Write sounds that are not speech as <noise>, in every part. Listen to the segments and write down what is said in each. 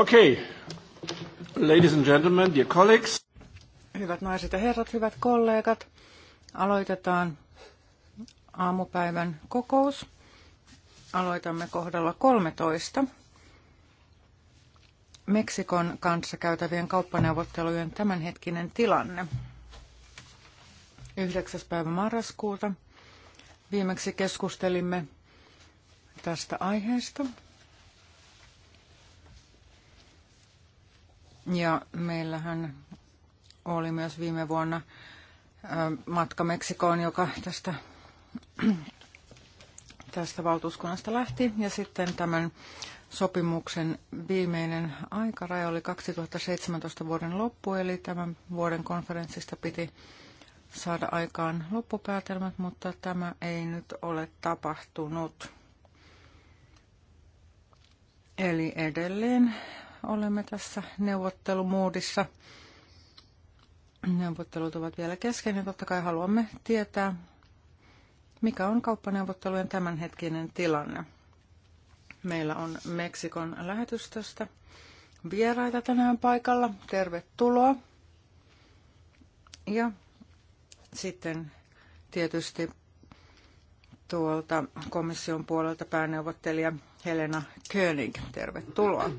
Okay. Ladies and gentlemen, dear colleagues. Hyvät naiset ja herrat, hyvät kollegat, aloitetaan aamupäivän kokous. Aloitamme kohdalla 13. Meksikon kanssa käytävien kauppaneuvottelujen tämänhetkinen tilanne. 9. päivä marraskuuta viimeksi keskustelimme tästä aiheesta. Ja meillähän oli myös viime vuonna matka Meksikoon, joka tästä, <clears throat> tästä valtuuskunnasta lähti. Ja sitten tämän sopimuksen viimeinen aikaraja oli 2017 vuoden loppu, eli tämän vuoden konferenssista piti saada aikaan loppupäätelmät, mutta tämä ei nyt ole tapahtunut. Eli edelleen olemme tässä neuvottelumuodissa. Neuvottelut ovat vielä kesken ja totta kai haluamme tietää, mikä on kauppaneuvottelujen tämänhetkinen tilanne. Meillä on Meksikon lähetystöstä vieraita tänään paikalla. Tervetuloa. Ja sitten tietysti tuolta komission puolelta pääneuvottelija Helena König. Tervetuloa.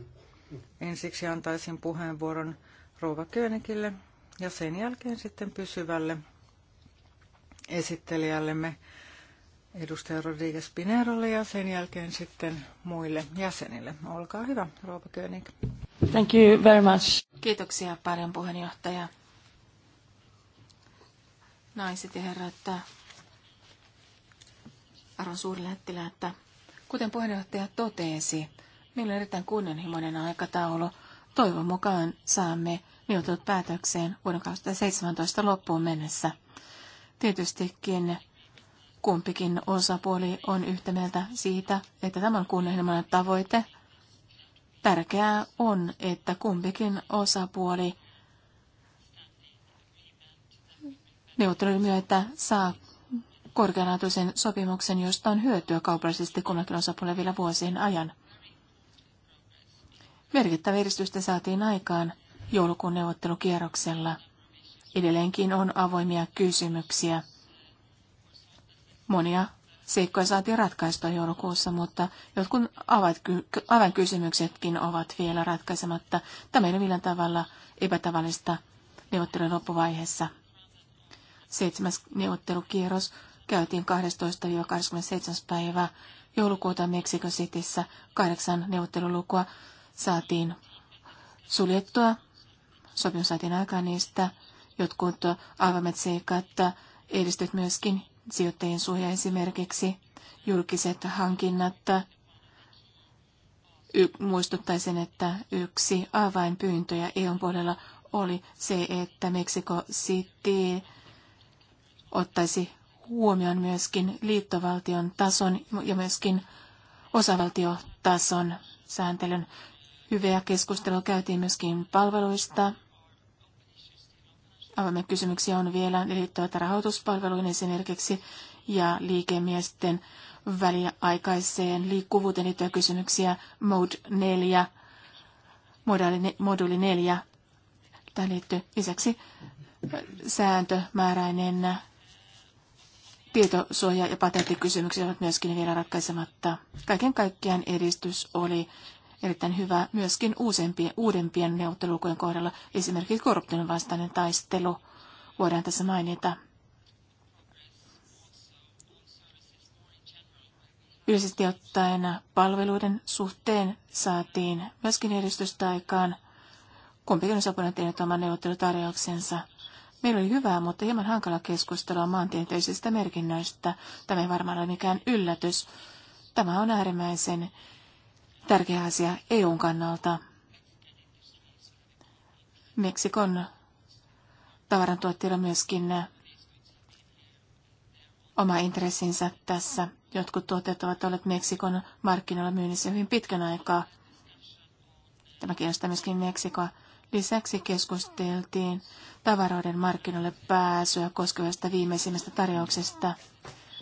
Ensiksi antaisin puheenvuoron Rouva Köönikille ja sen jälkeen sitten pysyvälle esittelijällemme edustaja Rodriguez Pinerolle ja sen jälkeen sitten muille jäsenille. Olkaa hyvä, Rouva König. Thank you very much. Kiitoksia paljon puheenjohtaja. Naiset ja herrat, arvon suurlähettilä, että kuten puheenjohtaja totesi, Meillä on erittäin kunnianhimoinen aikataulu. Toivon mukaan saamme neuvottelut päätökseen vuoden 2017 loppuun mennessä. Tietystikin kumpikin osapuoli on yhtä mieltä siitä, että tämä on kunnianhimoinen tavoite. Tärkeää on, että kumpikin osapuoli neuvottelujen myötä saa korkealaatuisen sopimuksen, josta on hyötyä kaupallisesti kunnakin osapuolelle vielä vuosien ajan. Merkittävä edistystä saatiin aikaan joulukuun neuvottelukierroksella. Edelleenkin on avoimia kysymyksiä. Monia seikkoja saatiin ratkaistua joulukuussa, mutta jotkut avainkysymyksetkin ovat vielä ratkaisematta. Tämä ei ole millään tavalla epätavallista neuvottelujen loppuvaiheessa. Seitsemäs neuvottelukierros käytiin 12-27. päivä joulukuuta Meksiko Cityssä kahdeksan neuvottelulukua saatiin suljettua. Sopimus saatiin aikaan niistä. Jotkut avoimet seikat edistyt myöskin sijoittajien suoja esimerkiksi, julkiset hankinnat. Y- muistuttaisin, että yksi avainpyyntöjä EUn puolella oli se, että Meksiko City ottaisi huomioon myöskin liittovaltion tason ja myöskin osavaltiotason sääntelyn. Hyviä keskustelua käytiin myöskin palveluista. Avoimia kysymyksiä on vielä liittyvät rahoituspalveluihin esimerkiksi ja liikemiesten väliaikaiseen liikkuvuuteen liittyviä kysymyksiä, Mode 4, moduli 4. Tähän liittyy lisäksi sääntömääräinen tietosuoja- ja patenttikysymykset ovat myöskin vielä ratkaisematta. Kaiken kaikkiaan edistys oli erittäin hyvä myöskin uusempien, uudempien neuvottelukujen kohdalla. Esimerkiksi korruption vastainen taistelu voidaan tässä mainita. Yleisesti ottaen palveluiden suhteen saatiin myöskin edistystä aikaan. Kumpikin osapuoli on tehnyt oman neuvottelutarjouksensa. Meillä oli hyvää, mutta hieman hankala keskustelua maantieteellisistä merkinnöistä. Tämä ei varmaan ole mikään yllätys. Tämä on äärimmäisen tärkeä asia EUn kannalta. Meksikon tavarantuottajilla myöskin oma intressinsä tässä. Jotkut tuotteet ovat olleet Meksikon markkinoilla myynnissä hyvin pitkän aikaa. Tämä kiinnostaa myöskin Meksikoa. Lisäksi keskusteltiin tavaroiden markkinoille pääsyä koskevasta viimeisimmästä tarjouksesta.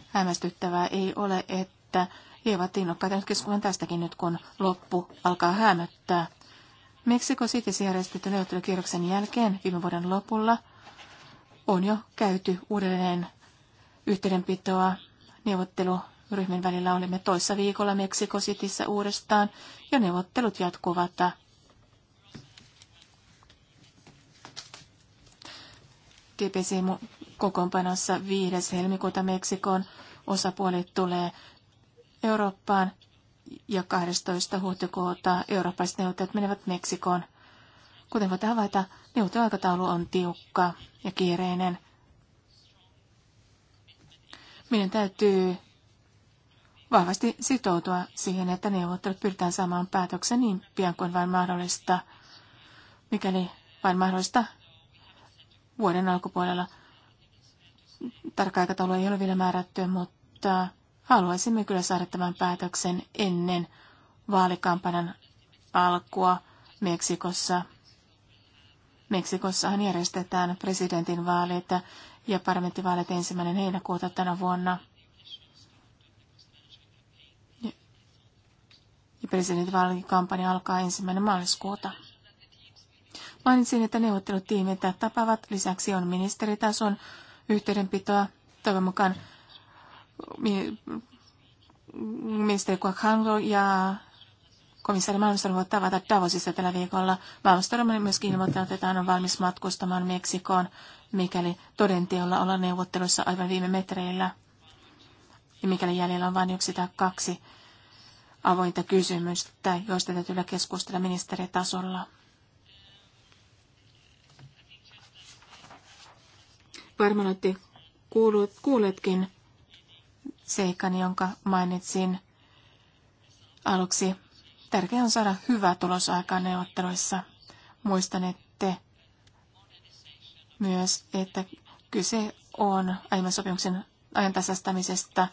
Hämmästyttävää ei ole, että he ovat innokkaita nyt keskustelun tästäkin nyt, kun loppu alkaa hämöttää. Meksiko Cityssä järjestetty neuvottelukierroksen jälkeen viime vuoden lopulla on jo käyty uudelleen yhteydenpitoa ryhmän välillä. Olimme toissa viikolla Meksiko Cityssä uudestaan ja neuvottelut jatkuvat. GPC kokoonpanossa 5. helmikuuta Meksikon osapuolet tulee Eurooppaan ja 12. huhtikuuta eurooppalaiset neuvottelut menevät Meksikoon. Kuten voitte havaita, neuvotteluaikataulu on tiukka ja kiireinen. Meidän täytyy vahvasti sitoutua siihen, että neuvottelut pyritään saamaan päätöksen niin pian kuin vain mahdollista, mikäli vain mahdollista vuoden alkupuolella. Tarkka aikataulu ei ole vielä määrätty, mutta Haluaisimme kyllä saada tämän päätöksen ennen vaalikampanjan alkua Meksikossa. Meksikossahan järjestetään presidentin vaaleita ja parlamenttivaalit ensimmäinen heinäkuuta tänä vuonna. Ja presidentinvaalikampanja alkaa ensimmäinen maaliskuuta. Mainitsin, että neuvottelutiimit tapaavat. Lisäksi on ministeritason yhteydenpitoa. Toivon mukaan ministeri Quackhandlo ja komissaari Malmström voivat tavata Davosissa tällä viikolla. Malmström on myöskin ilmoittanut, että hän on valmis matkustamaan Meksikoon, mikäli todenteolla ollaan neuvotteluissa aivan viime metreillä. Ja mikäli jäljellä on vain yksi tai kaksi avointa kysymystä, joista täytyy keskustella ministeritasolla. Varmaan olette kuulleetkin seikan, jonka mainitsin aluksi. Tärkeää on saada hyvä tulos aikaan neuvotteluissa. Muistan, että myös, että kyse on aiemman sopimuksen ajantasastamisesta.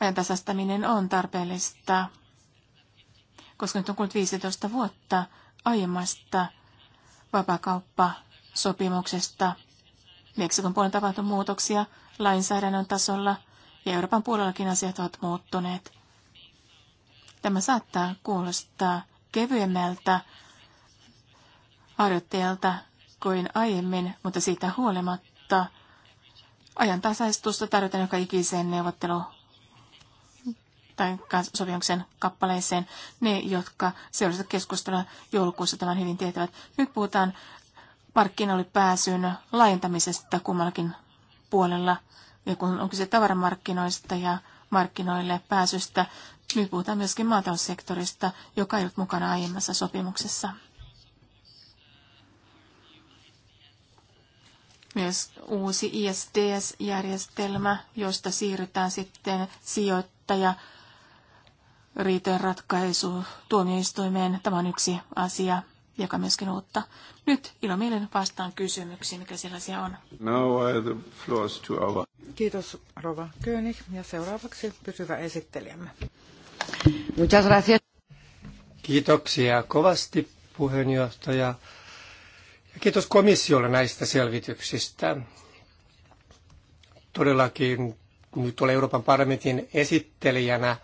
Ajantasastaminen on tarpeellista, koska nyt on kulunut 15 vuotta aiemmasta vapakauppasopimuksesta. Meksikon puolen tapahtui muutoksia, lainsäädännön tasolla ja Euroopan puolellakin asiat ovat muuttuneet. Tämä saattaa kuulostaa kevyemmältä harjoittajalta kuin aiemmin, mutta siitä huolimatta ajantasaistusta tarjotaan joka ikiseen neuvottelu tai sopimuksen kappaleeseen. Ne, jotka seurasivat keskustelua joulukuussa tämän hyvin tietävät. Nyt puhutaan markkinoille pääsyn laajentamisesta kummallakin puolella, ja kun on kyse tavaramarkkinoista ja markkinoille pääsystä, nyt puhutaan myöskin maataloussektorista, joka ei ollut mukana aiemmassa sopimuksessa. Myös uusi ISDS-järjestelmä, josta siirrytään sitten sijoittaja riitojen ratkaisu tuomioistuimeen. Tämä on yksi asia joka myöskin uutta. Nyt ilomielen vastaan kysymyksiin, mikä sellaisia on. Now uh, the floors to our... Kiitos Rova König ja seuraavaksi pysyvä esittelijämme. Muchas gracias. Kiitoksia kovasti puheenjohtaja ja kiitos komissiolle näistä selvityksistä. Todellakin nyt olen Euroopan parlamentin esittelijänä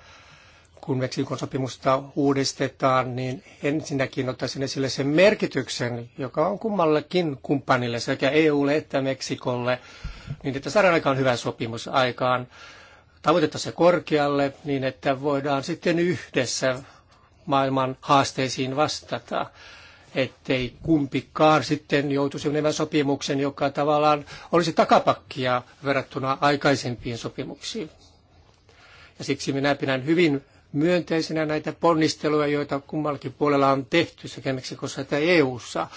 kun Meksikon sopimusta uudistetaan, niin ensinnäkin ottaisin esille sen merkityksen, joka on kummallekin kumppanille, sekä EUlle että Meksikolle, niin että saadaan aikaan hyvä sopimus aikaan, tavoitetta se korkealle, niin että voidaan sitten yhdessä maailman haasteisiin vastata, ettei kumpikaan sitten joutuisi menemään sopimuksen, joka tavallaan olisi takapakkia verrattuna aikaisempiin sopimuksiin. Ja siksi minä pidän hyvin myönteisenä näitä ponnisteluja, joita kummallakin puolella on tehty sekä Meksikossa että EU:ssa.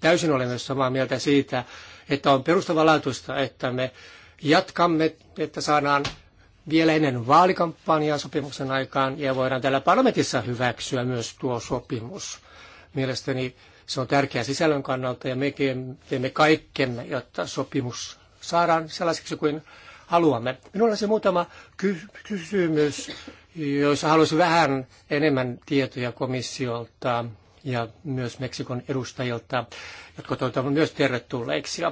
Täysin olen myös samaa mieltä siitä, että on perustavanlaatuista, että me jatkamme, että saadaan vielä ennen vaalikampanjaa sopimuksen aikaan ja voidaan täällä parlamentissa hyväksyä myös tuo sopimus. Mielestäni se on tärkeä sisällön kannalta ja me teemme kaikkemme, jotta sopimus saadaan sellaiseksi kuin haluamme. Minulla olisi muutama ky- kysymys jos haluaisin vähän enemmän tietoja komissiolta ja myös Meksikon edustajilta, jotka toivotan myös tervetulleiksi.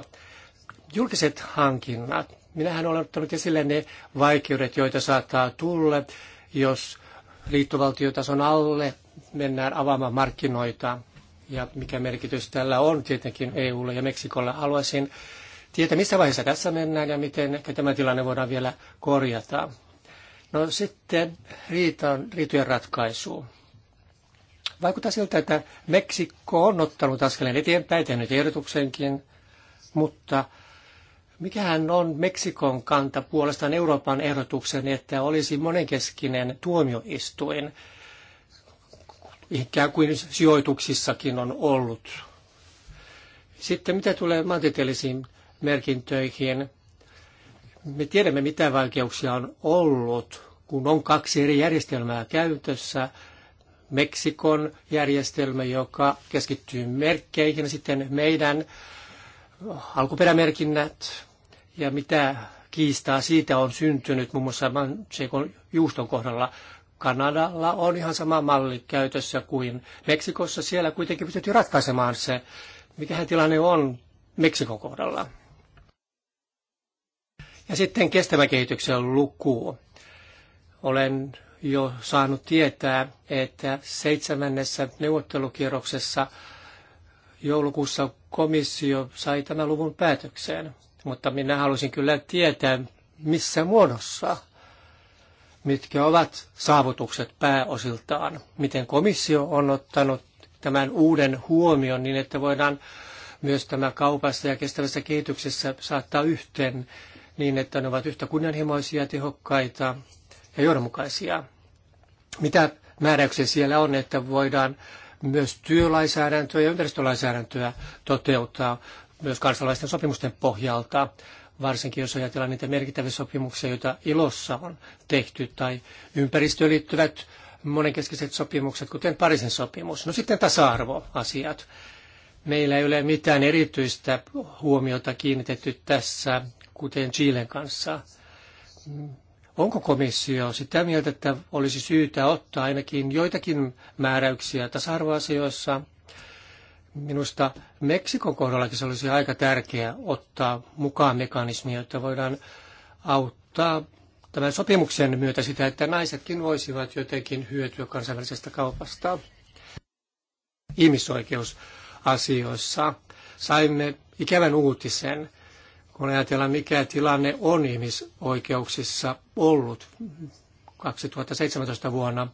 Julkiset hankinnat. Minähän olen ottanut esille ne vaikeudet, joita saattaa tulla, jos liittovaltiotason alle mennään avaamaan markkinoita. Ja mikä merkitys tällä on tietenkin EUlle ja Meksikolle. Haluaisin tietää, missä vaiheessa tässä mennään ja miten ehkä tämä tilanne voidaan vielä korjata. No sitten riitan, riitojen ratkaisuun. Vaikuttaa siltä, että Meksikko on ottanut askeleen eteenpäin, tehnyt ehdotuksenkin, mutta mikähän on Meksikon kanta puolestaan Euroopan ehdotuksen, että olisi monenkeskinen tuomioistuin, ikään kuin sijoituksissakin on ollut. Sitten mitä tulee maantieteellisiin merkintöihin, me tiedämme, mitä vaikeuksia on ollut, kun on kaksi eri järjestelmää käytössä. Meksikon järjestelmä, joka keskittyy merkkeihin, ja sitten meidän alkuperämerkinnät ja mitä kiistaa siitä on syntynyt muun muassa Manchekon juuston kohdalla. Kanadalla on ihan sama malli käytössä kuin Meksikossa. Siellä kuitenkin pystyttiin ratkaisemaan se, mikähän tilanne on Meksikon kohdalla. Ja sitten kestävän kehityksen luku. Olen jo saanut tietää, että seitsemännessä neuvottelukierroksessa joulukuussa komissio sai tämän luvun päätökseen. Mutta minä halusin kyllä tietää, missä muodossa, mitkä ovat saavutukset pääosiltaan, miten komissio on ottanut tämän uuden huomion niin, että voidaan myös tämä kaupassa ja kestävässä kehityksessä saattaa yhteen niin, että ne ovat yhtä kunnianhimoisia, tehokkaita ja johdonmukaisia. Mitä määräyksiä siellä on, että voidaan myös työlainsäädäntöä ja ympäristölainsäädäntöä toteuttaa myös kansalaisten sopimusten pohjalta, varsinkin jos ajatellaan niitä merkittäviä sopimuksia, joita ilossa on tehty, tai ympäristöön liittyvät monenkeskiset sopimukset, kuten Pariisin sopimus. No sitten tasa-arvoasiat. Meillä ei ole mitään erityistä huomiota kiinnitetty tässä kuten Chilen kanssa. Onko komissio sitä mieltä, että olisi syytä ottaa ainakin joitakin määräyksiä tasa-arvoasioissa? Minusta Meksikon kohdallakin se olisi aika tärkeää ottaa mukaan mekanismi, jotta voidaan auttaa tämän sopimuksen myötä sitä, että naisetkin voisivat jotenkin hyötyä kansainvälisestä kaupasta ihmisoikeusasioissa. Saimme ikävän uutisen kun ajatellaan mikä tilanne on ihmisoikeuksissa ollut 2017 vuonna,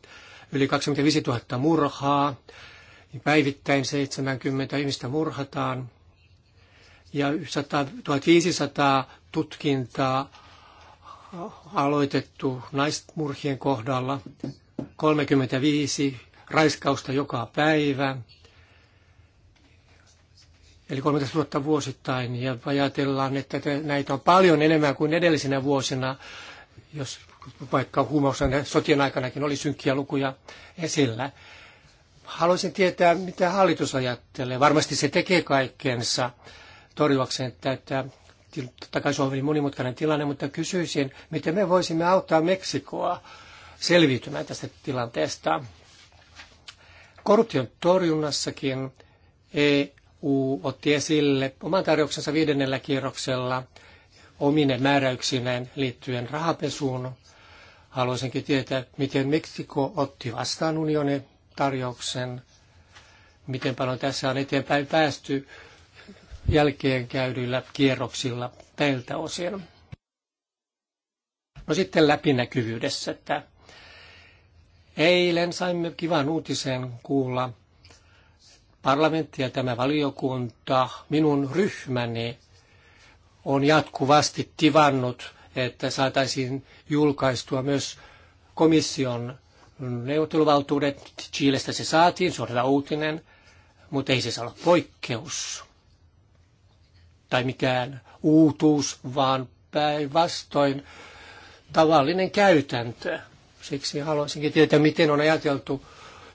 yli 25 000 murhaa, niin päivittäin 70 ihmistä murhataan ja 100, 1500 tutkintaa aloitettu naismurhien kohdalla, 35 raiskausta joka päivä, eli 13 000 vuosittain, ja ajatellaan, että näitä on paljon enemmän kuin edellisenä vuosina, jos vaikka huumausaine sotien aikanakin oli synkkiä lukuja esillä. Haluaisin tietää, mitä hallitus ajattelee. Varmasti se tekee kaikkensa torjuakseen tätä. Totta kai se on hyvin monimutkainen tilanne, mutta kysyisin, miten me voisimme auttaa Meksikoa selviytymään tästä tilanteesta. Korruption torjunnassakin ei U otti esille oman tarjouksensa viidennellä kierroksella omine määräyksineen liittyen rahapesuun. Haluaisinkin tietää, miten Meksiko otti vastaan unionin tarjouksen, miten paljon tässä on eteenpäin päästy jälkeen käydyillä kierroksilla tältä osin. No sitten läpinäkyvyydessä, että eilen saimme kivan uutisen kuulla – Parlamentti ja tämä valiokunta, minun ryhmäni, on jatkuvasti tivannut, että saataisiin julkaistua myös komission neuvotteluvaltuudet. Chiilestä se saatiin, se on hyvä uutinen, mutta ei se saa olla poikkeus tai mikään uutuus, vaan päinvastoin tavallinen käytäntö. Siksi haluaisinkin tietää, miten on ajateltu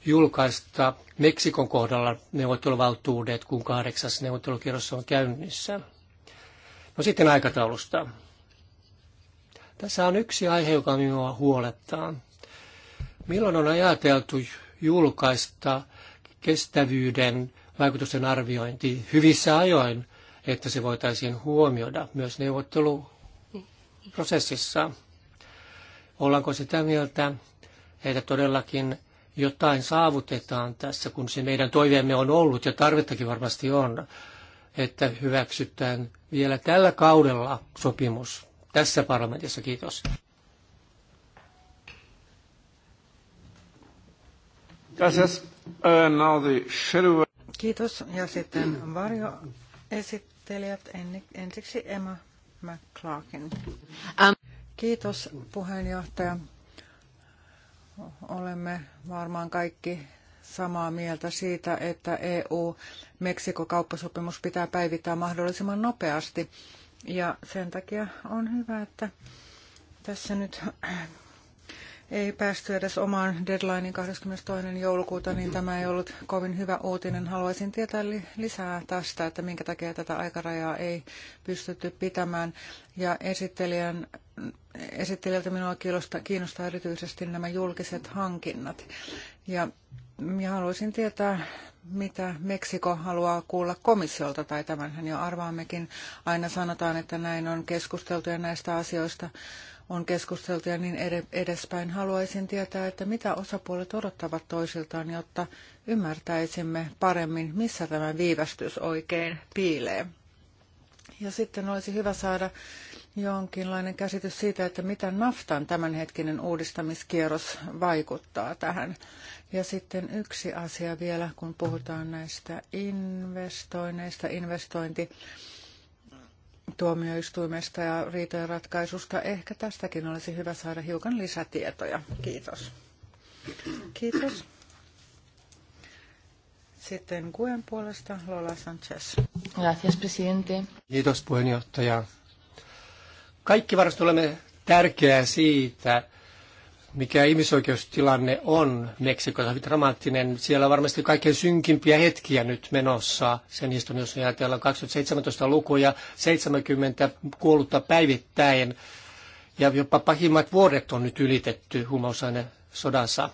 julkaista Meksikon kohdalla neuvotteluvaltuudet, kun kahdeksas neuvottelukierros on käynnissä. No sitten aikataulusta. Tässä on yksi aihe, joka minua huolettaa. Milloin on ajateltu julkaista kestävyyden vaikutusten arviointi hyvissä ajoin, että se voitaisiin huomioida myös neuvotteluprosessissa? Ollaanko sitä mieltä, että todellakin jotain saavutetaan tässä, kun se meidän toiveemme on ollut ja tarvettakin varmasti on, että hyväksytään vielä tällä kaudella sopimus tässä parlamentissa. Kiitos. Uh, Kiitos. Ja sitten varjo esittelijät ensiksi Emma McClarkin. Um, Kiitos puheenjohtaja olemme varmaan kaikki samaa mieltä siitä, että EU-Meksiko-kauppasopimus pitää päivittää mahdollisimman nopeasti. Ja sen takia on hyvä, että tässä nyt ei päästy edes omaan deadlinein 22. joulukuuta, niin tämä ei ollut kovin hyvä uutinen. Haluaisin tietää lisää tästä, että minkä takia tätä aikarajaa ei pystytty pitämään. Ja esittelijän, esittelijältä minua kiinnostaa, kiinnostaa erityisesti nämä julkiset hankinnat. Ja minä haluaisin tietää, mitä Meksiko haluaa kuulla komissiolta, tai tämänhän jo arvaammekin. Aina sanotaan, että näin on keskusteltu ja näistä asioista on keskusteltu ja niin edespäin. Haluaisin tietää, että mitä osapuolet odottavat toisiltaan, jotta ymmärtäisimme paremmin, missä tämä viivästys oikein piilee. Ja sitten olisi hyvä saada jonkinlainen käsitys siitä, että mitä naftan tämänhetkinen uudistamiskierros vaikuttaa tähän. Ja sitten yksi asia vielä, kun puhutaan näistä investoinneista, investointi tuomioistuimesta ja riitojen ratkaisusta. Ehkä tästäkin olisi hyvä saada hiukan lisätietoja. Kiitos. Kiitos. Sitten Kuen puolesta Lola Sanchez. Gracias, presidente. Kiitos puheenjohtaja. Kaikki varmasti olemme tärkeää siitä, mikä ihmisoikeustilanne on Meksikossa, hyvin dramaattinen. Siellä on varmasti kaikkein synkimpiä hetkiä nyt menossa sen historian, jos ajatellaan 2017 lukuja, 70 kuollutta päivittäin. Ja jopa pahimmat vuodet on nyt ylitetty huumausaine sodassa.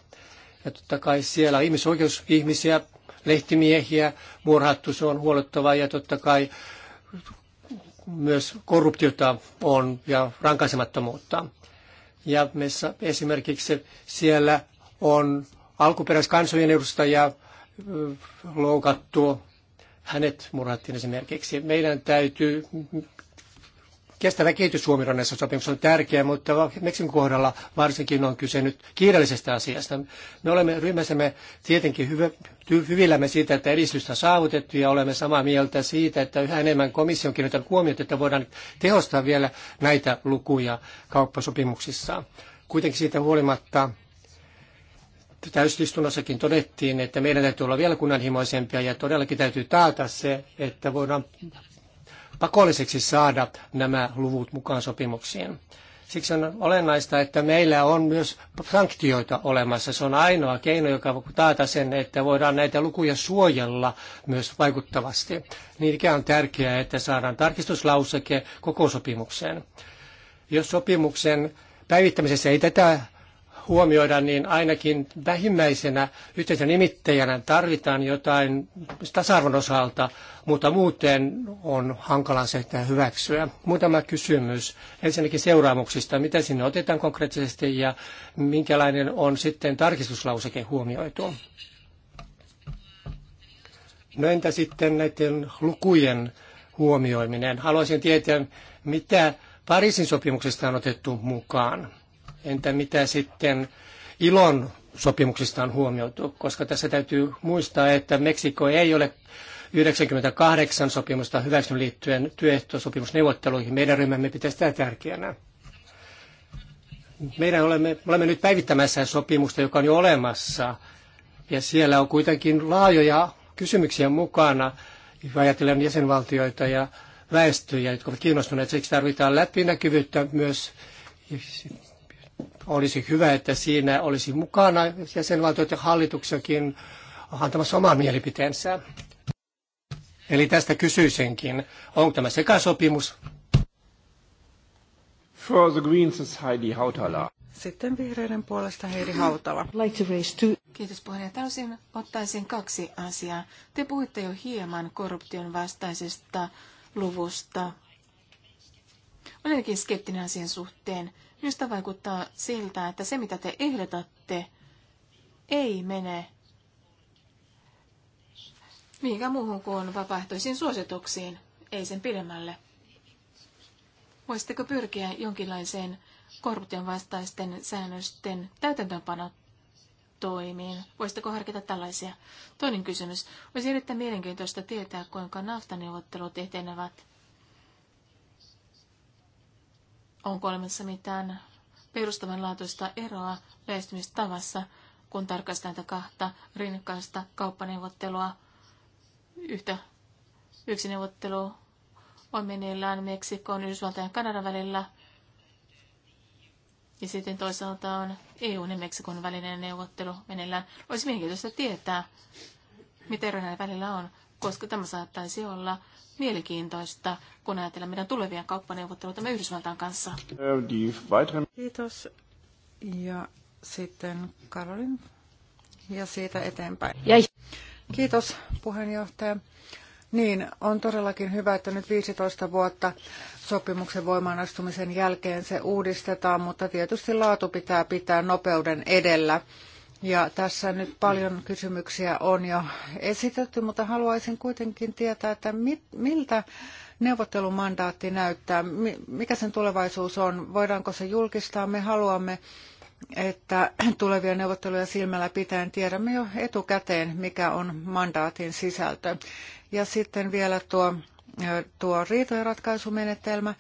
Ja totta kai siellä on ihmisoikeusihmisiä, lehtimiehiä murhattu, se on huolettava ja totta kai myös korruptiota on ja rankaisemattomuutta. Ja meissä esimerkiksi siellä on alkuperäiskansojen edustajia loukattu, hänet murhattiin esimerkiksi. Meidän täytyy Kestävä kehitys huomioon näissä sopimuksissa on tärkeä, mutta Meksikon kohdalla varsinkin on kyse nyt kiireellisestä asiasta. Me olemme ryhmässämme tietenkin hyvä, hyvillämme siitä, että edistystä on saavutettu ja olemme samaa mieltä siitä, että yhä enemmän komissio on kiinnittänyt huomiota, että voidaan tehostaa vielä näitä lukuja kauppasopimuksissa. Kuitenkin siitä huolimatta täysistunnossakin todettiin, että meidän täytyy olla vielä kunnanhimoisempia ja todellakin täytyy taata se, että voidaan pakolliseksi saada nämä luvut mukaan sopimuksiin. Siksi on olennaista, että meillä on myös sanktioita olemassa. Se on ainoa keino, joka voi taata sen, että voidaan näitä lukuja suojella myös vaikuttavasti. Niin ikään on tärkeää, että saadaan tarkistuslauseke koko sopimukseen. Jos sopimuksen päivittämisessä ei tätä huomioida, niin ainakin vähimmäisenä yhteisenä nimittäjänä tarvitaan jotain tasa-arvon osalta, mutta muuten on hankala se että hyväksyä. Muutama kysymys. Ensinnäkin seuraamuksista. Mitä sinne otetaan konkreettisesti ja minkälainen on sitten tarkistuslauseke huomioitu? No entä sitten näiden lukujen huomioiminen? Haluaisin tietää, mitä Pariisin sopimuksesta on otettu mukaan. Entä mitä sitten ilon sopimuksista on huomioitu, koska tässä täytyy muistaa, että Meksiko ei ole 98 sopimusta hyväksynyt liittyen työehtosopimusneuvotteluihin. Meidän ryhmämme pitää sitä tärkeänä. Meidän olemme, olemme nyt päivittämässä sopimusta, joka on jo olemassa, ja siellä on kuitenkin laajoja kysymyksiä mukana, ajatellen jäsenvaltioita ja väestöjä, jotka ovat kiinnostuneet. Siksi tarvitaan läpinäkyvyyttä myös olisi hyvä, että siinä olisi mukana jäsenvaltiot ja hallituksenkin antamassa omaa mielipiteensä. Eli tästä kysyisinkin, onko tämä sekasopimus? For the Greens is Heidi Hautala. Sitten vihreiden puolesta Heidi Hautala. Like to raise two. Kiitos puheenjohtaja. Osin ottaisin kaksi asiaa. Te puhuitte jo hieman korruption vastaisesta luvusta. Olen skeptinen asian suhteen. Minusta vaikuttaa siltä, että se mitä te ehdotatte ei mene mihinkään muuhun kuin vapaaehtoisiin suosituksiin, ei sen pidemmälle. Voisitteko pyrkiä jonkinlaiseen korruption vastaisten säännösten täytäntöönpanotoimiin? Voisitteko harkita tällaisia? Toinen kysymys. Olisi erittäin mielenkiintoista tietää, kuinka NAFTA-neuvottelut etenevät. Onko olemassa mitään perustavanlaatuista eroa lähestymistavassa, kun tarkastetaan näitä kahta rinnakkaista kauppaneuvottelua? Yhtä yksi neuvottelu on meneillään Meksikon, Yhdysvaltain ja Kanadan välillä. Ja sitten toisaalta on EU ja Meksikon välinen neuvottelu meneillään. Olisi mielenkiintoista tietää, mitä eroja välillä on, koska tämä saattaisi olla mielenkiintoista, kun ajatellaan meidän tulevia kauppaneuvotteluita me Yhdysvaltain kanssa. Kiitos. Ja sitten Karolin ja siitä eteenpäin. Jäi. Kiitos puheenjohtaja. Niin, on todellakin hyvä, että nyt 15 vuotta sopimuksen voimaanastumisen jälkeen se uudistetaan, mutta tietysti laatu pitää pitää nopeuden edellä. Ja tässä nyt paljon kysymyksiä on jo esitetty, mutta haluaisin kuitenkin tietää, että mit, miltä neuvottelumandaatti näyttää, mikä sen tulevaisuus on, voidaanko se julkistaa, me haluamme että tulevia neuvotteluja silmällä pitäen tiedämme jo etukäteen, mikä on mandaatin sisältö. Ja sitten vielä tuo, tuo riitojenratkaisumenetelmä. ratkaisumenetelmä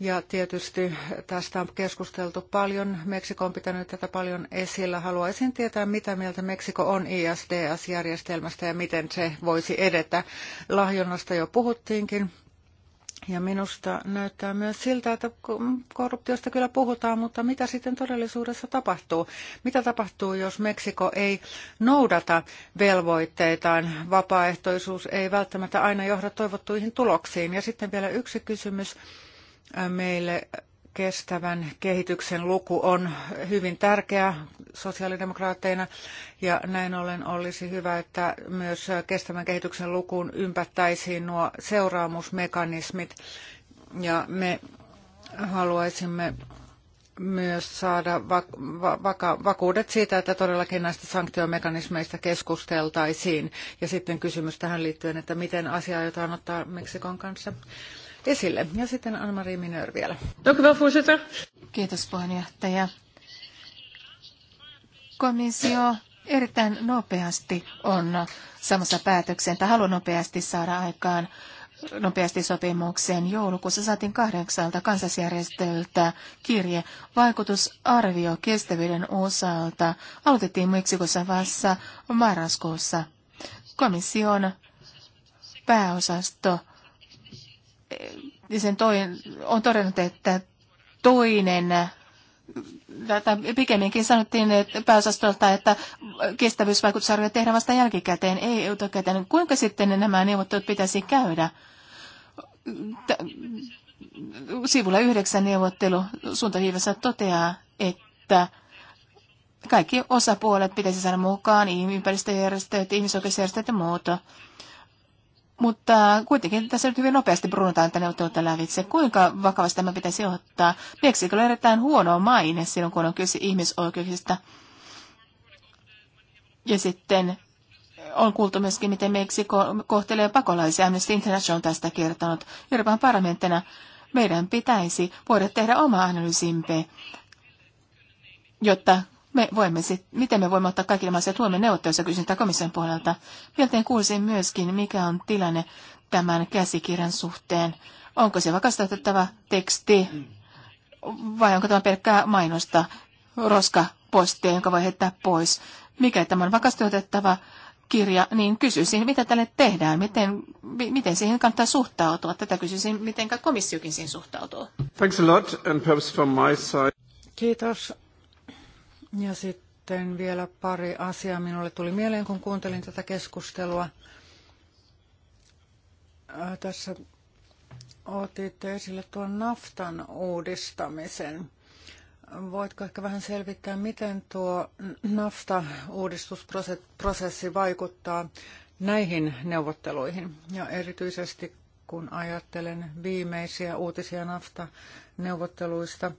ja tietysti tästä on keskusteltu paljon. Meksiko on pitänyt tätä paljon esillä. Haluaisin tietää, mitä mieltä Meksiko on ISDS-järjestelmästä ja miten se voisi edetä. Lahjonnasta jo puhuttiinkin. Ja minusta näyttää myös siltä, että korruptiosta kyllä puhutaan, mutta mitä sitten todellisuudessa tapahtuu? Mitä tapahtuu, jos Meksiko ei noudata velvoitteitaan? Vapaaehtoisuus ei välttämättä aina johda toivottuihin tuloksiin. Ja sitten vielä yksi kysymys. Meille kestävän kehityksen luku on hyvin tärkeä sosiaalidemokraatteina ja näin ollen olisi hyvä, että myös kestävän kehityksen lukuun ympättäisiin nuo seuraamusmekanismit ja me haluaisimme myös saada vakuudet siitä, että todellakin näistä sanktiomekanismeista keskusteltaisiin. Ja sitten kysymys tähän liittyen, että miten asia aiotaan ottaa Meksikon kanssa esille. Ja sitten Anna-Maria Minör vielä. Kiitos puheenjohtaja. Komissio erittäin nopeasti on samassa päätöksen, että haluaa nopeasti saada aikaan nopeasti sopimukseen. Joulukuussa saatiin kahdeksalta kansasjärjestöltä kirje vaikutusarvio kestävyyden osalta. Aloitettiin Meksikossa vasta marraskuussa. Komission pääosasto sen toinen, on todennut, että toinen tai pikemminkin sanottiin pääosastolta, että kestävyysvaikutusarvio tehdään vasta jälkikäteen, ei etukäteen. Kuinka sitten nämä neuvottelut pitäisi käydä? sivulla yhdeksän neuvottelu suuntaviivassa toteaa, että kaikki osapuolet pitäisi saada mukaan, ympäristöjärjestöt, ihmisoikeusjärjestöt ja muut. Mutta kuitenkin tässä nyt hyvin nopeasti brunataan tänne ottelutta lävitse. Kuinka vakavasti tämä pitäisi ottaa? Meksikolla on erittäin huono maine silloin, kun on kyse ihmisoikeuksista. Ja sitten on kuultu myöskin, miten Meksiko kohtelee pakolaisia. Amnesty International on tästä kertonut. Euroopan parlamenttina meidän pitäisi voida tehdä oma analyysimme, jotta me voimme sit, miten me voimme ottaa kaikille nämä asiat huomioon neuvottelussa kysyntää komission puolelta. Mieltäen kuulisin myöskin, mikä on tilanne tämän käsikirjan suhteen. Onko se vakastatettava teksti vai onko tämä pelkkää mainosta roskapostia, jonka voi heittää pois? Mikä tämä on vakastutettava kirja, niin kysyisin, mitä tälle tehdään, miten, miten siihen kannattaa suhtautua. Tätä kysyisin, miten komissiokin siihen suhtautuu. Thanks a lot and perhaps from my side. Kiitos ja sitten vielä pari asiaa minulle tuli mieleen, kun kuuntelin tätä keskustelua. Tässä otitte esille tuon naftan uudistamisen. Voitko ehkä vähän selvittää, miten tuo NAFTA-uudistusprosessi vaikuttaa näihin neuvotteluihin? Ja erityisesti kun ajattelen viimeisiä uutisia NAFTA-neuvotteluista,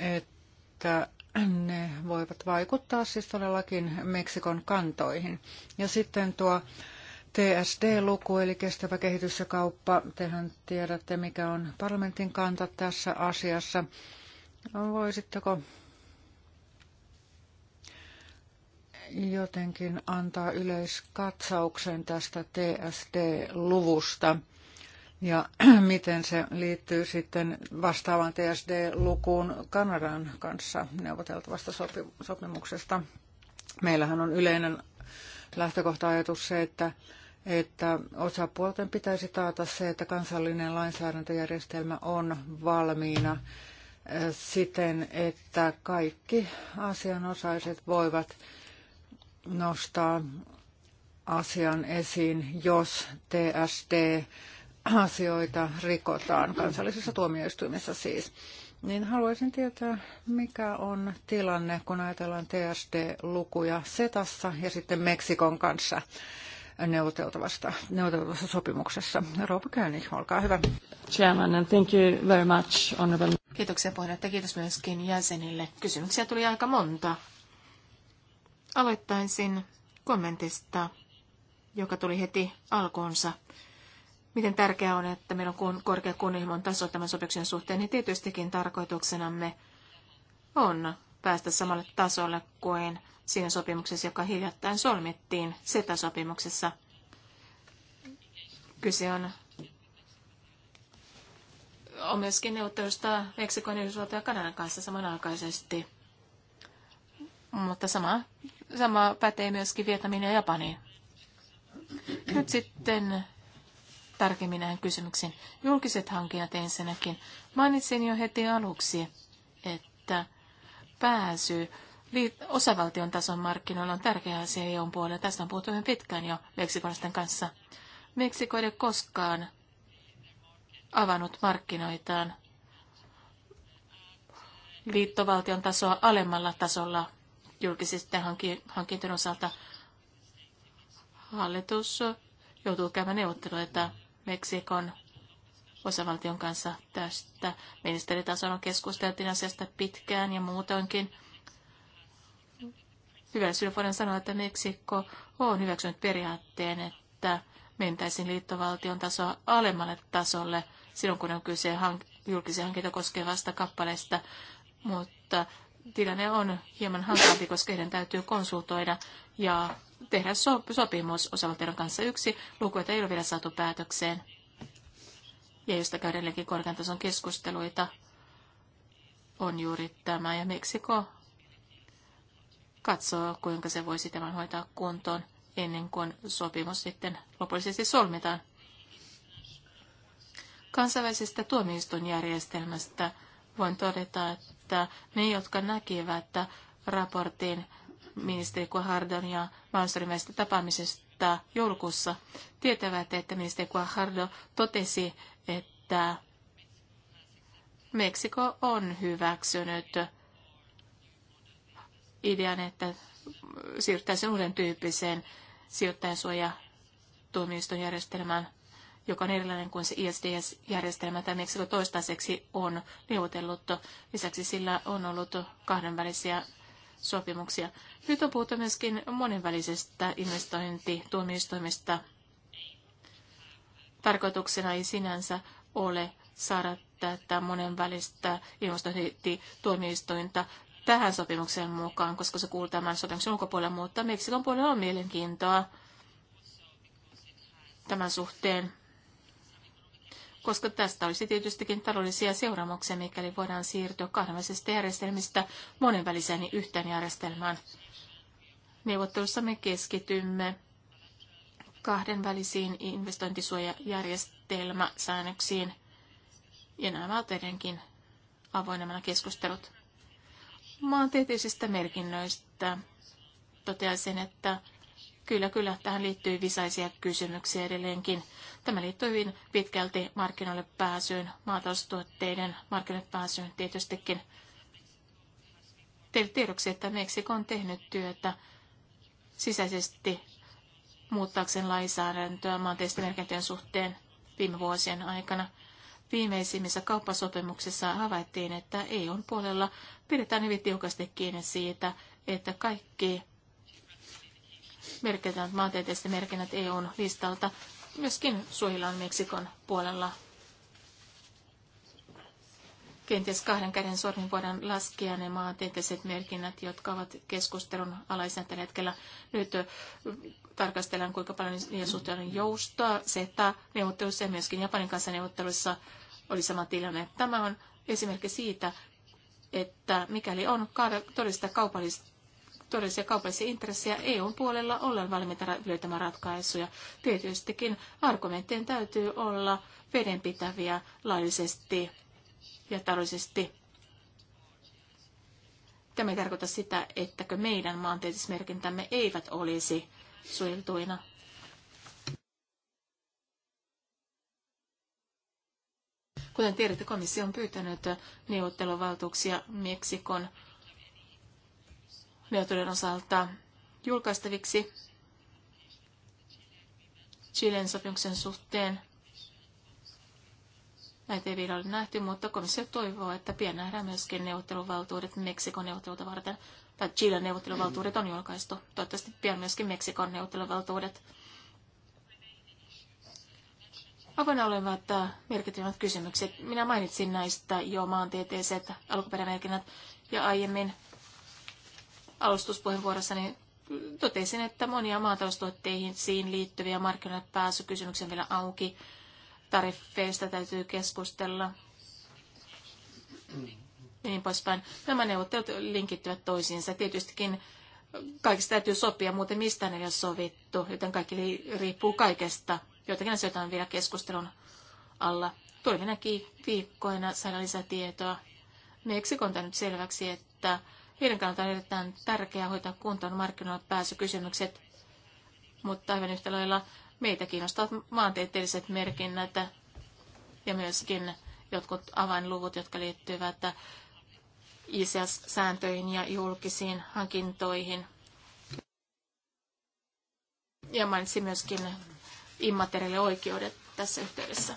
että ne voivat vaikuttaa siis todellakin Meksikon kantoihin. Ja sitten tuo TSD-luku, eli kestävä kehitys ja kauppa, tehän tiedätte, mikä on parlamentin kanta tässä asiassa. Voisitteko jotenkin antaa yleiskatsauksen tästä TSD-luvusta? Ja <clears throat> miten se liittyy sitten vastaavaan TSD-lukuun Kanadan kanssa neuvoteltavasta sopimuksesta? Meillähän on yleinen lähtökohta-ajatus se, että, että osapuolten pitäisi taata se, että kansallinen lainsäädäntöjärjestelmä on valmiina äh, siten, että kaikki asianosaiset voivat nostaa asian esiin, jos TSD asioita rikotaan kansallisessa tuomioistuimessa siis. Niin haluaisin tietää, mikä on tilanne, kun ajatellaan TSD-lukuja Setassa ja sitten Meksikon kanssa neuvoteltavasta, neuvoteltavasta sopimuksessa. Rouva Käyni, olkaa hyvä. Chairman, and thank you very much, honorable. Kiitoksia puheenjohtaja, kiitos myöskin jäsenille. Kysymyksiä tuli aika monta. Aloittaisin kommentista, joka tuli heti alkuunsa miten tärkeää on, että meillä on korkea kunnianhimon taso tämän sopimuksen suhteen, niin tietystikin tarkoituksenamme on päästä samalle tasolle kuin siinä sopimuksessa, joka hiljattain solmittiin SETA-sopimuksessa. Kyse on, on myöskin neuvottelusta Meksikon, Yhdysvaltojen ja Kanadan kanssa samanaikaisesti. Mutta sama, sama pätee myöskin Vietnamiin ja Japaniin. Nyt sitten tarkemmin näihin kysymyksiin. Julkiset hankinnat ensinnäkin. Mainitsin jo heti aluksi, että pääsy osavaltion tason markkinoilla on tärkeä asia EUn puolella. Tästä on puhuttu hyvin pitkään jo meksikolaisten kanssa. Meksiko ei ole koskaan avannut markkinoitaan liittovaltion tasoa alemmalla tasolla julkisisten hankintojen osalta. Hallitus joutuu käymään neuvotteluita Meksikon osavaltion kanssa tästä. Ministeritasolla keskusteltiin asiasta pitkään ja muutoinkin. Hyvällä voidaan sanoa, että Meksikko on hyväksynyt periaatteen, että mentäisiin liittovaltion tasoa alemmalle tasolle silloin, kun on kyse hank- julkisia hankinta koskevasta kappaleesta, mutta tilanne on hieman hankalampi, koska heidän täytyy konsultoida ja tehdä so- sopimus osavaltion kanssa yksi. Lukuita ei ole vielä saatu päätökseen. Ja josta käydään korkean tason keskusteluita on juuri tämä. Ja Meksiko katsoo, kuinka se voisi tämän hoitaa kuntoon ennen kuin sopimus sitten lopullisesti solmitaan. Kansainvälisestä tuomioistuinjärjestelmästä voin todeta, että että ne, jotka näkivät raportin ministeri Kuahardon ja Malmströmin tapaamisesta joulukuussa, tietävät, että ministeri Kuahardo totesi, että Meksiko on hyväksynyt idean, että siirtäisiin uuden tyyppiseen sijoittajansuoja tuomioistuinjärjestelmään joka on erilainen kuin se ISDS-järjestelmä, tai Meksiko toistaiseksi on neuvotellut. Lisäksi sillä on ollut kahdenvälisiä sopimuksia. Nyt on puhuttu myöskin monenvälisestä investointituomioistuimesta. Tarkoituksena ei sinänsä ole saada tätä monenvälistä investointituomioistuinta tähän sopimukseen mukaan, koska se kuuluu tämän sopimuksen ulkopuolella, mutta Meksikon puolella on mielenkiintoa tämän suhteen koska tästä olisi tietystikin taloudellisia seuraamuksia, mikäli voidaan siirtyä kahdenvälisestä järjestelmistä monenväliseen yhteen järjestelmään. Neuvottelussa me keskitymme kahdenvälisiin investointisuojajärjestelmäsäännöksiin, ja nämä ovat edenkin avoinemmana keskustelut. Maantieteellisistä merkinnöistä toteaisin, että Kyllä, kyllä, tähän liittyy visaisia kysymyksiä edelleenkin. Tämä liittyy hyvin pitkälti markkinoille pääsyyn, maataloustuotteiden markkinoille pääsyyn tietystikin. Teille tiedoksi, että Meksiko on tehnyt työtä sisäisesti muuttaakseen lainsäädäntöä merkintöjen suhteen viime vuosien aikana. Viimeisimmissä kauppasopimuksissa havaittiin, että EUn puolella pidetään hyvin tiukasti kiinni siitä, että kaikki merkitään maantieteelliset merkinnät EUn listalta. Myöskin suojellaan Meksikon puolella. Kenties kahden käden sormin voidaan laskea ne maantieteelliset merkinnät, jotka ovat keskustelun alaisena tällä hetkellä. Nyt tarkastellaan, kuinka paljon niiden suhteen on joustoa. Se, että neuvottelussa ja myöskin Japanin kanssa neuvottelussa oli sama tilanne. Tämä on esimerkki siitä, että mikäli on todellista kaupallista todellisia kaupallisia intressejä EUn puolella ollaan valmiita löytämään ratkaisuja. Tietystikin argumenttien täytyy olla vedenpitäviä laillisesti ja taloudellisesti. Tämä ei tarkoita sitä, ettäkö meidän maantieteellismerkintämme eivät olisi suojeltuina. Kuten tiedätte, komissio on pyytänyt neuvotteluvaltuuksia Meksikon neuvottelujen osalta julkaistaviksi Chilen sopimuksen suhteen. Näitä ei vielä ole nähty, mutta komissio toivoo, että pian nähdään myöskin neuvotteluvaltuudet Meksikon neuvotteluta varten. Tai Chilen neuvotteluvaltuudet on julkaistu. Toivottavasti pian myöskin Meksikon neuvotteluvaltuudet. Avoinna olevat äh, merkittävät kysymykset. Minä mainitsin näistä jo maantieteiset alkuperämerkinnät ja aiemmin alustuspuheenvuorossani totesin, että monia maataloustuotteisiin liittyviä markkinoille pääsykysymyksiä vielä auki. Tariffeista täytyy keskustella. Niin poispäin. Nämä neuvottelut linkittyvät toisiinsa. Tietystikin kaikista täytyy sopia, muuten mistään ei ole sovittu, joten kaikki riippuu kaikesta. Joitakin asioita on vielä keskustelun alla. Tulevinakin viikkoina saadaan lisätietoa. Meksikon nyt selväksi, että heidän kannaltaan on erittäin tärkeää hoitaa kuntoon markkinoilla pääsykysymykset, mutta aivan yhtä lailla meitä kiinnostavat maantieteelliset merkinnät ja myöskin jotkut avainluvut, jotka liittyvät ics sääntöihin ja julkisiin hankintoihin. Ja mainitsin myöskin immateriaalioikeudet tässä yhteydessä.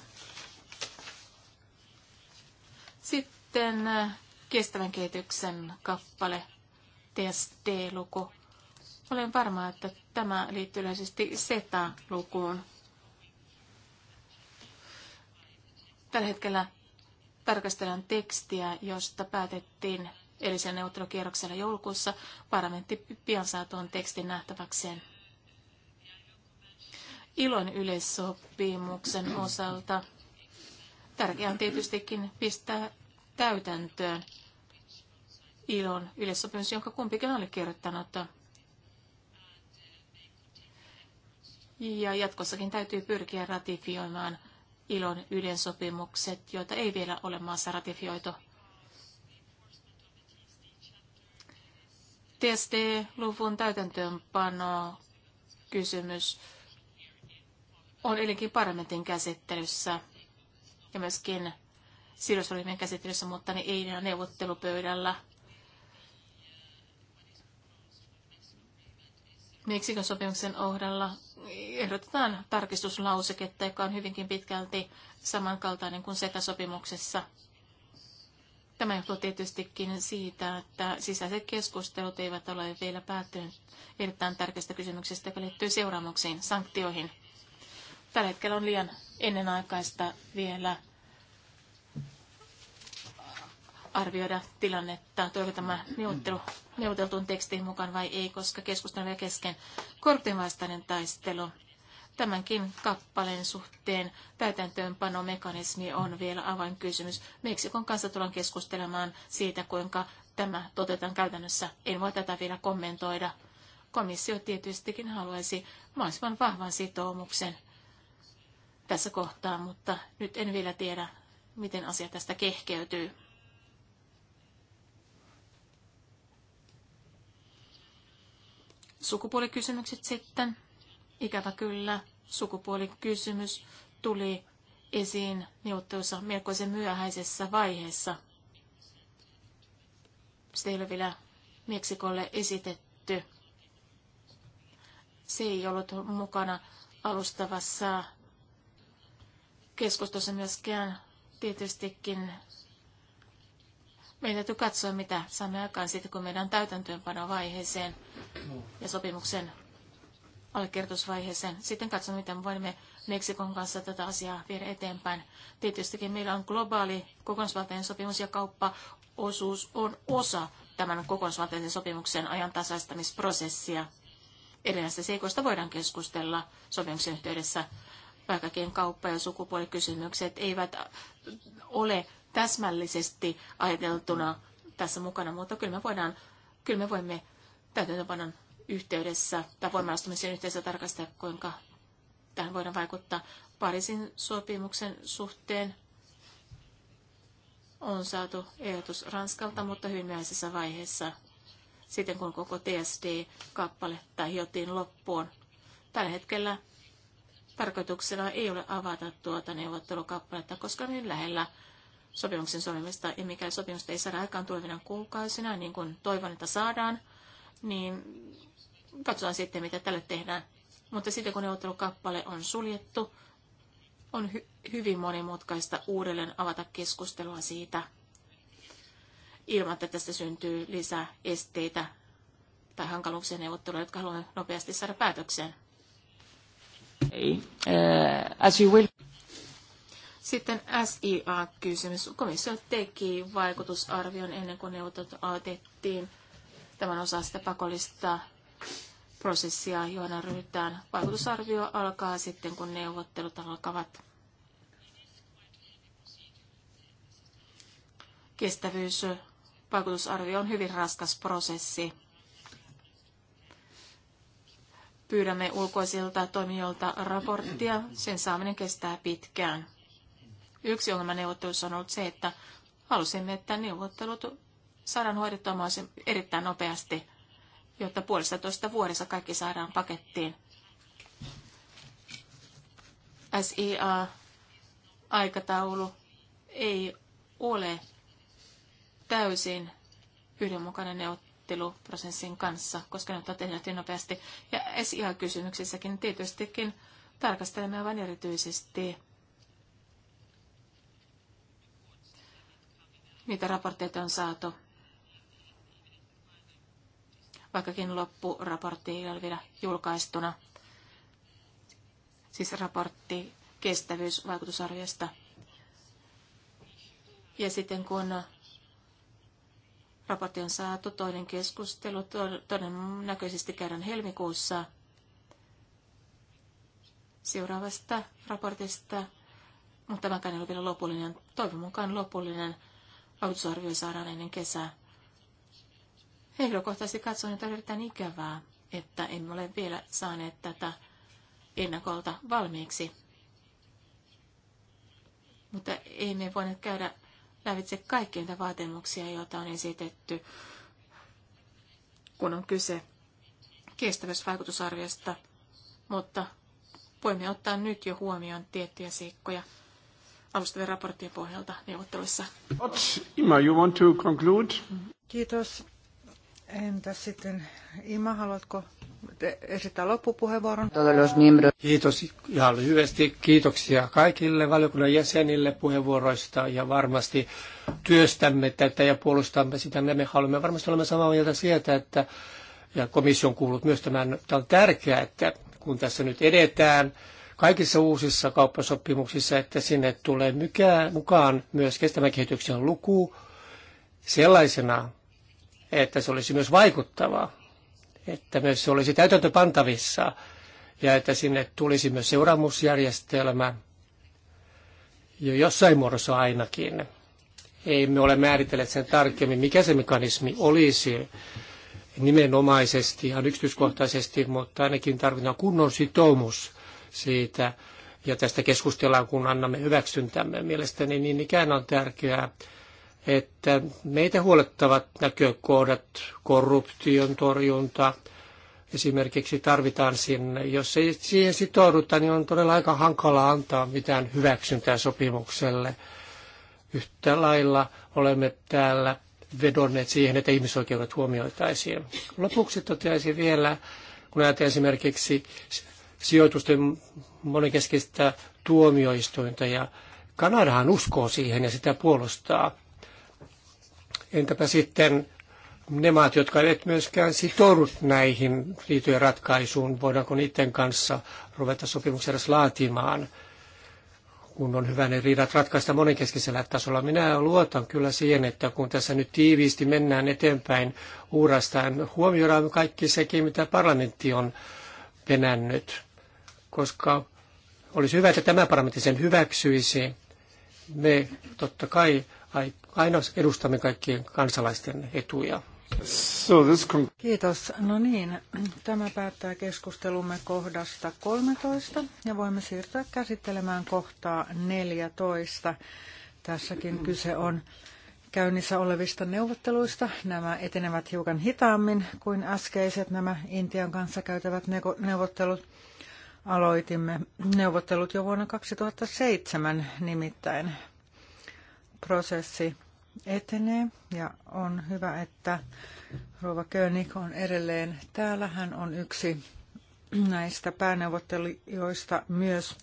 Sitten kestävän kehityksen kappale, TSD-luku. Olen varma, että tämä liittyy yleisesti SETA-lukuun. Tällä hetkellä tarkastellaan tekstiä, josta päätettiin edellisellä neuvottelukierroksella joulukuussa. Parlamentti pian saa tuon tekstin nähtäväkseen. Ilon yleissopimuksen osalta tärkeää on tietystikin pistää täytäntöön ilon yleissopimus, jonka kumpikin on allekirjoittanut. Ja jatkossakin täytyy pyrkiä ratifioimaan ilon yleissopimukset, joita ei vielä ole maassa ratifioitu. TSD-luvun täytäntöönpano kysymys on elinkin parlamentin käsittelyssä ja myöskin sidosryhmien käsittelyssä, mutta ne ei ole neuvottelupöydällä. Meksikon sopimuksen ohdalla ehdotetaan tarkistuslauseketta, joka on hyvinkin pitkälti samankaltainen kuin SETA-sopimuksessa. Tämä johtuu tietystikin siitä, että sisäiset keskustelut eivät ole vielä päättyneet erittäin tärkeistä kysymyksistä, joka liittyy seuraamuksiin, sanktioihin. Tällä hetkellä on liian ennenaikaista vielä arvioida tilannetta, tuleeko tämä neuvottelu, neuvoteltuun tekstiin mukaan vai ei, koska keskustelu on kesken korruptionvastainen taistelu. Tämänkin kappaleen suhteen täytäntöönpanomekanismi on vielä avainkysymys. Meksikon kanssa tullaan keskustelemaan siitä, kuinka tämä toteutetaan käytännössä. En voi tätä vielä kommentoida. Komissio tietystikin haluaisi mahdollisimman vahvan sitoumuksen tässä kohtaa, mutta nyt en vielä tiedä, miten asia tästä kehkeytyy. Sukupuolikysymykset sitten. Ikävä kyllä, sukupuolikysymys tuli esiin neuvottelussa melkoisen myöhäisessä vaiheessa. Sitä ei ole vielä Meksikolle esitetty. Se ei ollut mukana alustavassa keskustelussa myöskään tietystikin meidän täytyy katsoa, mitä saamme aikaan sitten, kun meidän täytäntöönpanovaiheeseen ja sopimuksen allekirjoitusvaiheeseen. Sitten katsomme, miten voimme Meksikon kanssa tätä asiaa viedä eteenpäin. Tietystikin meillä on globaali kokonaisvaltainen sopimus ja kauppaosuus on osa tämän kokonaisvaltaisen sopimuksen ajan tasaistamisprosessia. Erilaisista seikoista voidaan keskustella sopimuksen yhteydessä, vaikkakin kauppa- ja sukupuolikysymykset eivät ole täsmällisesti ajateltuna tässä mukana, mutta kyllä me, voidaan, kyllä me voimme täytäntöpanon yhteydessä tai voimalastumisen yhteydessä tarkastaa, kuinka tähän voidaan vaikuttaa. Pariisin sopimuksen suhteen on saatu ehdotus Ranskalta, mutta hyvin myöhäisessä vaiheessa, sitten kun koko TSD-kappale tai hiottiin loppuun. Tällä hetkellä tarkoituksena ei ole avata tuota neuvottelukappaletta, koska niin lähellä sopimuksen sopimista ja mikäli sopimusta ei saada aikaan tulevina kuukausina, niin kuin toivon, että saadaan, niin katsotaan sitten, mitä tälle tehdään. Mutta sitten kun neuvottelukappale on suljettu, on hy- hyvin monimutkaista uudelleen avata keskustelua siitä, ilman että tästä syntyy lisää esteitä tai hankaluuksia neuvotteluja, jotka haluamme nopeasti saada päätökseen. Hey, uh, as you will... Sitten SIA-kysymys. Komissio teki vaikutusarvion ennen kuin neuvotot aloitettiin. Tämän osa sitä pakollista prosessia, johon ryhdytään. Vaikutusarvio alkaa sitten, kun neuvottelut alkavat. Kestävyys vaikutusarvio on hyvin raskas prosessi. Pyydämme ulkoisilta toimijoilta raporttia. Sen saaminen kestää pitkään. Yksi ongelma neuvottelussa on ollut se, että halusimme, että neuvottelut saadaan hoidettua erittäin nopeasti, jotta toista vuodessa kaikki saadaan pakettiin. SIA-aikataulu ei ole täysin yhdenmukainen neuvotteluprosessin kanssa, koska ne on tehty nopeasti. Ja SIA-kysymyksissäkin tietystikin tarkastelemme aivan erityisesti Niitä raportteita on saatu. Vaikkakin loppuraportti ei ole vielä julkaistuna. Siis raportti kestävyysvaikutusarviosta. Ja sitten kun raportti on saatu, toinen keskustelu todennäköisesti käydään helmikuussa seuraavasta raportista, mutta tämäkään ei ole vielä lopullinen. Toivon mukaan lopullinen vaikutusarvio saadaan ennen kesää. Henkilökohtaisesti katsoin, että on erittäin ikävää, että emme ole vielä saaneet tätä ennakolta valmiiksi. Mutta ei me voineet käydä lävitse kaikkia niitä vaatimuksia, joita on esitetty, kun on kyse kestävyysvaikutusarviosta, mutta voimme ottaa nyt jo huomioon tiettyjä seikkoja alustavien raporttien pohjalta neuvotteluissa. Ima, you want to conclude? Kiitos. Entä sitten Ima, haluatko esittää loppupuheenvuoron? Kiitos ihan lyhyesti. Kiitoksia kaikille valiokunnan jäsenille puheenvuoroista ja varmasti työstämme tätä ja puolustamme sitä, mitä me haluamme. Varmasti olemme samaa mieltä siitä, että ja komission kuulut myös tämän, tämä on tärkeää, että kun tässä nyt edetään, kaikissa uusissa kauppasopimuksissa, että sinne tulee mukaan myös kestävän kehityksen luku sellaisena, että se olisi myös vaikuttava, että myös se olisi täytäntöpantavissa ja että sinne tulisi myös seuraamusjärjestelmä jo jossain muodossa ainakin. Ei me ole määritelleet sen tarkemmin, mikä se mekanismi olisi nimenomaisesti ja yksityiskohtaisesti, mutta ainakin tarvitaan kunnon sitoumus siitä ja tästä keskustellaan, kun annamme hyväksyntämme. Mielestäni niin ikään on tärkeää, että meitä huolettavat näkökohdat, korruption torjunta, esimerkiksi tarvitaan sinne. Jos ei siihen sitouduta, niin on todella aika hankala antaa mitään hyväksyntää sopimukselle. Yhtä lailla olemme täällä vedonneet siihen, että ihmisoikeudet huomioitaisiin. Lopuksi toteaisin vielä, kun ajatellaan esimerkiksi sijoitusten monenkeskistä tuomioistuinta ja Kanadahan uskoo siihen ja sitä puolustaa. Entäpä sitten ne maat, jotka eivät myöskään sitoudu näihin liittyen ratkaisuun, voidaanko niiden kanssa ruveta sopimuksen edes laatimaan, kun on hyvä ne riidat ratkaista monenkeskisellä tasolla. Minä luotan kyllä siihen, että kun tässä nyt tiiviisti mennään eteenpäin uurastaan, huomioidaan kaikki sekin, mitä parlamentti on penännyt koska olisi hyvä, että tämä parlamentti sen hyväksyisi. Me totta kai aina edustamme kaikkien kansalaisten etuja. Kiitos. No niin, tämä päättää keskustelumme kohdasta 13 ja voimme siirtyä käsittelemään kohtaa 14. Tässäkin kyse on käynnissä olevista neuvotteluista. Nämä etenevät hiukan hitaammin kuin äskeiset nämä Intian kanssa käytävät neuvottelut aloitimme neuvottelut jo vuonna 2007 nimittäin. Prosessi etenee ja on hyvä, että Rova König on edelleen täällä. Hän on yksi näistä pääneuvottelijoista myös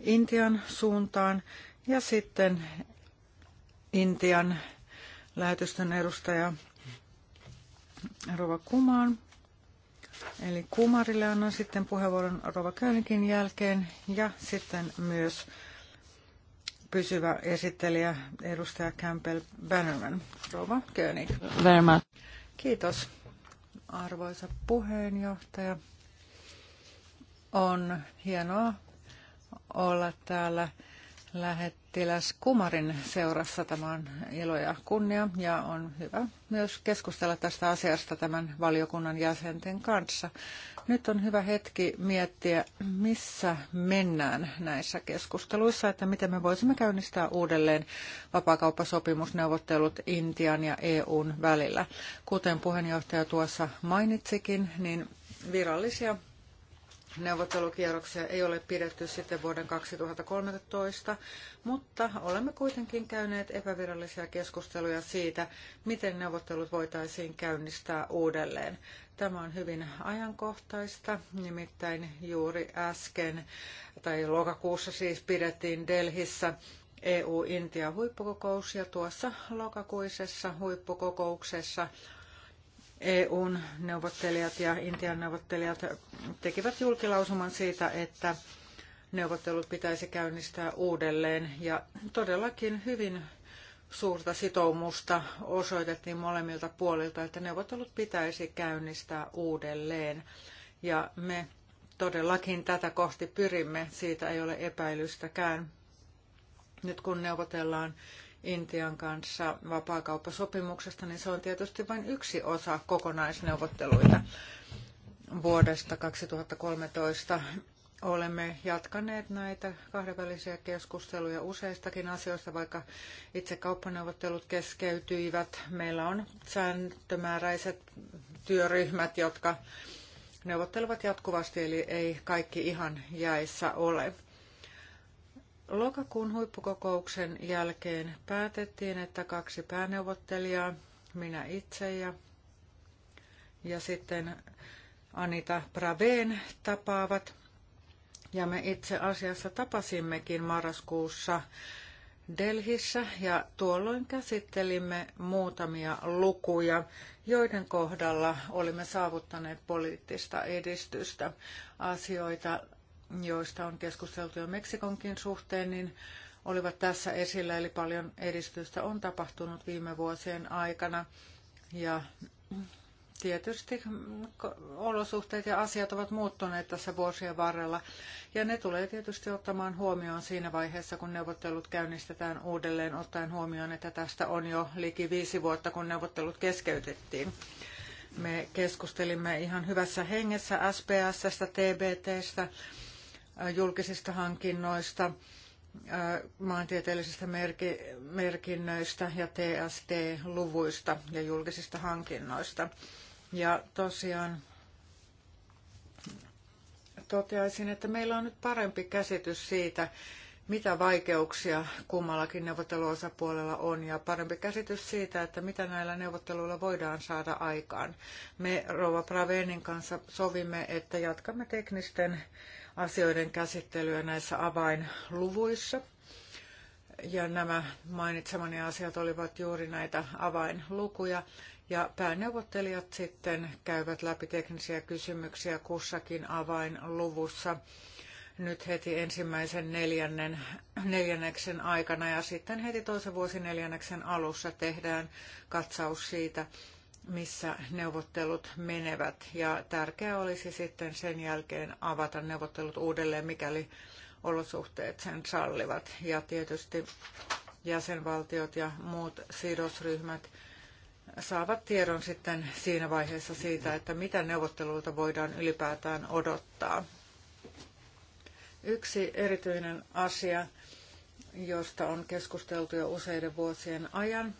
Intian suuntaan ja sitten Intian lähetystön edustaja Rova Kumaan Eli Kumarille annan sitten puheenvuoron Rova Kööningin jälkeen ja sitten myös pysyvä esittelijä edustaja Campbell Bannerman. Rova Kööning. Very Kiitos arvoisa puheenjohtaja. On hienoa olla täällä lähettä lähettiläs Kumarin seurassa. Tämä on ilo ja kunnia ja on hyvä myös keskustella tästä asiasta tämän valiokunnan jäsenten kanssa. Nyt on hyvä hetki miettiä, missä mennään näissä keskusteluissa, että miten me voisimme käynnistää uudelleen vapaakauppasopimusneuvottelut Intian ja EUn välillä. Kuten puheenjohtaja tuossa mainitsikin, niin virallisia Neuvottelukierroksia ei ole pidetty sitten vuoden 2013, mutta olemme kuitenkin käyneet epävirallisia keskusteluja siitä, miten neuvottelut voitaisiin käynnistää uudelleen. Tämä on hyvin ajankohtaista, nimittäin juuri äsken, tai lokakuussa siis pidettiin Delhissä EU-Intia huippukokous ja tuossa lokakuisessa huippukokouksessa EUn neuvottelijat ja Intian neuvottelijat tekivät julkilausuman siitä, että neuvottelut pitäisi käynnistää uudelleen. Ja todellakin hyvin suurta sitoumusta osoitettiin molemmilta puolilta, että neuvottelut pitäisi käynnistää uudelleen. Ja me todellakin tätä kohti pyrimme, siitä ei ole epäilystäkään. Nyt kun neuvotellaan Intian kanssa vapaakauppasopimuksesta, niin se on tietysti vain yksi osa kokonaisneuvotteluita vuodesta 2013. Olemme jatkaneet näitä kahdenvälisiä keskusteluja useistakin asioista, vaikka itse kauppaneuvottelut keskeytyivät. Meillä on sääntömääräiset työryhmät, jotka neuvottelevat jatkuvasti, eli ei kaikki ihan jäissä ole. Lokakuun huippukokouksen jälkeen päätettiin, että kaksi pääneuvottelijaa, minä itse ja, ja sitten Anita Praveen tapaavat. Ja me itse asiassa tapasimmekin marraskuussa Delhissä ja tuolloin käsittelimme muutamia lukuja, joiden kohdalla olimme saavuttaneet poliittista edistystä. Asioita joista on keskusteltu jo Meksikonkin suhteen, niin olivat tässä esillä, eli paljon edistystä on tapahtunut viime vuosien aikana. Ja tietysti olosuhteet ja asiat ovat muuttuneet tässä vuosien varrella, ja ne tulee tietysti ottamaan huomioon siinä vaiheessa, kun neuvottelut käynnistetään uudelleen, ottaen huomioon, että tästä on jo liki viisi vuotta, kun neuvottelut keskeytettiin. Me keskustelimme ihan hyvässä hengessä SPSstä, TBTstä, Äh, julkisista hankinnoista, äh, maantieteellisistä merkinnöistä ja TST-luvuista ja julkisista hankinnoista. Ja tosiaan toteaisin, että meillä on nyt parempi käsitys siitä, mitä vaikeuksia kummallakin neuvotteluosapuolella on ja parempi käsitys siitä, että mitä näillä neuvotteluilla voidaan saada aikaan. Me Rova Pravenin kanssa sovimme, että jatkamme teknisten asioiden käsittelyä näissä avainluvuissa. Ja nämä mainitsemani asiat olivat juuri näitä avainlukuja. Ja pääneuvottelijat sitten käyvät läpi teknisiä kysymyksiä kussakin avainluvussa nyt heti ensimmäisen neljännen, neljänneksen aikana ja sitten heti toisen vuosineljänneksen alussa tehdään katsaus siitä, missä neuvottelut menevät. Ja tärkeää olisi sitten sen jälkeen avata neuvottelut uudelleen, mikäli olosuhteet sen sallivat. Ja tietysti jäsenvaltiot ja muut sidosryhmät saavat tiedon sitten siinä vaiheessa siitä, että mitä neuvotteluilta voidaan ylipäätään odottaa. Yksi erityinen asia, josta on keskusteltu jo useiden vuosien ajan,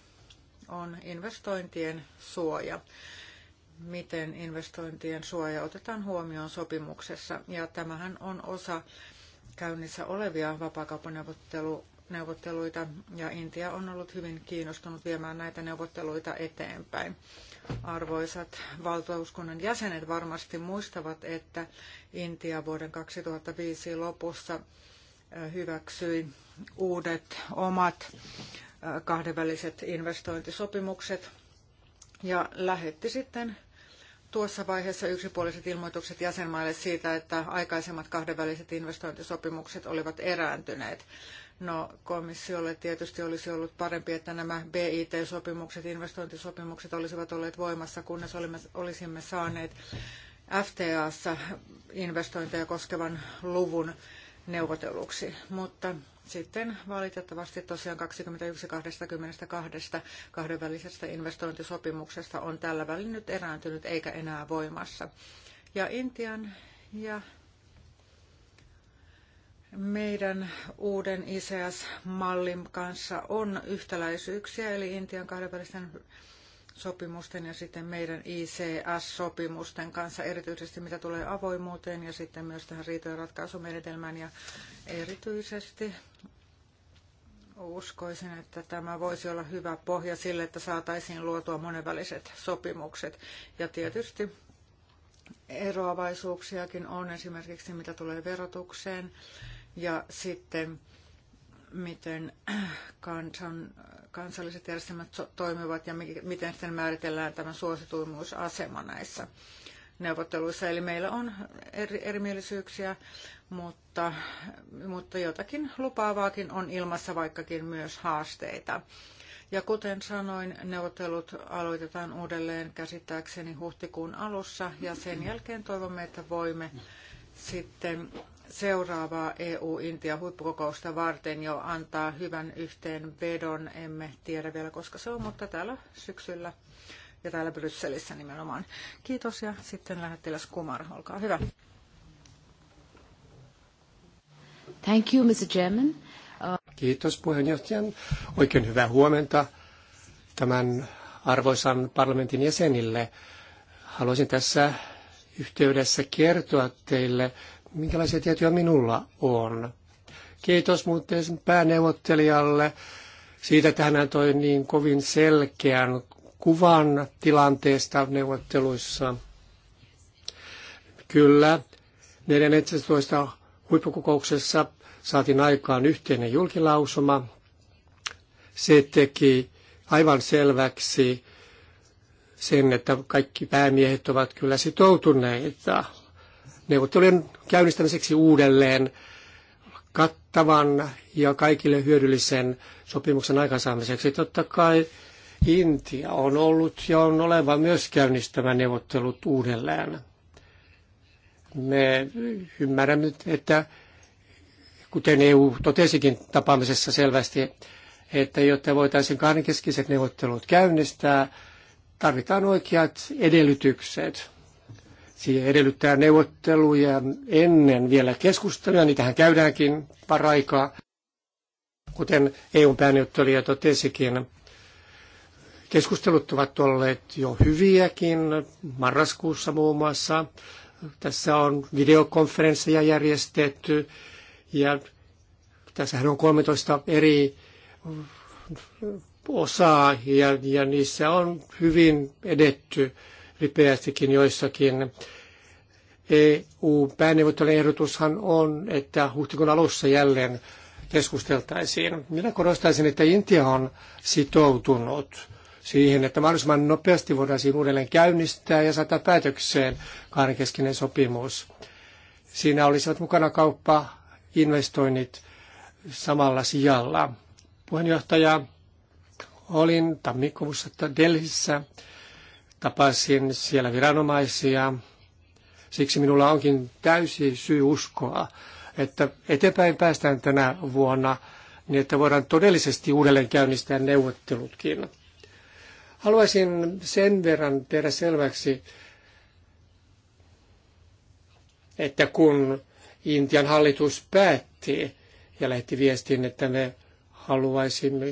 on investointien suoja. Miten investointien suoja otetaan huomioon sopimuksessa. Ja tämähän on osa käynnissä olevia vapaakauppaneuvotteluita, ja Intia on ollut hyvin kiinnostunut viemään näitä neuvotteluita eteenpäin. Arvoisat valtuuskunnan jäsenet varmasti muistavat, että Intia vuoden 2005 lopussa hyväksyi uudet omat kahdenväliset investointisopimukset ja lähetti sitten tuossa vaiheessa yksipuoliset ilmoitukset jäsenmaille siitä, että aikaisemmat kahdenväliset investointisopimukset olivat erääntyneet. No komissiolle tietysti olisi ollut parempi, että nämä BIT-sopimukset, investointisopimukset olisivat olleet voimassa, kunnes olimme, olisimme saaneet FTAssa investointeja koskevan luvun neuvoteluksi. Mutta sitten valitettavasti tosiaan 21 22 kahdenvälisestä investointisopimuksesta on tällä välin nyt erääntynyt eikä enää voimassa. Ja Intian ja meidän uuden ICS-mallin kanssa on yhtäläisyyksiä, eli Intian kahdenvälisten sopimusten ja sitten meidän ICS-sopimusten kanssa, erityisesti mitä tulee avoimuuteen ja sitten myös tähän riitojen ratkaisumenetelmään ja erityisesti uskoisin, että tämä voisi olla hyvä pohja sille, että saataisiin luotua monenväliset sopimukset. Ja tietysti eroavaisuuksiakin on esimerkiksi mitä tulee verotukseen ja sitten miten kansan, kansalliset järjestelmät toimivat ja miten sitten määritellään tämä suosituimuusasema näissä neuvotteluissa. Eli meillä on eri, erimielisyyksiä, mutta, mutta jotakin lupaavaakin on ilmassa, vaikkakin myös haasteita. Ja kuten sanoin, neuvottelut aloitetaan uudelleen käsittääkseni huhtikuun alussa ja sen jälkeen toivomme, että voimme sitten seuraavaa EU-Intia-huippukokousta varten jo antaa hyvän yhteenvedon. Emme tiedä vielä, koska se on, mutta täällä syksyllä ja täällä Brysselissä nimenomaan. Kiitos ja sitten lähettiläs Kumar, olkaa hyvä. Thank you, Mr. Chairman. Uh, Kiitos puheenjohtajan. Oikein hyvää huomenta tämän arvoisan parlamentin jäsenille. Haluaisin tässä yhteydessä kertoa teille minkälaisia tietoja minulla on. Kiitos muuten pääneuvottelijalle siitä, että hän toi niin kovin selkeän kuvan tilanteesta neuvotteluissa. Kyllä, 14. huippukokouksessa saatiin aikaan yhteinen julkilausuma. Se teki aivan selväksi sen, että kaikki päämiehet ovat kyllä sitoutuneita neuvottelujen käynnistämiseksi uudelleen kattavan ja kaikille hyödyllisen sopimuksen aikaansaamiseksi. Totta kai Intia on ollut ja on oleva myös käynnistämä neuvottelut uudelleen. Me ymmärrämme, että kuten EU totesikin tapaamisessa selvästi, että jotta voitaisiin kahdenkeskiset neuvottelut käynnistää, tarvitaan oikeat edellytykset. Siihen edellyttää neuvotteluja ennen vielä keskusteluja, niitähän käydäänkin paraikaa. Kuten EUn pääneuvottelija totesikin, keskustelut ovat olleet jo hyviäkin, marraskuussa muun muassa. Tässä on videokonferensseja järjestetty ja tässähän on 13 eri osaa ja, ja niissä on hyvin edetty ripeästikin joissakin. EU-pääneuvottelun ehdotushan on, että huhtikuun alussa jälleen keskusteltaisiin. Minä korostaisin, että Intia on sitoutunut siihen, että mahdollisimman nopeasti voidaan uudelleen käynnistää ja saada päätökseen kahdenkeskinen sopimus. Siinä olisivat mukana kauppa, investoinnit samalla sijalla. Puheenjohtaja, olin tammikuussa Delhissä Tapasin siellä viranomaisia. Siksi minulla onkin täysi syy uskoa, että eteenpäin päästään tänä vuonna niin, että voidaan todellisesti uudelleen käynnistää neuvottelutkin. Haluaisin sen verran tehdä selväksi, että kun Intian hallitus päätti ja lähti viestin, että me haluaisimme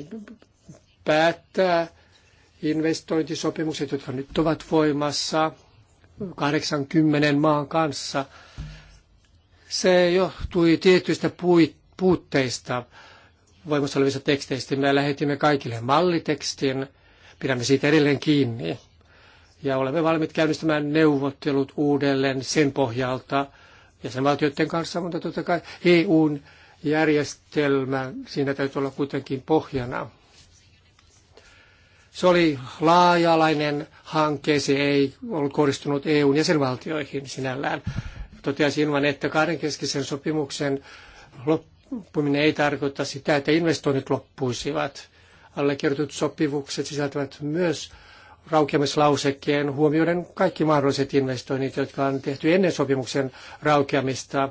päättää investointisopimukset, jotka nyt ovat voimassa 80 maan kanssa, se johtui tietyistä puutteista voimassa olevissa teksteistä. Me lähetimme kaikille mallitekstin, pidämme siitä edelleen kiinni. Ja olemme valmiit käynnistämään neuvottelut uudelleen sen pohjalta jäsenvaltioiden kanssa, mutta totta kai EUn järjestelmä, siinä täytyy olla kuitenkin pohjana. Se oli laajalainen hanke, se ei ollut kohdistunut EUn jäsenvaltioihin sinällään. Toteaisin vain, että kahdenkeskisen sopimuksen loppuminen ei tarkoita sitä, että investoinnit loppuisivat. Allekirjoitut sopivukset sisältävät myös raukeamislausekkeen huomioiden kaikki mahdolliset investoinnit, jotka on tehty ennen sopimuksen raukeamista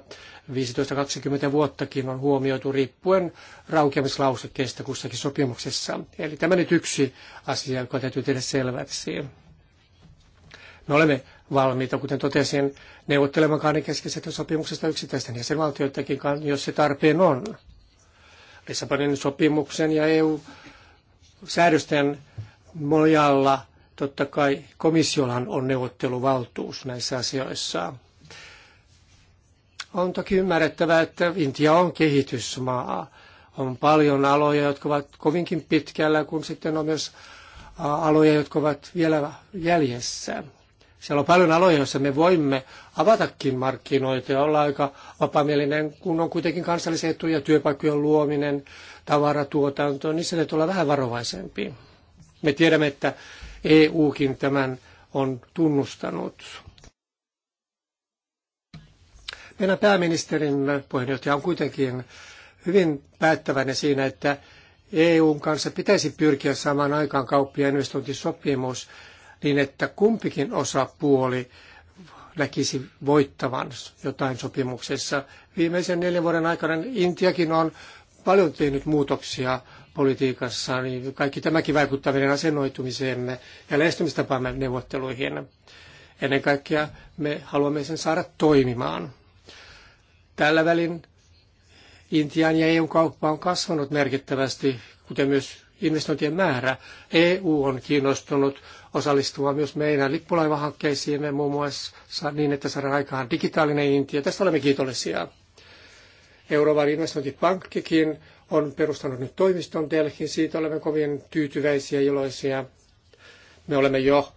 15-20 vuottakin on huomioitu riippuen raukeamislausekkeesta kussakin sopimuksessa. Eli tämä nyt yksi asia, joka täytyy tehdä selväksi. Me olemme valmiita, kuten totesin, neuvottelemaan kahdenkeskisestä sopimuksesta yksittäisten jäsenvaltioidenkin kanssa, jos se tarpeen on. Lissabonin sopimuksen ja EU-säädösten nojalla totta kai komissiollahan on neuvotteluvaltuus näissä asioissa. On toki ymmärrettävää, että Intia on kehitysmaa. On paljon aloja, jotka ovat kovinkin pitkällä, kun sitten on myös aloja, jotka ovat vielä jäljessä. Siellä on paljon aloja, joissa me voimme avatakin markkinoita ja olla aika vapamielinen, kun on kuitenkin kansallisia etuja, työpaikkojen luominen, tavaratuotanto, niin se olla vähän varovaisempi. Me tiedämme, että EUkin tämän on tunnustanut. Meidän pääministerin puheenjohtaja on kuitenkin hyvin päättäväinen siinä, että EUn kanssa pitäisi pyrkiä saamaan aikaan kauppi- ja investointisopimus niin, että kumpikin osapuoli näkisi voittavan jotain sopimuksessa. Viimeisen neljän vuoden aikana Intiakin on paljon tehnyt muutoksia politiikassa, niin kaikki tämäkin vaikuttaa meidän asennoitumiseemme ja lähestymistapaamme neuvotteluihin. Ennen kaikkea me haluamme sen saada toimimaan. Tällä välin Intian ja EUn kauppa on kasvanut merkittävästi, kuten myös investointien määrä. EU on kiinnostunut osallistumaan myös meidän lippulaivahankkeisiimme muun muassa niin, että saadaan aikaan digitaalinen Intia. Tästä olemme kiitollisia. Euroopan investointipankkikin on perustanut nyt toimiston Delhiin. Siitä olemme kovin tyytyväisiä ja iloisia. Me olemme jo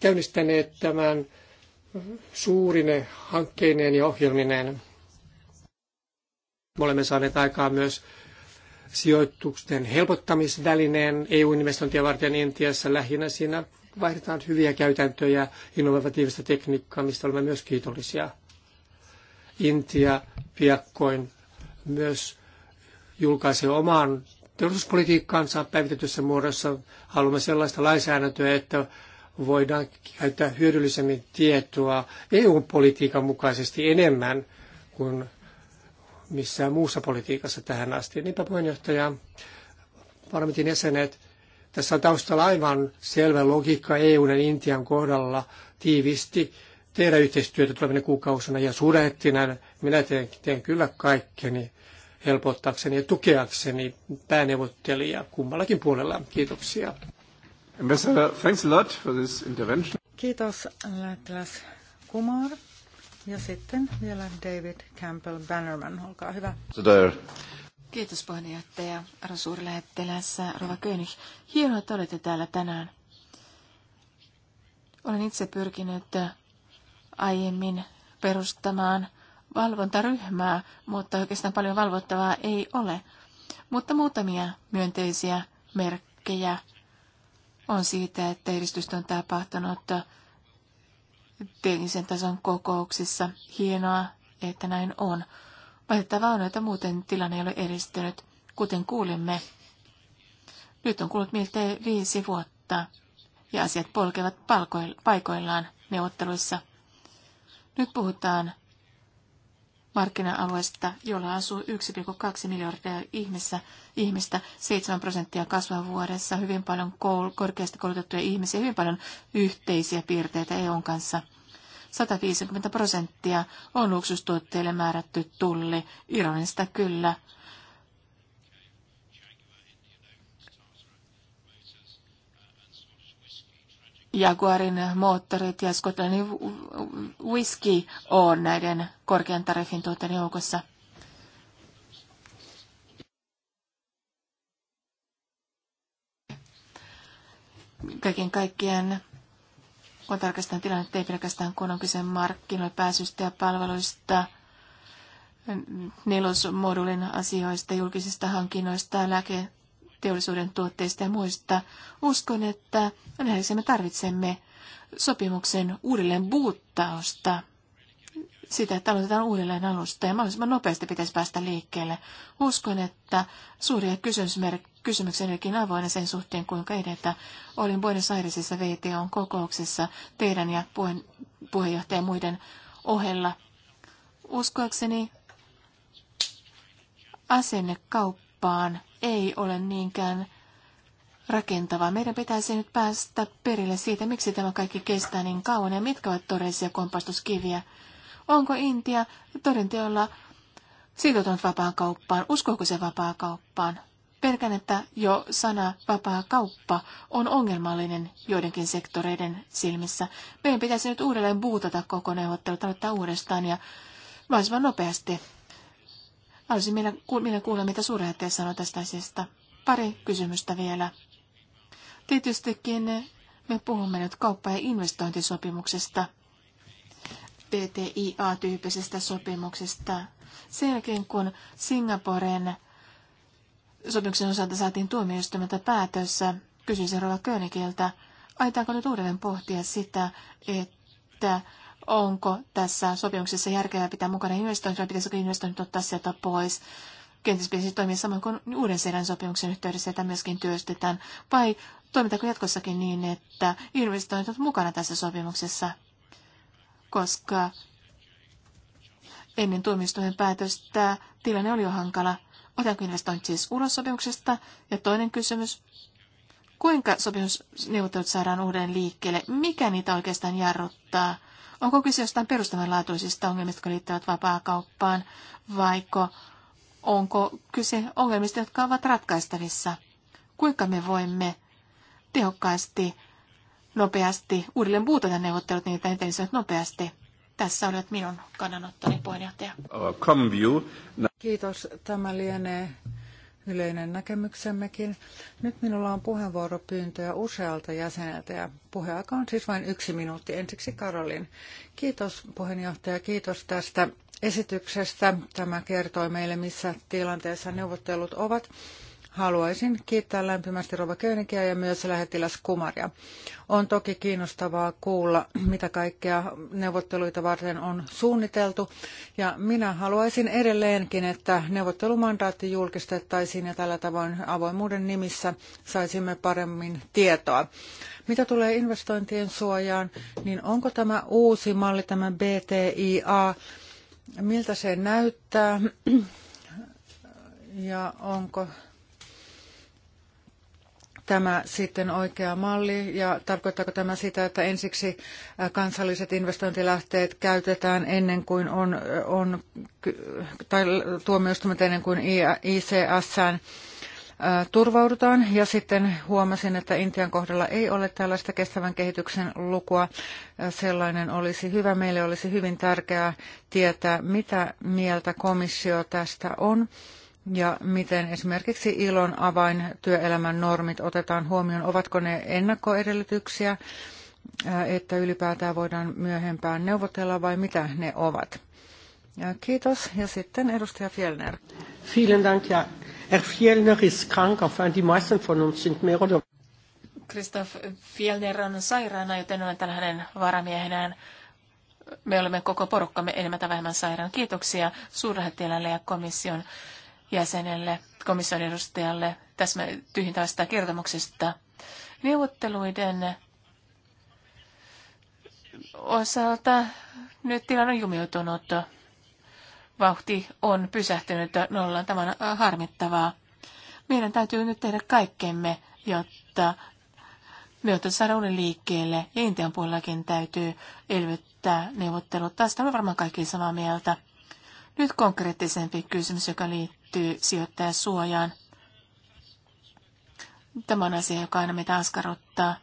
käynnistäneet tämän suurine hankkeineen ja ohjelmineen. Me olemme saaneet aikaa myös sijoitusten helpottamisvälineen EU-investointia varten Intiassa lähinnä siinä vaihdetaan hyviä käytäntöjä, innovatiivista tekniikkaa, mistä olemme myös kiitollisia. Intia piakkoin myös julkaisee oman teollisuuspolitiikkaansa päivitetyssä muodossa. Haluamme sellaista lainsäädäntöä, että voidaan käyttää hyödyllisemmin tietoa EU-politiikan mukaisesti enemmän kuin missään muussa politiikassa tähän asti. Niinpä puheenjohtaja, parlamentin jäsenet, tässä on taustalla aivan selvä logiikka EUn ja Intian kohdalla tiivisti tehdä yhteistyötä tulevina kuukausina ja surettina. minä teen, teen kyllä kaikkeni helpottaakseni ja tukeakseni pääneuvottelijaa kummallakin puolella. Kiitoksia. Ambassador, thanks a lot for this intervention. Kiitos lähettiläs Kumar. Ja sitten vielä David Campbell Bannerman, olkaa hyvä. Today. Kiitos puheenjohtaja, arvon suurlähettiläs Rova König. Hienoa, että olette täällä tänään. Olen itse pyrkinyt aiemmin perustamaan valvontaryhmää, mutta oikeastaan paljon valvottavaa ei ole. Mutta muutamia myönteisiä merkkejä on siitä, että edistystä on tapahtunut teknisen tason kokouksissa. Hienoa, että näin on. Valitettavaa on, että muuten tilanne ei ole edistynyt, kuten kuulimme. Nyt on kulunut miltei viisi vuotta, ja asiat polkevat paikoillaan neuvotteluissa. Nyt puhutaan markkina-alueesta, jolla asuu 1,2 miljardia ihmistä, ihmistä 7 prosenttia kasvaa vuodessa, hyvin paljon koul- korkeasti koulutettuja ihmisiä, hyvin paljon yhteisiä piirteitä EUn kanssa. 150 prosenttia on luksustuotteille määrätty tulli, ironista kyllä – Jaguarin moottorit ja Skotlannin whisky on näiden korkean tariffin tuotteiden joukossa. Kaiken kaikkiaan kun tarkastan tilannetta, ei pelkästään kun on kyse markkinoille pääsystä ja palveluista, nelosmodulin asioista, julkisista hankinnoista, lääke- teollisuuden tuotteista ja muista. Uskon, että näissä me tarvitsemme sopimuksen uudelleen buuttausta sitä, että aloitetaan uudelleen alusta ja mahdollisimman nopeasti pitäisi päästä liikkeelle. Uskon, että suuria kysymyksiä olikin avoinna sen suhteen, kuinka edetä. Olin Buenos Airesissa VTOn kokouksessa teidän ja puheen, puheenjohtajan muiden ohella. Uskoakseni asennekauppa tapaan ei ole niinkään rakentava. Meidän pitäisi nyt päästä perille siitä, miksi tämä kaikki kestää niin kauan ja mitkä ovat todellisia kompastuskiviä. Onko Intia todenteolla sitoutunut vapaan kauppaan? Uskooko se vapaa kauppaan? Pelkän, että jo sana vapaa kauppa on ongelmallinen joidenkin sektoreiden silmissä. Meidän pitäisi nyt uudelleen buutata koko neuvottelut, aloittaa uudestaan ja mahdollisimman nopeasti Haluaisin minä millä kuulla, mitä suurlähettäjä sanoi tästä asiasta. Pari kysymystä vielä. Tietystikin me puhumme nyt kauppa- ja investointisopimuksesta, PTIA-tyyppisestä sopimuksesta. Sen jälkeen, kun Singaporen sopimuksen osalta saatiin tuomioistuimelta päätös, kysyisin Rova Königiltä, aitaanko nyt uudelleen pohtia sitä, että onko tässä sopimuksessa järkevää pitää mukana investointi vai pitäisikö investoinnit ottaa sieltä pois. Kenties pitäisi toimia samoin kuin uuden seidän sopimuksen yhteydessä, että myöskin työstetään, vai toimitaanko jatkossakin niin, että investoinnit ovat mukana tässä sopimuksessa, koska ennen tuomioistuimen päätöstä tilanne oli jo hankala. Otetaanko investoinnit siis ulos sopimuksesta? Ja toinen kysymys, kuinka sopimusneuvottelut saadaan uuden liikkeelle? Mikä niitä oikeastaan jarruttaa? Onko kyse jostain perustavanlaatuisista ongelmista, jotka liittyvät vapaakauppaan, vaiko onko kyse ongelmista, jotka ovat ratkaistavissa? Kuinka me voimme tehokkaasti, nopeasti uudelleen puutata neuvottelut niin, että etenisivät nopeasti? Tässä olivat minun kannanottoni puheenjohtaja. Kiitos. Tämä lienee yleinen näkemyksemmekin. Nyt minulla on puheenvuoropyyntöjä usealta jäseneltä ja puheaika on siis vain yksi minuutti. Ensiksi Karolin. Kiitos puheenjohtaja, kiitos tästä esityksestä. Tämä kertoi meille, missä tilanteessa neuvottelut ovat. Haluaisin kiittää lämpimästi Rova Köönikiä ja myös lähettiläs Kumaria. On toki kiinnostavaa kuulla, mitä kaikkea neuvotteluita varten on suunniteltu. Ja minä haluaisin edelleenkin, että neuvottelumandaatti julkistettaisiin ja tällä tavoin avoimuuden nimissä saisimme paremmin tietoa. Mitä tulee investointien suojaan, niin onko tämä uusi malli, tämä BTIA, miltä se näyttää ja onko tämä sitten oikea malli ja tarkoittaako tämä sitä, että ensiksi äh, kansalliset investointilähteet käytetään ennen kuin on, äh, on tai tuomioistumat ennen kuin ICS äh, turvaudutaan. Ja sitten huomasin, että Intian kohdalla ei ole tällaista kestävän kehityksen lukua. Sellainen olisi hyvä. Meille olisi hyvin tärkeää tietää, mitä mieltä komissio tästä on ja miten esimerkiksi ilon avain työelämän normit otetaan huomioon, ovatko ne ennakkoedellytyksiä, äh, että ylipäätään voidaan myöhempään neuvotella vai mitä ne ovat. Ja äh, kiitos. Ja sitten edustaja Fjellner. Vielen Dank, ja. Herr Fjellner ist krank, die meisten von uns sind mehr oder Christoph Fjellner on sairaana, joten olen täällä hänen varamiehenään. Me olemme koko porukkamme enemmän tai vähemmän sairaan. Kiitoksia suurlähettiläälle ja komission jäsenelle, komission edustajalle täsmä tyhjentävästä kertomuksesta. Neuvotteluiden osalta nyt tilanne on jumiutunut. Vauhti on pysähtynyt nollaan. Tämä on äh, harmittavaa. Meidän täytyy nyt tehdä kaikkemme, jotta myötä saada uuden liikkeelle ja Intian puolellakin täytyy elvyttää neuvottelut. Tästä on varmaan kaikki samaa mieltä. Nyt konkreettisempi kysymys, joka liittyy sijoittaa suojaan. Tämä on asia, joka aina meitä askarruttaa.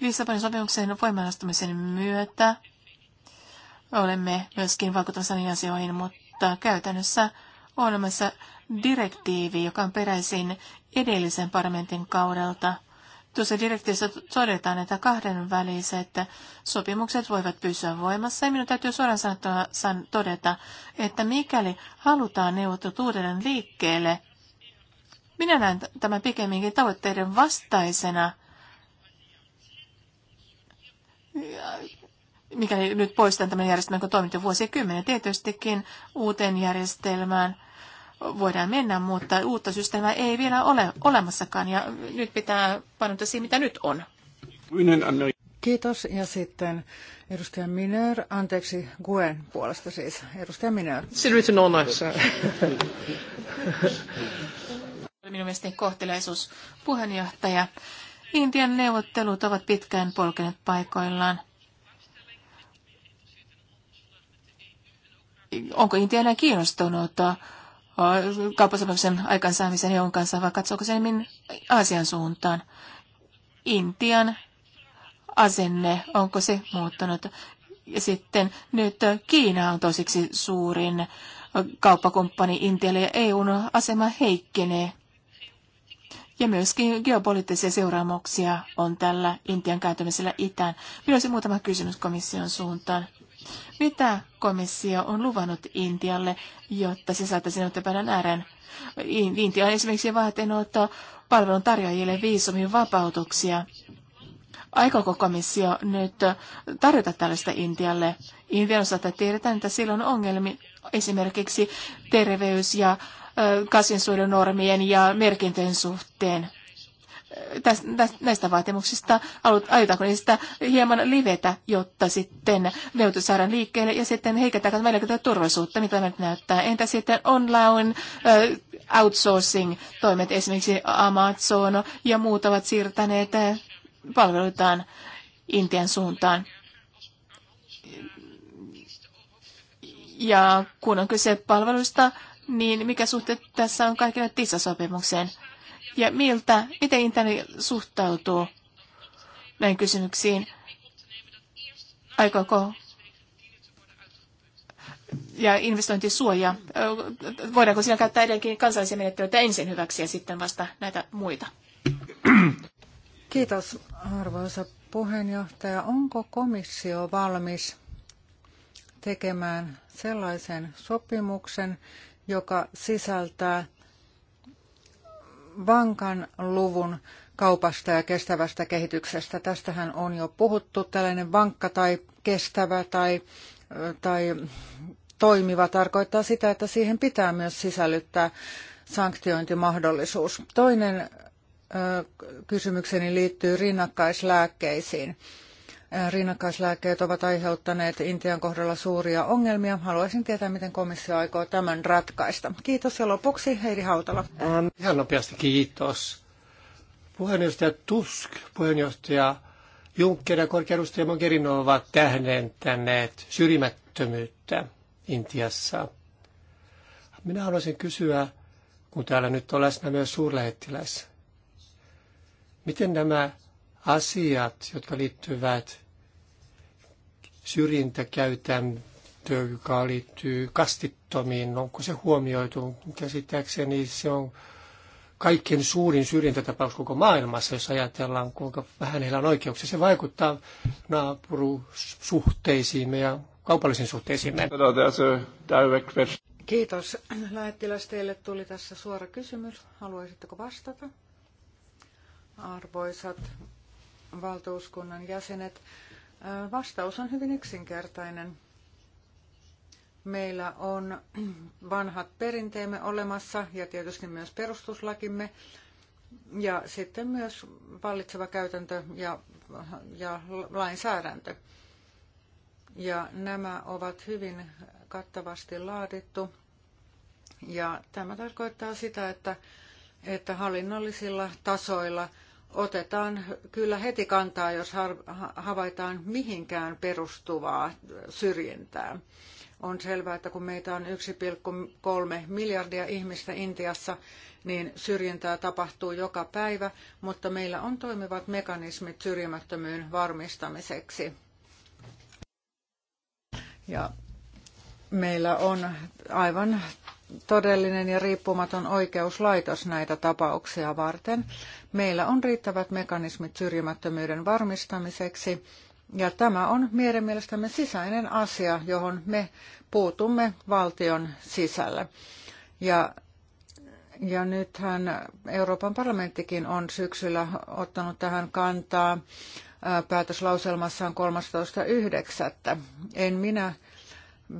Lissabonin sopimuksen voimaanastumisen myötä olemme myöskin vaikuttamassa niihin asioihin, mutta käytännössä on olemassa direktiivi, joka on peräisin edellisen parlamentin kaudelta – Tuossa direktiivissä todetaan, että kahdenväliset sopimukset voivat pysyä voimassa. Ja minun täytyy suoraan sanottuna todeta, että mikäli halutaan neuvottelut uudelleen liikkeelle, minä näen tämän pikemminkin tavoitteiden vastaisena, mikäli nyt poistan tämän järjestelmän, kun toiminut jo vuosikymmenen, tietystikin uuteen järjestelmään – voidaan mennä, mutta uutta systeemiä ei vielä ole olemassakaan ja nyt pitää painottaa siihen, mitä nyt on. Kiitos. Ja sitten edustaja Minör, anteeksi Guen puolesta siis, edustaja Minör. Selvityn on Minun mielestäni niin kohteleisuus puheenjohtaja. Intian neuvottelut ovat pitkään polkeneet paikoillaan. Onko Intia enää kiinnostunut kauppasopimuksen aikaansaamisen EUn kanssa, vaan katsooko se enemmän Aasian suuntaan? Intian asenne, onko se muuttunut? Ja sitten nyt Kiina on tosiksi suurin kauppakumppani Intialle ja EUn asema heikkenee. Ja myöskin geopoliittisia seuraamuksia on tällä Intian kääntymisellä itään. Minulla olisi muutama kysymys komission suuntaan. Mitä komissio on luvannut Intialle, jotta se saattaisi ottaa ääreen? Intia on esimerkiksi vaatinut palvelun tarjoajille viisumin vapautuksia. Aikooko komissio nyt tarjota tällaista Intialle? Intian osalta tiedetään, että sillä on ongelmia esimerkiksi terveys- ja kasvinsuojelunormien ja merkintöjen suhteen näistä vaatimuksista, aiotaanko niistä hieman livetä, jotta sitten neuvottelut saadaan liikkeelle ja sitten heikentääkö meillä tätä turvallisuutta, mitä nyt näyttää. Entä sitten online outsourcing-toimet, esimerkiksi Amazon ja muut ovat siirtäneet palveluitaan Intian suuntaan. Ja kun on kyse palveluista, niin mikä suhte tässä on kaikille TISA-sopimukseen? ja miltä, miten interni suhtautuu näihin kysymyksiin. Aikooko ja investointisuoja, voidaanko siinä käyttää edelleenkin kansallisia menettelyitä ensin hyväksi ja sitten vasta näitä muita? Kiitos arvoisa puheenjohtaja. Onko komissio valmis tekemään sellaisen sopimuksen, joka sisältää vankan luvun kaupasta ja kestävästä kehityksestä. Tästähän on jo puhuttu, tällainen vankka tai kestävä tai, tai toimiva tarkoittaa sitä, että siihen pitää myös sisällyttää sanktiointimahdollisuus. Toinen kysymykseni liittyy rinnakkaislääkkeisiin. Rinnakkaislääkkeet ovat aiheuttaneet Intian kohdalla suuria ongelmia. Haluaisin tietää, miten komissio aikoo tämän ratkaista. Kiitos ja lopuksi Heidi Hautala. Ähm, ihan nopeasti kiitos. Puheenjohtaja Tusk, puheenjohtaja Juncker ja korkeudustaja Mogherini ovat tähdentäneet syrjimättömyyttä Intiassa. Minä haluaisin kysyä, kun täällä nyt on läsnä myös suurlähettiläs, miten nämä asiat, jotka liittyvät syrjintäkäytäntö, joka liittyy kastittomiin, onko se huomioitu? Käsittääkseni se on kaikkein suurin syrjintätapaus koko maailmassa, jos ajatellaan, kuinka vähän heillä on oikeuksia. Se vaikuttaa naapurusuhteisiimme ja kaupallisiin suhteisiimme. Kiitos. Lähettiläs, teille tuli tässä suora kysymys. Haluaisitteko vastata? Arvoisat valtuuskunnan jäsenet, Vastaus on hyvin yksinkertainen. Meillä on vanhat perinteemme olemassa ja tietysti myös perustuslakimme ja sitten myös vallitseva käytäntö ja, ja lainsäädäntö. Ja nämä ovat hyvin kattavasti laadittu. Ja tämä tarkoittaa sitä, että, että hallinnollisilla tasoilla – otetaan kyllä heti kantaa, jos havaitaan mihinkään perustuvaa syrjintää. On selvää, että kun meitä on 1,3 miljardia ihmistä Intiassa, niin syrjintää tapahtuu joka päivä, mutta meillä on toimivat mekanismit syrjimättömyyden varmistamiseksi. Ja meillä on aivan todellinen ja riippumaton oikeuslaitos näitä tapauksia varten. Meillä on riittävät mekanismit syrjimättömyyden varmistamiseksi ja tämä on meidän mielestämme sisäinen asia, johon me puutumme valtion sisällä. Ja, ja nythän Euroopan parlamenttikin on syksyllä ottanut tähän kantaa päätöslauselmassaan 13.9. En minä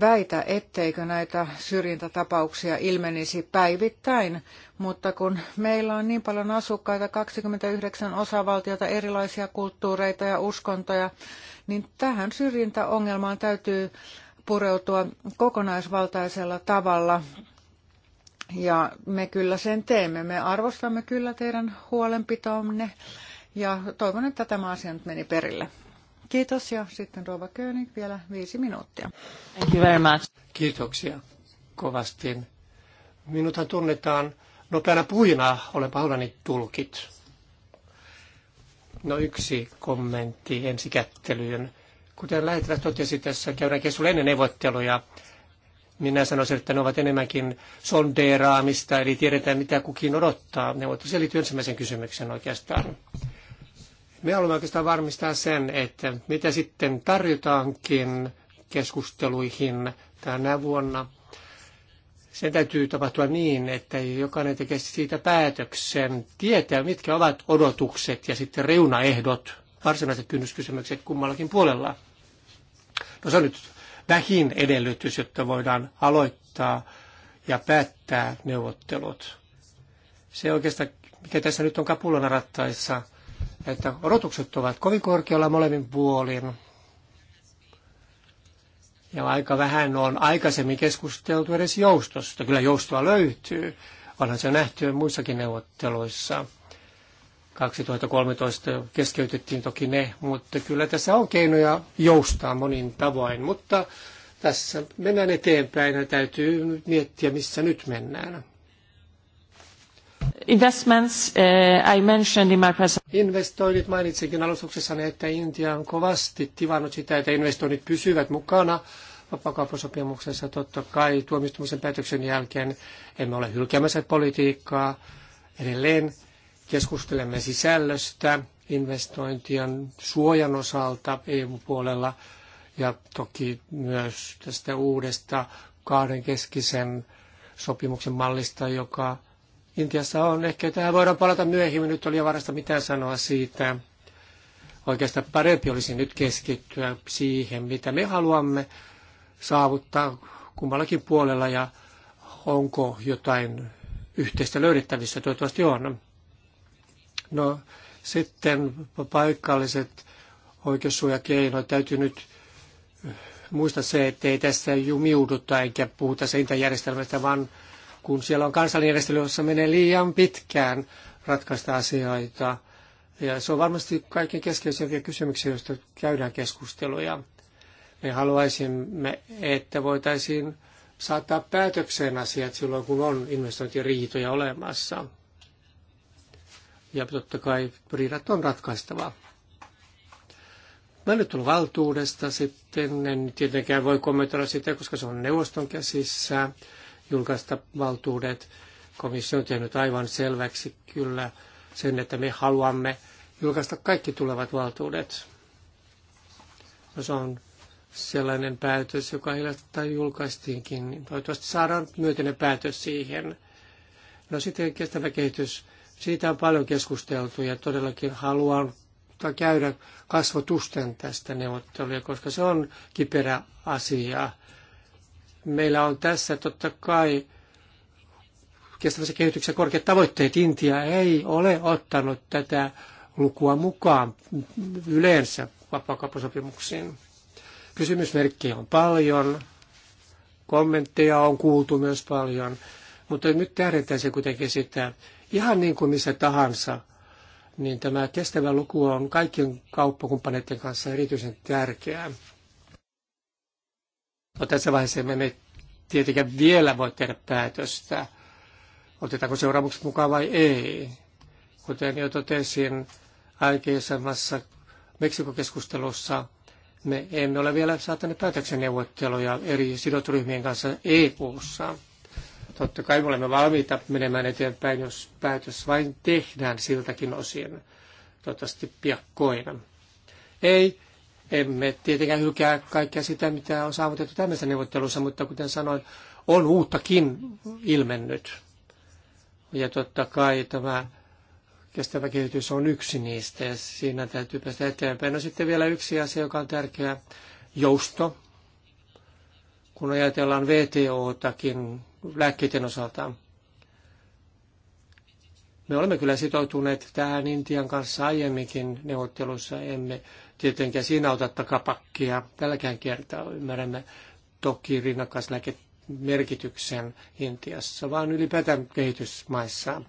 väitä, etteikö näitä syrjintätapauksia ilmenisi päivittäin, mutta kun meillä on niin paljon asukkaita, 29 osavaltiota, erilaisia kulttuureita ja uskontoja, niin tähän syrjintäongelmaan täytyy pureutua kokonaisvaltaisella tavalla. Ja me kyllä sen teemme. Me arvostamme kyllä teidän huolenpitoonne ja toivon, että tämä asia nyt meni perille. Kiitos ja sitten Rova König vielä viisi minuuttia. Thank you very much. Kiitoksia kovasti. Minuthan tunnetaan nopeana puhujana, olen pahoillani tulkit. No yksi kommentti ensikättelyyn. Kuten lähettävä totesi, tässä käydään keskustelu ennen neuvotteluja. Minä sanoisin, että ne ovat enemmänkin sondeeraamista, eli tiedetään mitä kukin odottaa. Neuvottelussa liittyy ensimmäisen kysymyksen oikeastaan. Me haluamme oikeastaan varmistaa sen, että mitä sitten tarjotaankin keskusteluihin tänä vuonna. Sen täytyy tapahtua niin, että jokainen tekee siitä päätöksen, tietää mitkä ovat odotukset ja sitten reunaehdot, varsinaiset kynnyskysymykset kummallakin puolella. No se on nyt vähin edellytys, jotta voidaan aloittaa ja päättää neuvottelut. Se oikeastaan, mikä tässä nyt on kapulana rattaissa, että odotukset ovat kovin korkealla molemmin puolin. Ja aika vähän on aikaisemmin keskusteltu edes joustosta. Kyllä joustoa löytyy. Onhan se nähty muissakin neuvotteluissa. 2013 keskeytettiin toki ne, mutta kyllä tässä on keinoja joustaa monin tavoin. Mutta tässä mennään eteenpäin ja täytyy miettiä, missä nyt mennään. Investments, uh, I mentioned in my presentation. Investoinnit mainitsinkin alustuksessani, että Intia on kovasti tivannut sitä, että investoinnit pysyvät mukana vapaakauppasopimuksessa. totta kai tuomistumisen päätöksen jälkeen emme ole hylkäämässä politiikkaa. Edelleen keskustelemme sisällöstä investointien suojan osalta EU-puolella ja toki myös tästä uudesta kahdenkeskisen sopimuksen mallista, joka Intiassa on. Ehkä tähän voidaan palata myöhemmin, nyt oli varasta mitään sanoa siitä. Oikeastaan parempi olisi nyt keskittyä siihen, mitä me haluamme saavuttaa kummallakin puolella ja onko jotain yhteistä löydettävissä. Toivottavasti on. No sitten paikalliset oikeussuojakeinoja täytyy nyt muista se, ei tässä jumiuduta eikä puhuta seintäjärjestelmästä, vaan kun siellä on kansallinen jossa menee liian pitkään ratkaista asioita. Ja se on varmasti kaikkein keskeisimpiä kysymyksiä, joista käydään keskusteluja. Me haluaisimme, että voitaisiin saattaa päätökseen asiat silloin, kun on investointiriitoja olemassa. Ja totta kai riidat on ratkaistava. Välitulvaltuudesta sitten en tietenkään voi kommentoida sitä, koska se on neuvoston käsissä julkaista valtuudet. Komissio on tehnyt aivan selväksi kyllä sen, että me haluamme julkaista kaikki tulevat valtuudet. No se on sellainen päätös, joka hiljattain julkaistiinkin, niin toivottavasti saadaan myönteinen päätös siihen. No sitten kestävä kehitys. Siitä on paljon keskusteltu ja todellakin haluan käydä kasvotusten tästä neuvotteluja, koska se on kiperä asia. Meillä on tässä totta kai kestävässä kehityksessä korkeat tavoitteet. Intia ei ole ottanut tätä lukua mukaan yleensä vapaakauppasopimuksiin. Kysymysmerkkejä on paljon, kommentteja on kuultu myös paljon, mutta nyt se kuitenkin sitä, ihan niin kuin missä tahansa, niin tämä kestävä luku on kaikkien kauppakumppaneiden kanssa erityisen tärkeää. No, tässä vaiheessa emme me tietenkään vielä voi tehdä päätöstä, otetaanko seuraamukset mukaan vai ei. Kuten jo totesin aikaisemmassa Meksikokeskustelussa, me emme ole vielä saattaneet päätöksen neuvotteluja eri sidotryhmien kanssa EU-ssa. Totta kai me olemme valmiita menemään eteenpäin, jos päätös vain tehdään siltäkin osin, toivottavasti piakkoina. Ei emme tietenkään hylkää kaikkea sitä, mitä on saavutettu tämmöisessä neuvottelussa, mutta kuten sanoin, on uuttakin ilmennyt. Ja totta kai tämä kestävä kehitys on yksi niistä ja siinä täytyy päästä eteenpäin. No sitten vielä yksi asia, joka on tärkeä, jousto. Kun ajatellaan VTOtakin lääkkeiden osalta, me olemme kyllä sitoutuneet tähän Intian kanssa aiemminkin neuvottelussa, emme tietenkään siinä ota takapakkia. Tälläkään kertaa ymmärrämme toki rinnakkaisnäke merkityksen Intiassa, vaan ylipäätään kehitysmaissa.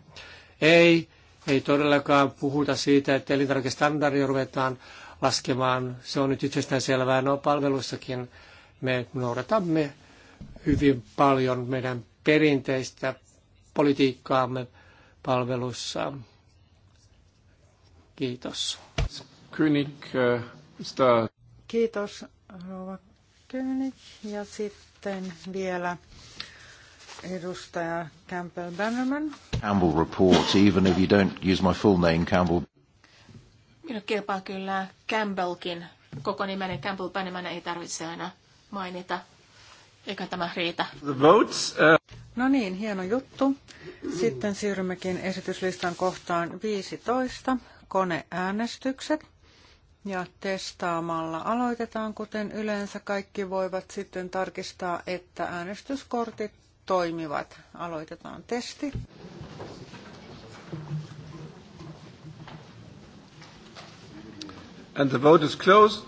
Ei, ei todellakaan puhuta siitä, että elintarvikestandardia ruvetaan laskemaan. Se on nyt itsestään selvää. No palveluissakin me noudatamme hyvin paljon meidän perinteistä politiikkaamme palveluissa. Kiitos. Kynik, äh, Kiitos, Rova Kynik. Ja sitten vielä edustaja Campbell Bannerman. Campbell report, even if you don't use my full name, Campbell. Minut kelpaa kyllä Campbellkin. Koko nimeni Campbell Bannerman ei tarvitse aina mainita. Eikä tämä riitä. The votes, uh... No niin, hieno juttu. Sitten siirrymmekin esityslistan kohtaan 15, koneäänestykset. Ja testaamalla aloitetaan, kuten yleensä kaikki voivat sitten tarkistaa, että äänestyskortit toimivat. Aloitetaan testi. And the vote is closed.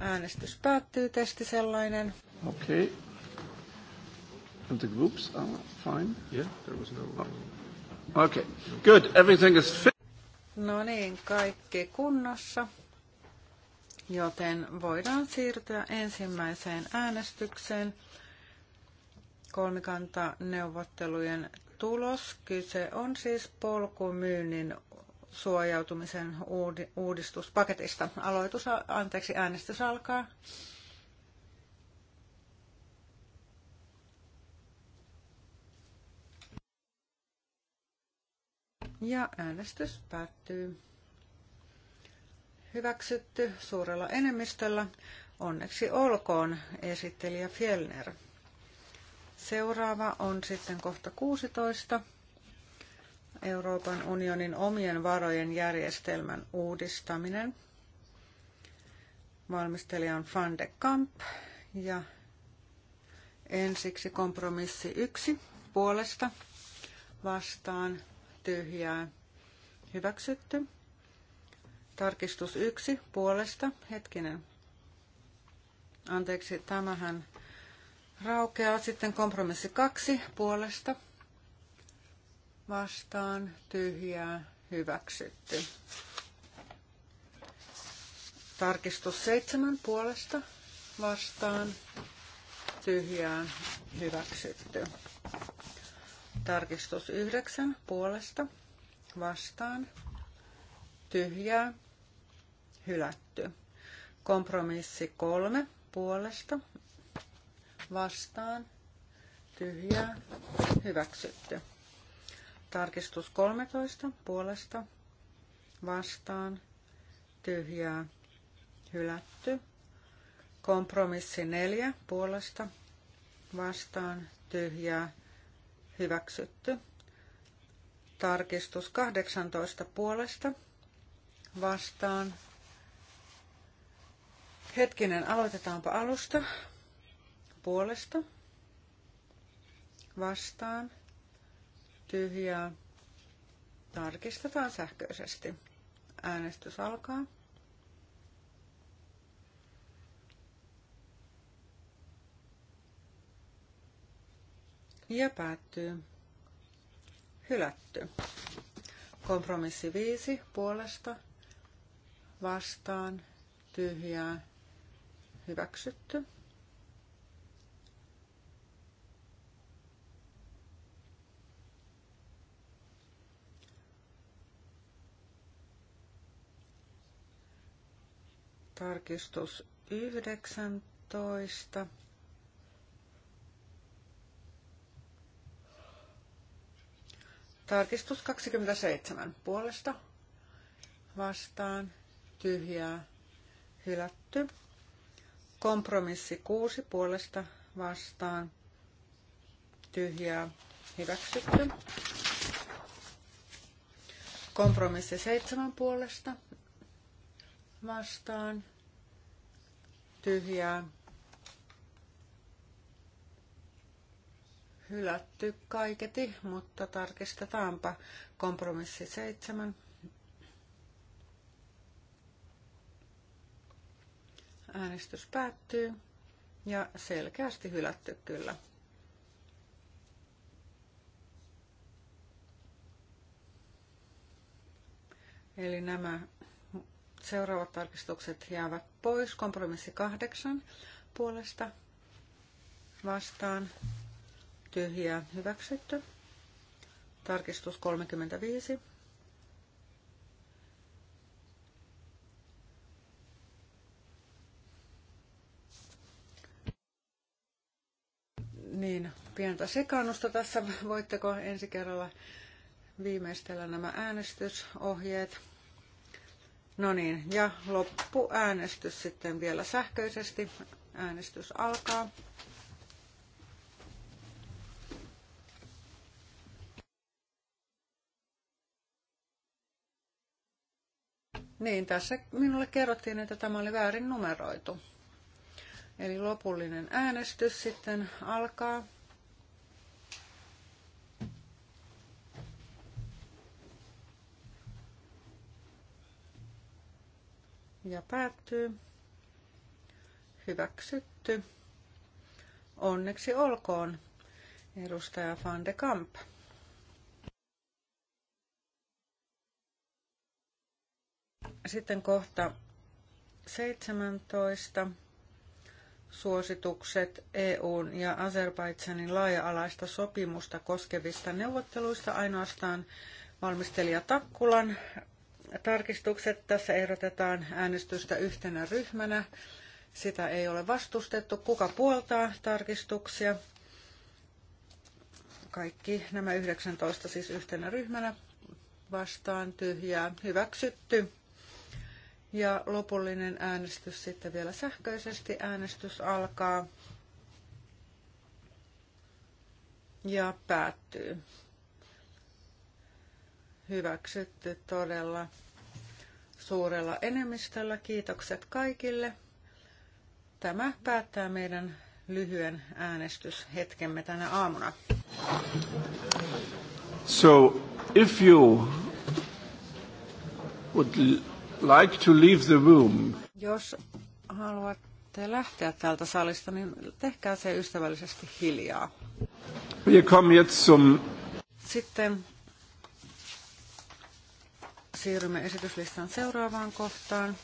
Äänestys päättyy, testi sellainen. Okay. And the groups are fine? Yeah, there was no... Oh. Okay, good. Everything is fit. No niin, kaikki kunnossa. Joten voidaan siirtyä ensimmäiseen äänestykseen. Kolmikantaneuvottelujen tulos. Kyse on siis polkumyynnin suojautumisen uudistuspaketista. Aloitus, anteeksi, äänestys alkaa. Ja äänestys päättyy. Hyväksytty suurella enemmistöllä. Onneksi olkoon esittelijä Fjellner. Seuraava on sitten kohta 16. Euroopan unionin omien varojen järjestelmän uudistaminen. Valmistelija on Van de Kamp ja ensiksi kompromissi 1 puolesta vastaan tyhjää hyväksytty. Tarkistus yksi puolesta, hetkinen. Anteeksi, tämähän raukeaa. Sitten kompromissi kaksi puolesta, vastaan, tyhjää, hyväksytty. Tarkistus seitsemän puolesta, vastaan, tyhjään, hyväksytty. Tarkistus yhdeksän puolesta vastaan. Tyhjää. Hylätty. Kompromissi kolme puolesta vastaan. Tyhjää. Hyväksytty. Tarkistus 13 puolesta vastaan. Tyhjää. Hylätty. Kompromissi 4 puolesta vastaan. Tyhjää hyväksytty. Tarkistus 18 puolesta vastaan. Hetkinen, aloitetaanpa alusta. Puolesta. Vastaan. Tyhjää. Tarkistetaan sähköisesti. Äänestys alkaa. Ja päättyy. Hylätty. Kompromissi 5 puolesta vastaan tyhjää hyväksytty. Tarkistus 19. Tarkistus 27 puolesta vastaan tyhjää hylätty. Kompromissi 6 puolesta vastaan tyhjää hyväksytty. Kompromissi 7 puolesta vastaan tyhjää hylätty kaiketi, mutta tarkistetaanpa kompromissi seitsemän. Äänestys päättyy ja selkeästi hylätty kyllä. Eli nämä seuraavat tarkistukset jäävät pois. Kompromissi kahdeksan puolesta vastaan tyhjää hyväksytty. Tarkistus 35. Niin, pientä sekaannusta tässä. Voitteko ensi kerralla viimeistellä nämä äänestysohjeet? No niin, ja loppuäänestys sitten vielä sähköisesti. Äänestys alkaa. Niin, tässä minulle kerrottiin, että tämä oli väärin numeroitu. Eli lopullinen äänestys sitten alkaa. Ja päättyy. Hyväksytty. Onneksi olkoon, edustaja Van de Kamp. Sitten kohta 17 suositukset EUn ja Azerbaidsanin laaja-alaista sopimusta koskevista neuvotteluista ainoastaan valmistelija Takkulan tarkistukset. Tässä ehdotetaan äänestystä yhtenä ryhmänä. Sitä ei ole vastustettu. Kuka puoltaa tarkistuksia? Kaikki nämä 19 siis yhtenä ryhmänä vastaan tyhjää. Hyväksytty. Ja lopullinen äänestys sitten vielä sähköisesti. Äänestys alkaa ja päättyy. Hyväksytty todella suurella enemmistöllä. Kiitokset kaikille. Tämä päättää meidän lyhyen äänestyshetkemme tänä aamuna. So, if you would like to leave the room. Jos haluatte lähteä täältä salista, niin tehkää se ystävällisesti hiljaa. Wir kommen jetzt zum... Sitten siirrymme esityslistan seuraavaan kohtaan,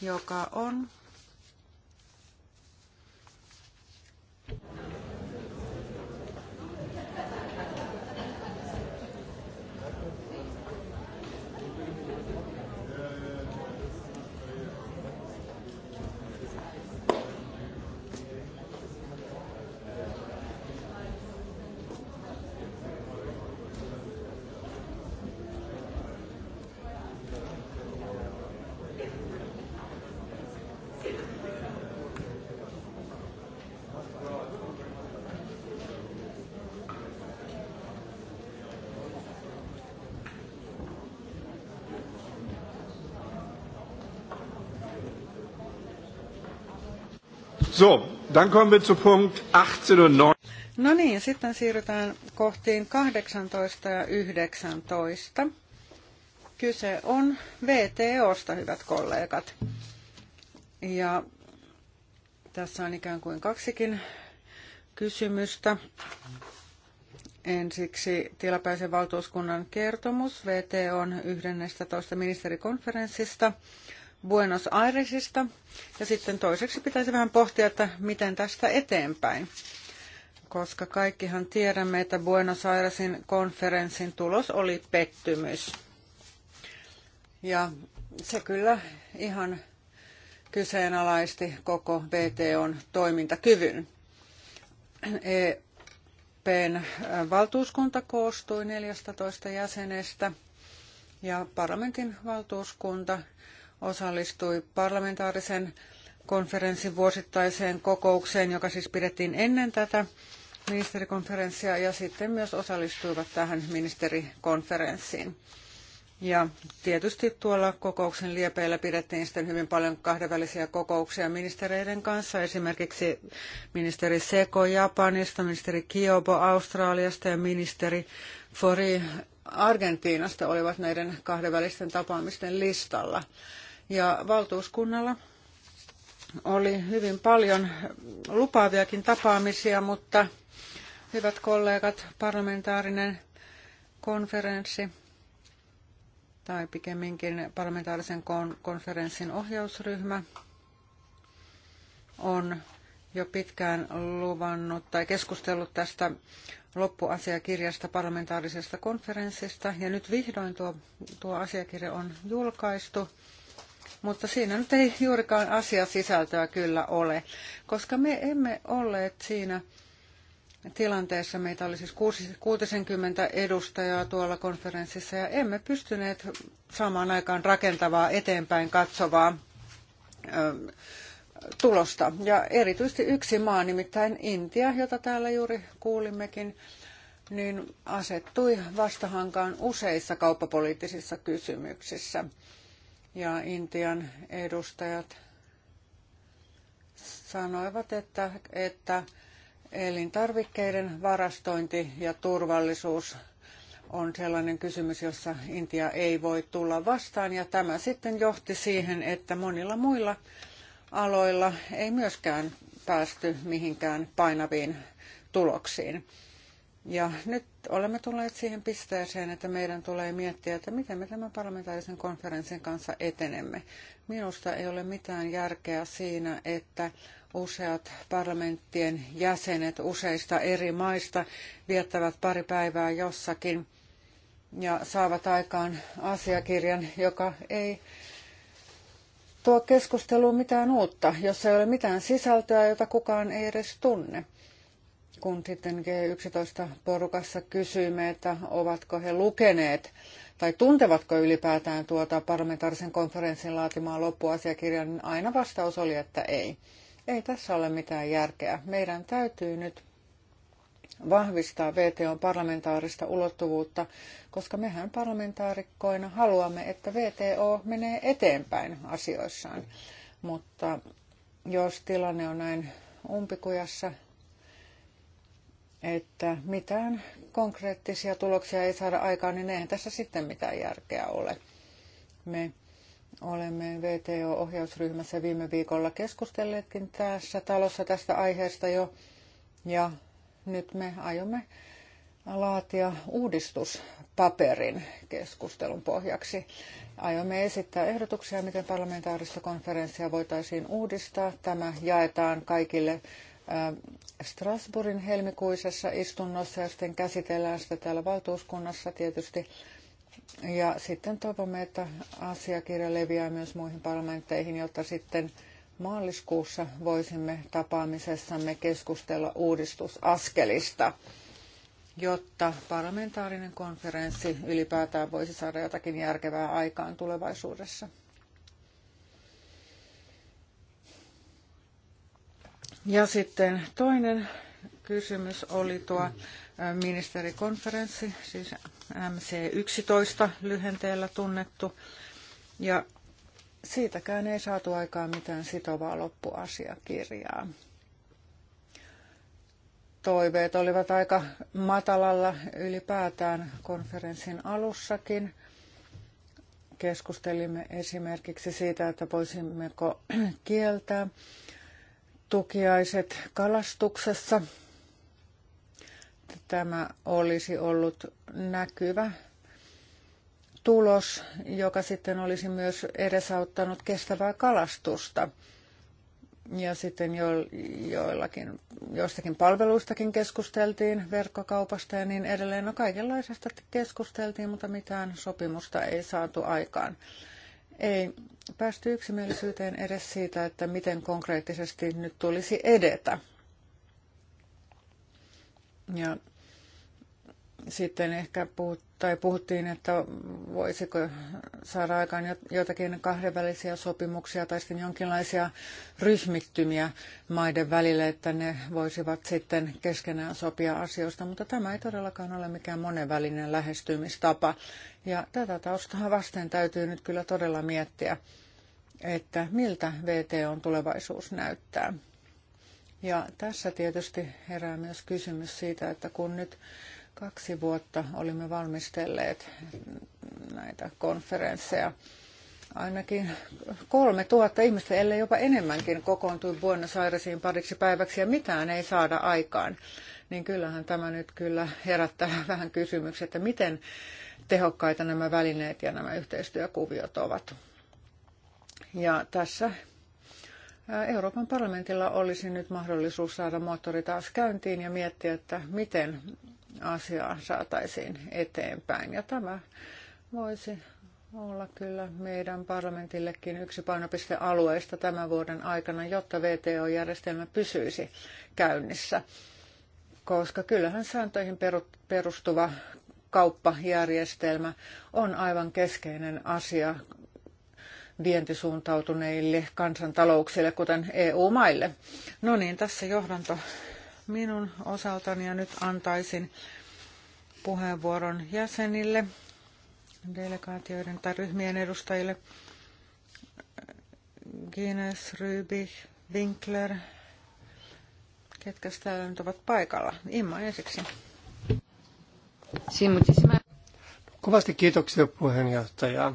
joka on So, dann kommen wir zu Punkt 18 und 19. No niin, sitten siirrytään kohtiin 18 ja 19. Kyse on VTOsta, hyvät kollegat. Ja tässä on ikään kuin kaksikin kysymystä. Ensiksi tilapäisen valtuuskunnan kertomus VTOn 11. ministerikonferenssista – Buenos Airesista. Ja sitten toiseksi pitäisi vähän pohtia, että miten tästä eteenpäin. Koska kaikkihan tiedämme, että Buenos Airesin konferenssin tulos oli pettymys. Ja se kyllä ihan kyseenalaisti koko VTOn toimintakyvyn. EPn äh, valtuuskunta koostui 14 jäsenestä ja parlamentin valtuuskunta osallistui parlamentaarisen konferenssin vuosittaiseen kokoukseen, joka siis pidettiin ennen tätä ministerikonferenssia ja sitten myös osallistuivat tähän ministerikonferenssiin. Ja tietysti tuolla kokouksen liepeillä pidettiin sitten hyvin paljon kahdenvälisiä kokouksia ministereiden kanssa, esimerkiksi ministeri Seko Japanista, ministeri Kiobo Australiasta ja ministeri Fori Argentiinasta olivat näiden kahdenvälisten tapaamisten listalla. Ja valtuuskunnalla oli hyvin paljon lupaaviakin tapaamisia, mutta hyvät kollegat, parlamentaarinen konferenssi tai pikemminkin parlamentaarisen konferenssin ohjausryhmä on jo pitkään luvannut tai keskustellut tästä loppuasiakirjasta parlamentaarisesta konferenssista. Ja nyt vihdoin tuo, tuo asiakirja on julkaistu mutta siinä nyt ei juurikaan asiasisältöä kyllä ole, koska me emme olleet siinä tilanteessa. Meitä oli siis 60 edustajaa tuolla konferenssissa ja emme pystyneet saamaan aikaan rakentavaa eteenpäin katsovaa tulosta. Ja erityisesti yksi maa, nimittäin Intia, jota täällä juuri kuulimmekin, niin asettui vastahankaan useissa kauppapoliittisissa kysymyksissä ja Intian edustajat sanoivat, että, että elintarvikkeiden varastointi ja turvallisuus on sellainen kysymys, jossa Intia ei voi tulla vastaan. Ja tämä sitten johti siihen, että monilla muilla aloilla ei myöskään päästy mihinkään painaviin tuloksiin. Ja nyt olemme tulleet siihen pisteeseen, että meidän tulee miettiä, että miten me tämän parlamentaarisen konferenssin kanssa etenemme. Minusta ei ole mitään järkeä siinä, että useat parlamenttien jäsenet useista eri maista viettävät pari päivää jossakin ja saavat aikaan asiakirjan, joka ei tuo keskusteluun mitään uutta, jossa ei ole mitään sisältöä, jota kukaan ei edes tunne kun sitten G11-porukassa kysyimme, että ovatko he lukeneet tai tuntevatko ylipäätään tuota parlamentaarisen konferenssin laatimaa loppuasiakirjan, niin aina vastaus oli, että ei. Ei tässä ole mitään järkeä. Meidän täytyy nyt vahvistaa VTOn parlamentaarista ulottuvuutta, koska mehän parlamentaarikkoina haluamme, että VTO menee eteenpäin asioissaan. Mutta jos tilanne on näin umpikujassa, että mitään konkreettisia tuloksia ei saada aikaan, niin eihän tässä sitten mitään järkeä ole. Me olemme VTO-ohjausryhmässä viime viikolla keskustelleetkin tässä talossa tästä aiheesta jo, ja nyt me aiomme laatia uudistuspaperin keskustelun pohjaksi. Aiomme esittää ehdotuksia, miten parlamentaarista konferenssia voitaisiin uudistaa. Tämä jaetaan kaikille Strasbourgin helmikuisessa istunnossa ja sitten käsitellään sitä täällä valtuuskunnassa tietysti. Ja sitten toivomme, että asiakirja leviää myös muihin parlamentteihin, jotta sitten maaliskuussa voisimme tapaamisessamme keskustella uudistusaskelista, jotta parlamentaarinen konferenssi ylipäätään voisi saada jotakin järkevää aikaan tulevaisuudessa. Ja sitten toinen kysymys oli tuo ministerikonferenssi, siis MC11 lyhenteellä tunnettu. Ja siitäkään ei saatu aikaan mitään sitovaa loppuasiakirjaa. Toiveet olivat aika matalalla ylipäätään konferenssin alussakin. Keskustelimme esimerkiksi siitä, että voisimmeko kieltää tukiaiset kalastuksessa. Tämä olisi ollut näkyvä tulos, joka sitten olisi myös edesauttanut kestävää kalastusta. Ja sitten jo, joillakin, joistakin palveluistakin keskusteltiin, verkkokaupasta ja niin edelleen. No kaikenlaisesta keskusteltiin, mutta mitään sopimusta ei saatu aikaan ei päästy yksimielisyyteen edes siitä, että miten konkreettisesti nyt tulisi edetä. Ja sitten ehkä puhut, tai puhuttiin, että voisiko saada aikaan jotakin kahdenvälisiä sopimuksia tai sitten jonkinlaisia ryhmittymiä maiden välille, että ne voisivat sitten keskenään sopia asioista, mutta tämä ei todellakaan ole mikään monenvälinen lähestymistapa. Ja tätä taustaa vasten täytyy nyt kyllä todella miettiä, että miltä VTOn tulevaisuus näyttää. Ja tässä tietysti herää myös kysymys siitä, että kun nyt Kaksi vuotta olimme valmistelleet näitä konferensseja. Ainakin kolme tuhatta ihmistä, ellei jopa enemmänkin, kokoontui vuonna sairasiin pariksi päiväksi ja mitään ei saada aikaan. Niin kyllähän tämä nyt kyllä herättää <laughs> vähän kysymyksiä, että miten tehokkaita nämä välineet ja nämä yhteistyökuviot ovat. Ja tässä Euroopan parlamentilla olisi nyt mahdollisuus saada moottori taas käyntiin ja miettiä, että miten asiaa saataisiin eteenpäin. Ja tämä voisi olla kyllä meidän parlamentillekin yksi painopistealueista tämän vuoden aikana, jotta VTO-järjestelmä pysyisi käynnissä. Koska kyllähän sääntöihin perustuva kauppajärjestelmä on aivan keskeinen asia vientisuuntautuneille kansantalouksille, kuten EU-maille. No niin, tässä johdanto minun osaltani ja nyt antaisin puheenvuoron jäsenille, delegaatioiden tai ryhmien edustajille. Guinness, Ryby, Winkler, ketkä täällä nyt ovat paikalla. Imma ensiksi. Kovasti kiitoksia puheenjohtaja.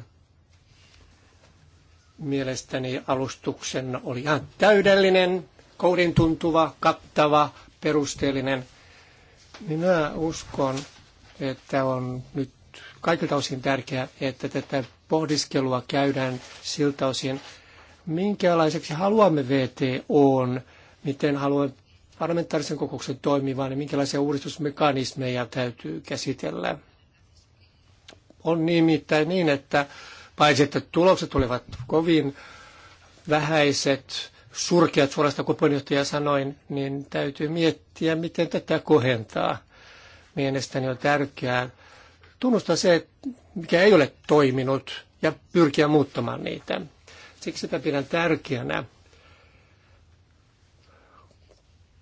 Mielestäni alustuksen oli ihan täydellinen, koudin tuntuva, kattava, perusteellinen. Minä uskon, että on nyt kaikilta osin tärkeää, että tätä pohdiskelua käydään siltä osin, minkälaiseksi haluamme VTOn, miten haluamme parlamentaarisen kokouksen toimivan ja minkälaisia uudistusmekanismeja täytyy käsitellä. On nimittäin niin, että paitsi että tulokset olivat kovin vähäiset, surkeat suorasta, kun puheenjohtaja sanoin, niin täytyy miettiä, miten tätä kohentaa. Mielestäni on tärkeää tunnustaa se, mikä ei ole toiminut ja pyrkiä muuttamaan niitä. Siksi sitä pidän tärkeänä,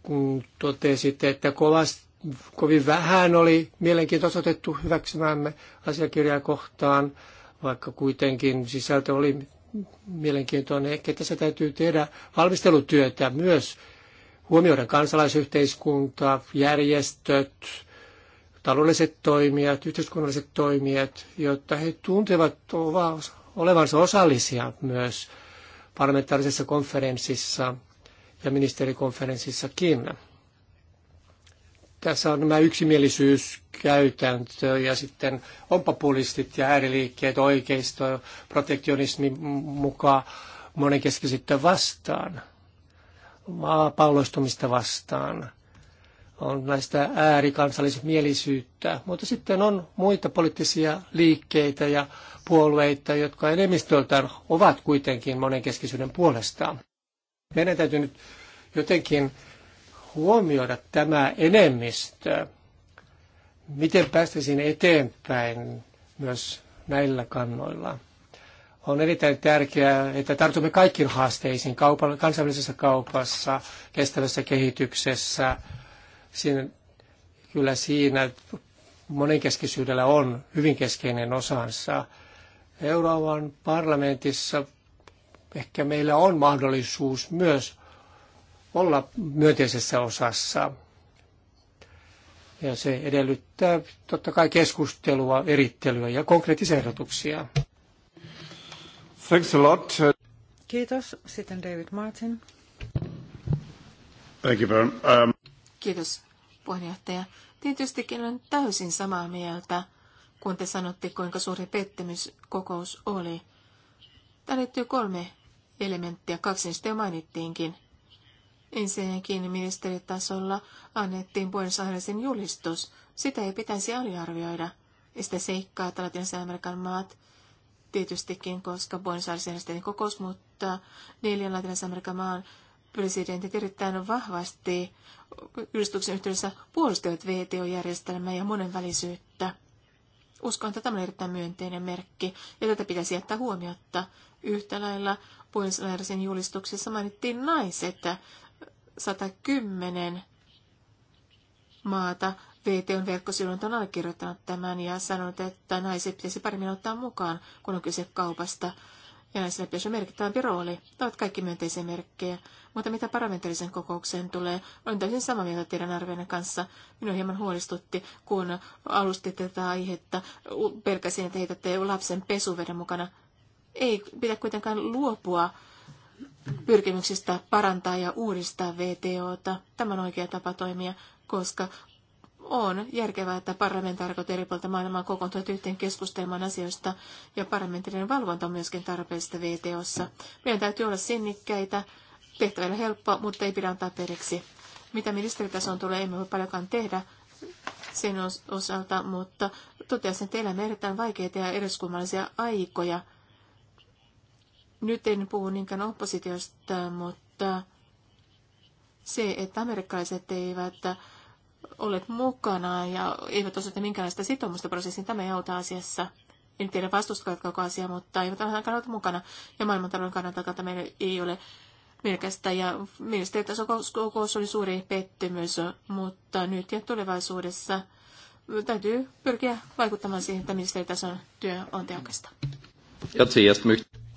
kun totesitte, että kovasti, kovin vähän oli mielenkiintoista otettu hyväksymämme asiakirjaa kohtaan, vaikka kuitenkin sisältö oli mielenkiintoinen. Ehkä tässä täytyy tehdä valmistelutyötä myös huomioida kansalaisyhteiskunta, järjestöt, taloudelliset toimijat, yhteiskunnalliset toimijat, jotta he tuntevat olevansa osallisia myös parlamentaarisessa konferenssissa ja ministerikonferenssissakin tässä on nämä yksimielisyyskäytäntö ja sitten on populistit ja ääriliikkeet oikeisto protektionismin mukaan monenkeskisyyttä vastaan, maapalloistumista vastaan, on näistä äärikansallismielisyyttä, mutta sitten on muita poliittisia liikkeitä ja puolueita, jotka enemmistöltään ovat kuitenkin monenkeskisyyden puolestaan. Meidän täytyy nyt jotenkin huomioida tämä enemmistö? Miten päästäisiin eteenpäin myös näillä kannoilla? On erittäin tärkeää, että tartumme kaikkiin haasteisiin kaupan, kansainvälisessä kaupassa, kestävässä kehityksessä. Siinä, kyllä siinä monenkeskisyydellä on hyvin keskeinen osansa. Euroopan parlamentissa ehkä meillä on mahdollisuus myös olla myönteisessä osassa. Ja se edellyttää totta kai keskustelua, erittelyä ja konkreettisia ehdotuksia. Thanks a lot. Kiitos. Sitten David Martin. Thank you, um... Kiitos, puheenjohtaja. Tietystikin olen täysin samaa mieltä, kun te sanotte, kuinka suuri pettymys kokous oli. Tämä liittyy kolme elementtiä, kaksi niistä jo mainittiinkin. Ensinnäkin ministeritasolla annettiin Buenos Airesin julistus. Sitä ei pitäisi aliarvioida. Ja sitä seikkaa Latinalaisen Amerikan maat tietystikin, koska Buenos Aires järjestettiin kokous, mutta neljän Latinalaisen Amerikan maan presidentit erittäin vahvasti julistuksen yhteydessä puolustivat VTO-järjestelmää ja monenvälisyyttä. Uskon, että tämä on erittäin myönteinen merkki, ja tätä pitäisi jättää huomiotta. Yhtä lailla Buenos Airesin julistuksessa mainittiin naiset 110 maata VTOn verkkosivut on allekirjoittanut tämän ja sanonut, että naiset pitäisi paremmin ottaa mukaan, kun on kyse kaupasta. Ja naisille pitäisi merkittävämpi rooli. Ne ovat kaikki myönteisiä merkkejä. Mutta mitä parlamentaarisen kokoukseen tulee, olen täysin samaa mieltä teidän arvioinnin kanssa. Minua hieman huolestutti, kun alustitte tätä aihetta. Pelkäsin, että heitätte lapsen pesuveden mukana. Ei pidä kuitenkaan luopua pyrkimyksistä parantaa ja uudistaa VTOta. Tämä on oikea tapa toimia, koska on järkevää, että parlamentaarikot eri puolilta maailmaa kokoontuvat yhteen keskustelemaan asioista ja parlamentaarinen valvonta on myöskin tarpeellista VTOssa. Meidän täytyy olla sinnikkäitä, tehtävillä helppoa, mutta ei pidä antaa periksi. Mitä ministeritason tulee, emme voi paljonkaan tehdä sen osalta, mutta toteaisin, että elämme erittäin vaikeita ja eriskummallisia aikoja – nyt en puhu niinkään oppositiosta, mutta se, että amerikkalaiset eivät olet mukana ja eivät osoita minkäänlaista sitoumusta prosessiin, tämä ei auta asiassa. En tiedä vastustavatko asia, mutta eivät ole ainakaan mukana. Ja maailmantalouden kannalta että meillä ei ole merkästä. Ja mielestäni kokous oli suuri pettymys, mutta nyt ja tulevaisuudessa täytyy pyrkiä vaikuttamaan siihen, että ministeritason työ on tehokasta.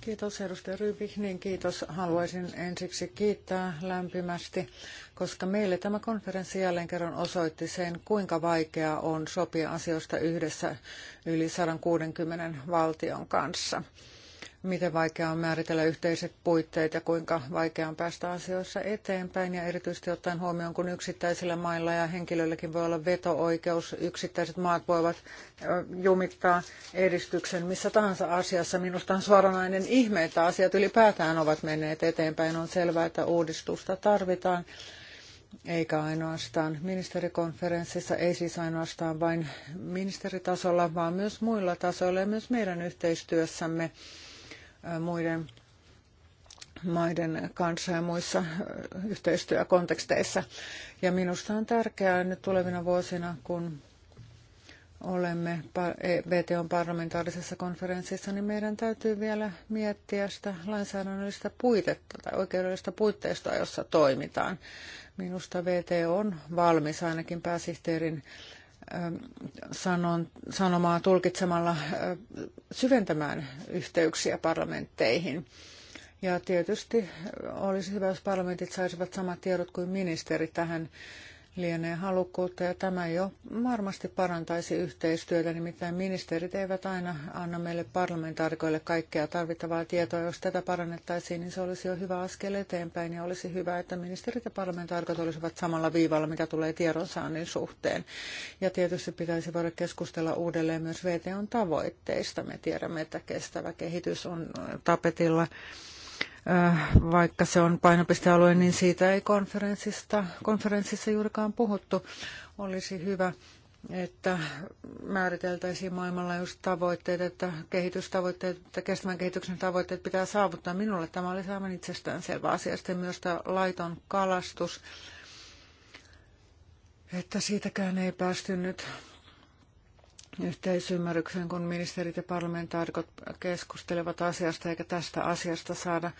Kiitos edustaja Rybik, niin kiitos. Haluaisin ensiksi kiittää lämpimästi, koska meille tämä konferenssi jälleen kerran osoitti sen, kuinka vaikeaa on sopia asioista yhdessä yli 160 valtion kanssa miten vaikeaa on määritellä yhteiset puitteet ja kuinka vaikeaa on päästä asioissa eteenpäin. Ja erityisesti ottaen huomioon, kun yksittäisillä mailla ja henkilöilläkin voi olla veto-oikeus, yksittäiset maat voivat jumittaa edistyksen missä tahansa asiassa. Minusta on suoranainen ihme, että asiat ylipäätään ovat menneet eteenpäin. On selvää, että uudistusta tarvitaan. Eikä ainoastaan ministerikonferenssissa, ei siis ainoastaan vain ministeritasolla, vaan myös muilla tasoilla ja myös meidän yhteistyössämme muiden maiden kanssa ja muissa yhteistyökonteksteissa. Ja minusta on tärkeää nyt tulevina vuosina, kun olemme VTOn e, parlamentaarisessa konferenssissa, niin meidän täytyy vielä miettiä sitä lainsäädännöllistä puitetta tai oikeudellista puitteista, jossa toimitaan. Minusta VTO on valmis ainakin pääsihteerin Ähm, sanon, sanomaa tulkitsemalla äh, syventämään yhteyksiä parlamentteihin. Ja tietysti olisi hyvä, jos parlamentit saisivat samat tiedot kuin ministeri tähän lienee halukkuutta ja tämä jo varmasti parantaisi yhteistyötä, nimittäin ministerit eivät aina anna meille parlamentaarikoille kaikkea tarvittavaa tietoa. Jos tätä parannettaisiin, niin se olisi jo hyvä askel eteenpäin ja olisi hyvä, että ministerit ja parlamentaarikot olisivat samalla viivalla, mitä tulee tiedonsaannin suhteen. Ja tietysti pitäisi voida keskustella uudelleen myös VTOn tavoitteista. Me tiedämme, että kestävä kehitys on tapetilla Äh, vaikka se on painopistealue, niin siitä ei konferenssista, konferenssissa juurikaan puhuttu. Olisi hyvä, että määriteltäisiin maailmanlaajuiset tavoitteet, että kehitystavoitteet, että kestävän kehityksen tavoitteet pitää saavuttaa. Minulle tämä oli aivan itsestäänselvä asia. Sitten myös tämä laiton kalastus, että siitäkään ei päästy nyt yhteisymmärrykseen, kun ministerit ja parlamentaarikot keskustelevat asiasta eikä tästä asiasta saada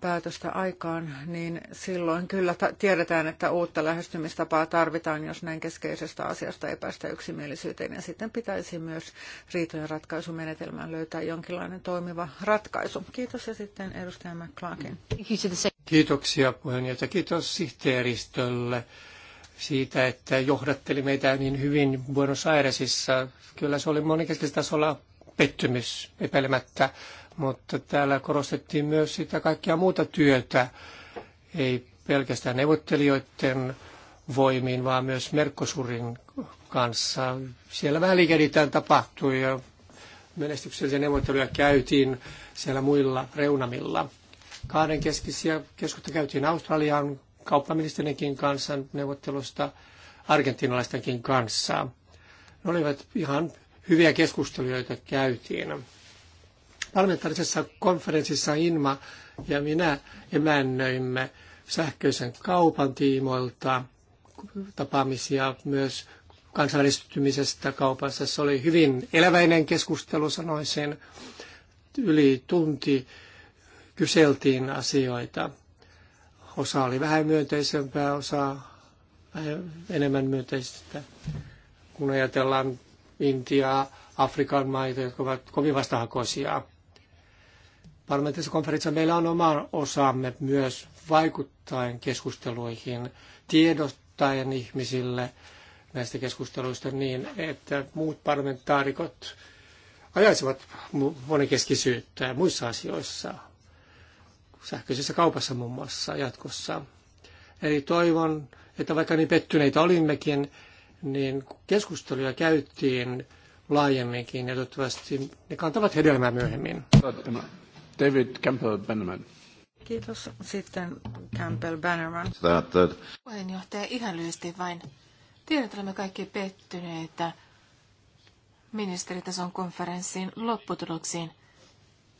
päätöstä aikaan, niin silloin kyllä tiedetään, että uutta lähestymistapaa tarvitaan, jos näin keskeisestä asiasta ei päästä yksimielisyyteen. Ja sitten pitäisi myös riitojen ratkaisumenetelmään löytää jonkinlainen toimiva ratkaisu. Kiitos ja sitten edustaja McClarkin. Kiitoksia puheenjohtaja. Kiitos sihteeristölle siitä, että johdatteli meitä niin hyvin Buenos Airesissa. Kyllä se oli monikeskeisellä tasolla pettymys epäilemättä, mutta täällä korostettiin myös sitä kaikkea muuta työtä, ei pelkästään neuvottelijoiden voimiin, vaan myös Merkosurin kanssa. Siellä vähän liikehdintään tapahtui ja menestyksellisiä neuvotteluja käytiin siellä muilla reunamilla. Kahden keskisiä keskusta käytiin Australian kauppaministerinkin kanssa neuvottelusta argentinalaistenkin kanssa. Ne olivat ihan hyviä keskustelijoita käytiin. Parlamentaarisessa konferenssissa Inma ja minä emännöimme sähköisen kaupan tiimoilta tapaamisia myös kansainvälistymisestä kaupassa. Se oli hyvin eläväinen keskustelu, sanoisin. Yli tunti kyseltiin asioita. Osa oli vähän myönteisempää, osa vähän enemmän myönteistä. Kun ajatellaan Intiaa, Afrikan maita, jotka ovat kovin vastahakoisia. Parlamentissa konferenssissa meillä on oma osamme myös vaikuttaen keskusteluihin, tiedottaen ihmisille näistä keskusteluista niin, että muut parlamentaarikot ajaisivat monikeskisyyttä muissa asioissa sähköisessä kaupassa muun muassa jatkossa. Eli toivon, että vaikka niin pettyneitä olimmekin, niin keskusteluja käyttiin laajemminkin ja toivottavasti ne kantavat hedelmää myöhemmin. David Campbell Bannerman. Kiitos. Sitten Campbell Bannerman. Puheenjohtaja, ihan lyhyesti vain. Tiedän, että olemme kaikki pettyneitä ministeritason konferenssin lopputuloksiin.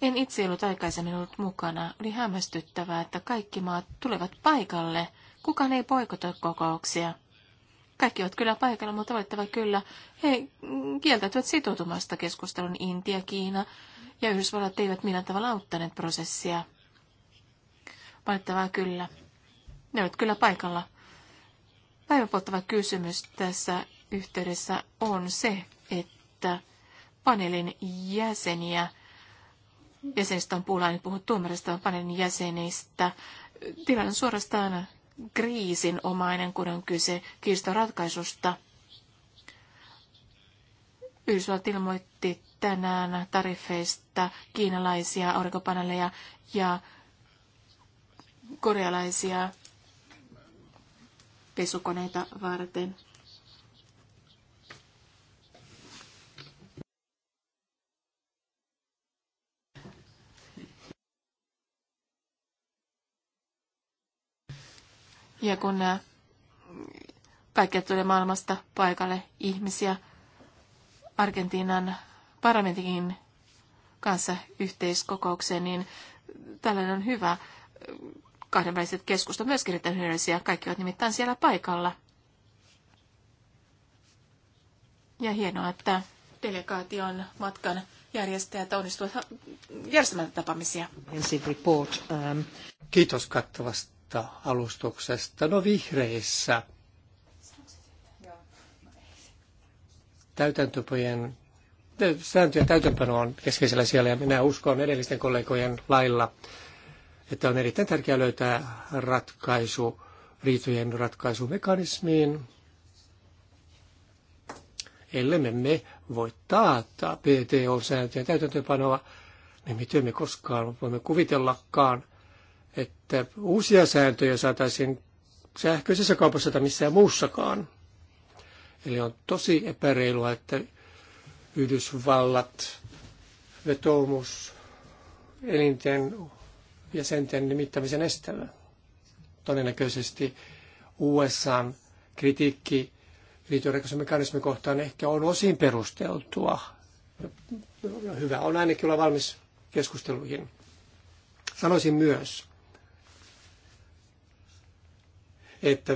En itse ollut aikaisemmin ollut mukana. Oli hämmästyttävää, että kaikki maat tulevat paikalle. Kukaan ei poikota kokouksia. Kaikki ovat kyllä paikalla, mutta valittava kyllä. He kieltäytyvät sitoutumasta keskustelun Intia, Kiina ja Yhdysvallat eivät millään tavalla auttaneet prosessia. Valittavaa kyllä. Ne ovat kyllä paikalla. Päivänpolttava kysymys tässä yhteydessä on se, että paneelin jäseniä – jäsenistä on puhuttu, nyt puhut tuomarista, on paneelin jäsenistä. Tilanne on suorastaan kriisinomainen, kun on kyse ratkaisusta. Yhdysvallat ilmoitti tänään tarifeista kiinalaisia aurinkopaneeleja ja korealaisia pesukoneita varten. Ja kun nämä kaikkialta tulee maailmasta paikalle ihmisiä Argentiinan parlamentin kanssa yhteiskokoukseen, niin tällainen on hyvä. Kahdenväliset keskustelut myös erittäin hyödyllisiä. Kaikki ovat nimittäin siellä paikalla. Ja hienoa, että delegaation matkan järjestäjät onnistuvat järjestämään tapaamisia. Um, Kiitos kattavasta uutta alustuksesta? No vihreissä. Täytäntöpojen sääntöjen täytäntöpano on keskeisellä siellä ja minä uskon edellisten kollegojen lailla, että on erittäin tärkeää löytää ratkaisu riitojen ratkaisumekanismiin, ellemme me voi taata PTO-sääntöjen täytäntöpanoa, niin miten me koskaan voimme kuvitellakaan, että uusia sääntöjä saataisiin sähköisessä kaupassa tai missään muussakaan. Eli on tosi epäreilua, että Yhdysvallat vetoomus elinten jäsenten nimittämisen estävä. Todennäköisesti USAn kritiikki liittyy kohtaan ehkä on osin perusteltua. Hyvä on ainakin olla valmis keskusteluihin. Sanoisin myös, että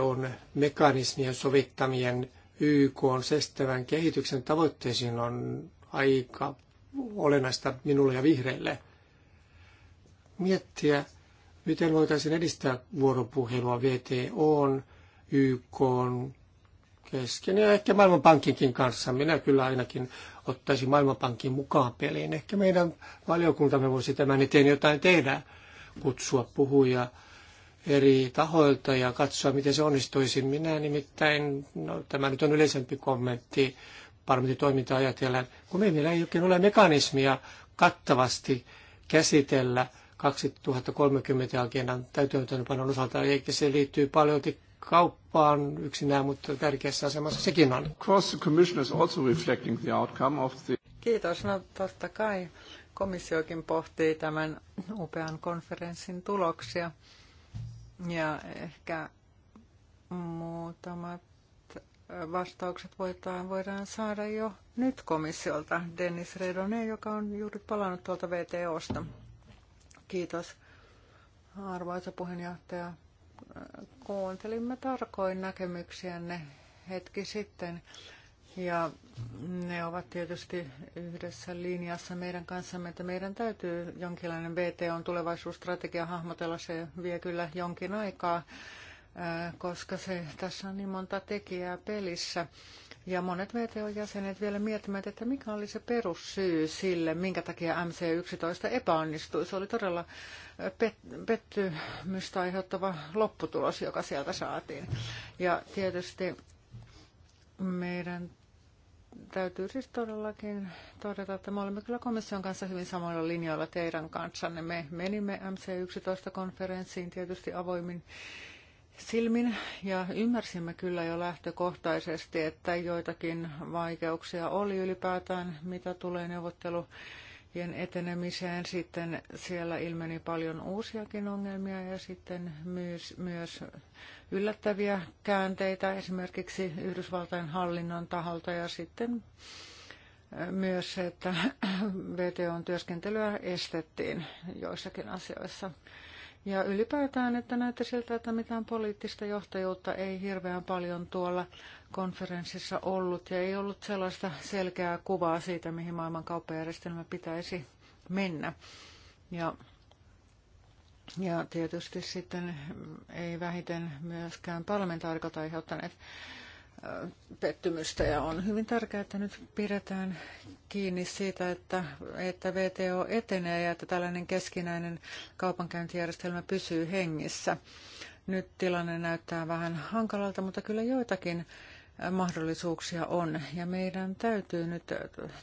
on mekanismien sovittamien YK on sestävän kehityksen tavoitteisiin on aika olennaista minulle ja vihreille. Miettiä, miten voitaisiin edistää vuoropuhelua VTOn, YK kesken ja ehkä Maailmanpankinkin kanssa. Minä kyllä ainakin ottaisin Maailmanpankin mukaan peliin. Ehkä meidän valiokuntamme voisi tämän eteen jotain tehdä, kutsua puhuja eri tahoilta ja katsoa, miten se onnistuisi. Minä nimittäin, no, tämä nyt on yleisempi kommentti, parlamentin toiminta ajatellen, kun meillä ei oikein ole mekanismia kattavasti käsitellä 2030 agendan täytäntöönpanon osalta, eikä se liittyy paljon kauppaan yksinään, mutta tärkeässä asemassa sekin on. Kiitos. No totta kai komissiokin pohtii tämän upean konferenssin tuloksia. Ja ehkä muutamat vastaukset voidaan, voidaan saada jo nyt komissiolta. Dennis Redone, joka on juuri palannut tuolta VTOsta. Kiitos arvoisa puheenjohtaja. Kuuntelimme tarkoin näkemyksiänne hetki sitten. Ja ne ovat tietysti yhdessä linjassa meidän kanssamme, että meidän täytyy jonkinlainen on tulevaisuusstrategia hahmotella. Se vie kyllä jonkin aikaa, koska se, tässä on niin monta tekijää pelissä. Ja monet VTO-jäsenet vielä miettimät, että mikä oli se perussyy sille, minkä takia MC11 epäonnistui. Se oli todella pet- pettymystä aiheuttava lopputulos, joka sieltä saatiin. Ja tietysti meidän täytyy siis todellakin todeta, että me olemme kyllä komission kanssa hyvin samoilla linjoilla teidän kanssanne. Me menimme MC11-konferenssiin tietysti avoimin silmin ja ymmärsimme kyllä jo lähtökohtaisesti, että joitakin vaikeuksia oli ylipäätään, mitä tulee neuvottelu etenemiseen. Sitten siellä ilmeni paljon uusiakin ongelmia ja sitten myös, myös yllättäviä käänteitä esimerkiksi Yhdysvaltain hallinnon taholta ja sitten äh, myös se, että <clears throat> VTOn työskentelyä estettiin joissakin asioissa. Ja ylipäätään, että näytti siltä, että mitään poliittista johtajuutta ei hirveän paljon tuolla konferenssissa ollut ja ei ollut sellaista selkeää kuvaa siitä, mihin maailman kauppajärjestelmä pitäisi mennä. Ja, ja tietysti sitten ei vähiten myöskään parlamentaarikot aiheuttaneet äh, pettymystä ja on hyvin tärkeää, että nyt pidetään kiinni siitä, että, että VTO etenee ja että tällainen keskinäinen kaupankäyntijärjestelmä pysyy hengissä. Nyt tilanne näyttää vähän hankalalta, mutta kyllä joitakin mahdollisuuksia on. Ja meidän täytyy nyt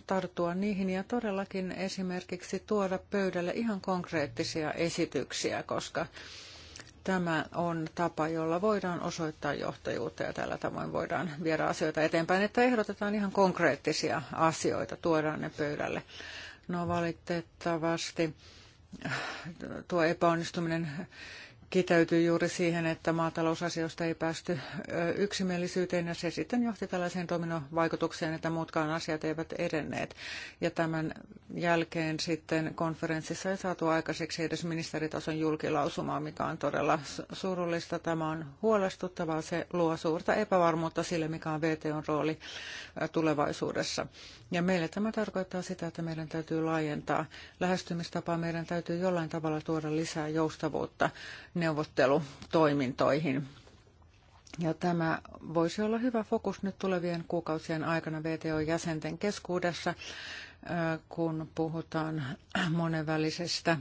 tarttua niihin ja todellakin esimerkiksi tuoda pöydälle ihan konkreettisia esityksiä, koska tämä on tapa, jolla voidaan osoittaa johtajuutta ja tällä tavoin voidaan viedä asioita eteenpäin, että ehdotetaan ihan konkreettisia asioita, tuodaan ne pöydälle. No valitettavasti tuo epäonnistuminen kiteytyy juuri siihen, että maatalousasioista ei päästy yksimielisyyteen ja se sitten johti tällaiseen dominovaikutukseen, että muutkaan asiat eivät edenneet. Ja tämän jälkeen sitten konferenssissa ei saatu aikaiseksi edes ministeritason julkilausumaa, mikä on todella surullista. Tämä on huolestuttavaa, se luo suurta epävarmuutta sille, mikä on VTOn rooli tulevaisuudessa. Ja meille tämä tarkoittaa sitä, että meidän täytyy laajentaa lähestymistapaa, meidän täytyy jollain tavalla tuoda lisää joustavuutta neuvottelutoimintoihin. Ja tämä voisi olla hyvä fokus nyt tulevien kuukausien aikana VTO-jäsenten keskuudessa, äh, kun puhutaan monenvälisestä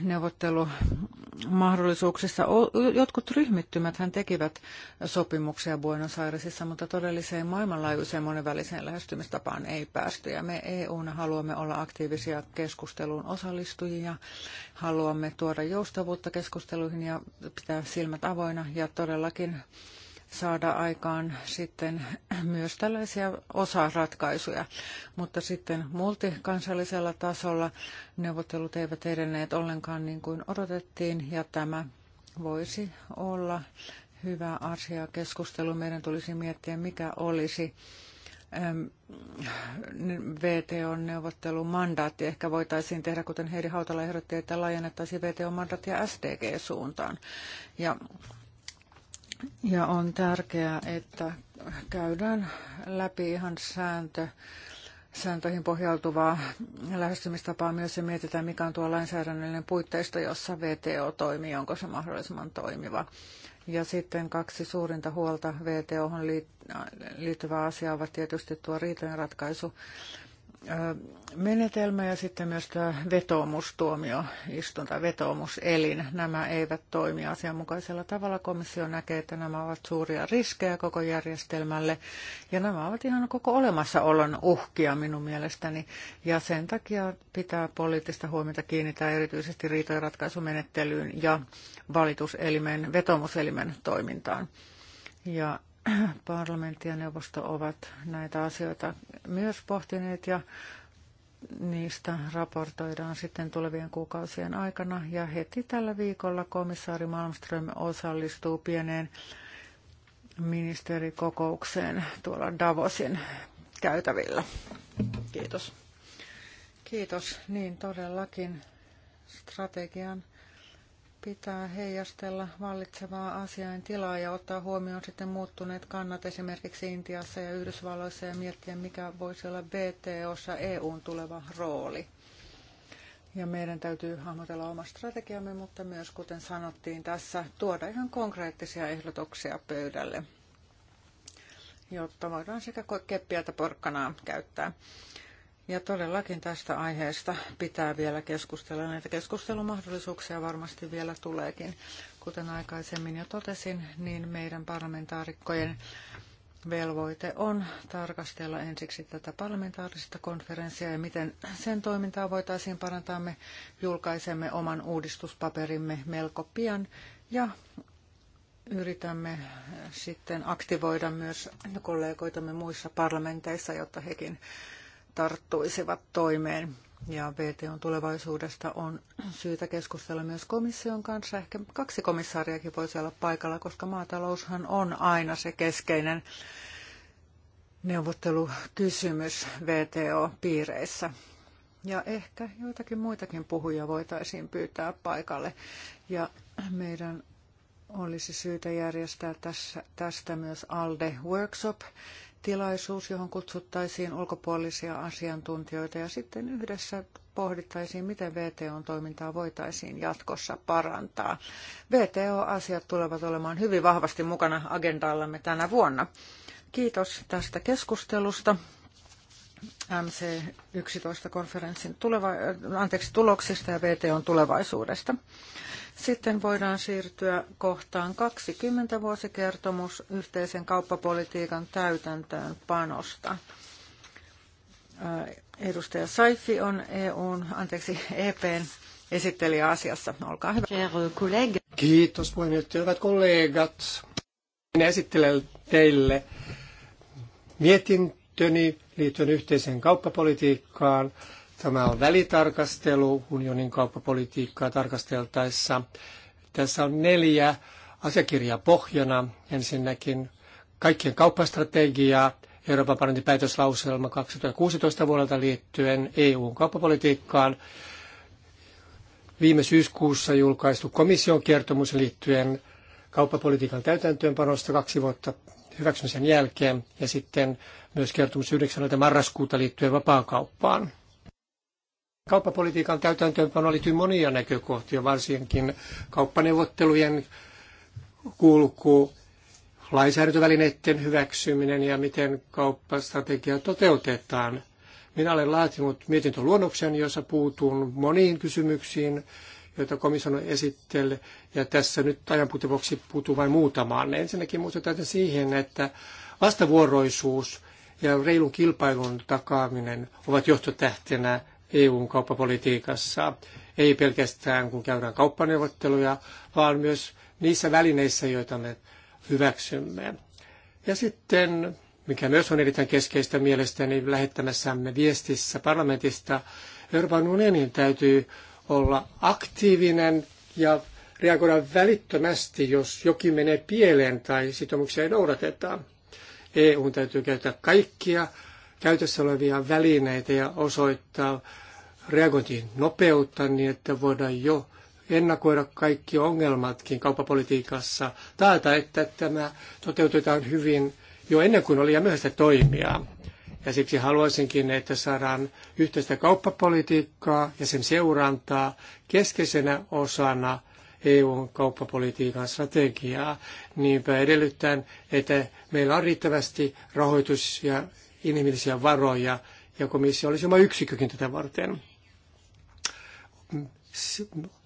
neuvottelumahdollisuuksissa. Jotkut ryhmittymät hän tekivät sopimuksia Buenos Airesissa, mutta todelliseen maailmanlaajuiseen monenväliseen lähestymistapaan ei päästy. Ja me EUna haluamme olla aktiivisia keskusteluun osallistujia, haluamme tuoda joustavuutta keskusteluihin ja pitää silmät avoina ja todellakin saada aikaan sitten myös tällaisia osaratkaisuja. Mutta sitten multikansallisella tasolla neuvottelut eivät edenneet ollenkaan niin kuin odotettiin ja tämä voisi olla hyvä asia keskustelu. Meidän tulisi miettiä, mikä olisi vto neuvottelun mandaatti. Ehkä voitaisiin tehdä, kuten Heidi Hautala ehdotti, että laajennettaisiin VTOn mandaattia SDG-suuntaan. Ja ja on tärkeää, että käydään läpi ihan sääntö, sääntöihin pohjautuvaa lähestymistapaa myös ja mietitään, mikä on tuo lainsäädännöllinen puitteisto, jossa VTO toimii, onko se mahdollisimman toimiva. Ja sitten kaksi suurinta huolta VTOhon liittyvää asiaa ovat tietysti tuo ratkaisu menetelmä ja sitten myös tämä vetoomustuomio, istunta, vetoomuselin. Nämä eivät toimi asianmukaisella tavalla. Komissio näkee, että nämä ovat suuria riskejä koko järjestelmälle ja nämä ovat ihan koko olemassaolon uhkia minun mielestäni. Ja sen takia pitää poliittista huomiota kiinnittää erityisesti riitojen ratkaisumenettelyyn ja valituselimen, vetoomuselimen toimintaan. Ja parlamentti ja neuvosto ovat näitä asioita myös pohtineet ja niistä raportoidaan sitten tulevien kuukausien aikana. Ja heti tällä viikolla komissaari Malmström osallistuu pieneen ministerikokoukseen tuolla Davosin käytävillä. Kiitos. Kiitos. Niin todellakin strategian pitää heijastella vallitsevaa asiain tilaa ja ottaa huomioon sitten muuttuneet kannat esimerkiksi Intiassa ja Yhdysvalloissa ja miettiä, mikä voisi olla VTOssa EUn tuleva rooli. Ja meidän täytyy hahmotella oma strategiamme, mutta myös, kuten sanottiin tässä, tuoda ihan konkreettisia ehdotuksia pöydälle, jotta voidaan sekä keppiä että porkkanaa käyttää. Ja todellakin tästä aiheesta pitää vielä keskustella. Näitä keskustelumahdollisuuksia varmasti vielä tuleekin. Kuten aikaisemmin jo totesin, niin meidän parlamentaarikkojen velvoite on tarkastella ensiksi tätä parlamentaarista konferenssia ja miten sen toimintaa voitaisiin parantaa. Me julkaisemme oman uudistuspaperimme melko pian ja yritämme sitten aktivoida myös kollegoitamme muissa parlamenteissa, jotta hekin tarttuisivat toimeen. Ja VTOn tulevaisuudesta on syytä keskustella myös komission kanssa. Ehkä kaksi komissaariakin voisi olla paikalla, koska maataloushan on aina se keskeinen neuvottelukysymys VTO-piireissä. Ja ehkä joitakin muitakin puhuja voitaisiin pyytää paikalle. Ja meidän olisi syytä järjestää tässä, tästä myös ALDE Workshop, tilaisuus, johon kutsuttaisiin ulkopuolisia asiantuntijoita ja sitten yhdessä pohdittaisiin, miten VTOn toimintaa voitaisiin jatkossa parantaa. VTO-asiat tulevat olemaan hyvin vahvasti mukana agendallamme tänä vuonna. Kiitos tästä keskustelusta. MC11-konferenssin tuleva, anteeksi, tuloksista ja VTOn tulevaisuudesta. Sitten voidaan siirtyä kohtaan 20 vuosikertomus yhteisen kauppapolitiikan täytäntöön panosta. Äh, edustaja Saifi on EUn, anteeksi, EPn esittelijä asiassa. Olkaa hyvä. Kiitos puheenjohtaja. Hyvät kollegat, minä esittelen teille mietintöni liittyen yhteiseen kauppapolitiikkaan – Tämä on välitarkastelu unionin kauppapolitiikkaa tarkasteltaessa. Tässä on neljä asiakirjaa pohjana. Ensinnäkin kaikkien kauppastrategiaa, Euroopan parlamentin päätöslauselma 2016 vuodelta liittyen EUn kauppapolitiikkaan, viime syyskuussa julkaistu komission kertomus liittyen kauppapolitiikan täytäntöönpanosta kaksi vuotta hyväksymisen jälkeen ja sitten myös kertomus 9. marraskuuta liittyen vapaakauppaan. Kauppapolitiikan täytäntöönpano liittyy monia näkökohtia, varsinkin kauppaneuvottelujen kulku, lainsäädäntövälineiden hyväksyminen ja miten kauppastrategia toteutetaan. Minä olen laatinut mietintöluonnoksen, jossa puutun moniin kysymyksiin, joita komissio on esitellyt, ja tässä nyt ajanpuutteen vuoksi puuttuu vain muutamaan. Ensinnäkin muistutan siihen, että vastavuoroisuus ja reilun kilpailun takaaminen ovat johtotähtenä EUn kauppapolitiikassa, ei pelkästään kun käydään kauppaneuvotteluja, vaan myös niissä välineissä, joita me hyväksymme. Ja sitten, mikä myös on erittäin keskeistä mielestäni lähettämässämme viestissä parlamentista, Euroopan unionin täytyy olla aktiivinen ja reagoida välittömästi, jos jokin menee pieleen tai sitoumuksia ei noudatetaan. EUn täytyy käyttää kaikkia käytössä olevia välineitä ja osoittaa reagointiin nopeutta niin, että voidaan jo ennakoida kaikki ongelmatkin kauppapolitiikassa, taata, että tämä toteutetaan hyvin jo ennen kuin oli ja myöhäistä toimia. Ja siksi haluaisinkin, että saadaan yhteistä kauppapolitiikkaa ja sen seurantaa keskeisenä osana EUn kauppapolitiikan strategiaa. Niinpä edellyttäen, että meillä on riittävästi rahoitus- ja inhimillisiä varoja ja komissio olisi oma yksikökin tätä varten.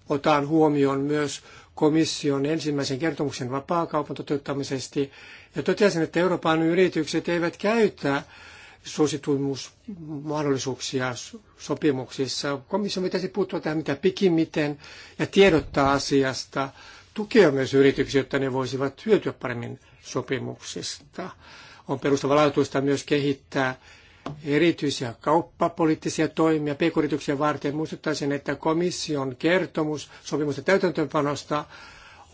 Otan huomioon myös komission ensimmäisen kertomuksen vapaakaupan toteuttamisesta ja totesin, että Euroopan yritykset eivät käytä suosituimmuusmahdollisuuksia sopimuksissa. Komissio pitäisi puuttua tähän mitä pikimmiten ja tiedottaa asiasta, tukea myös yrityksiä, jotta ne voisivat hyötyä paremmin sopimuksista on perustavanlaatuista myös kehittää erityisiä kauppapoliittisia toimia pk-yrityksiä varten. Muistuttaisin, että komission kertomus sopimusten täytäntöönpanosta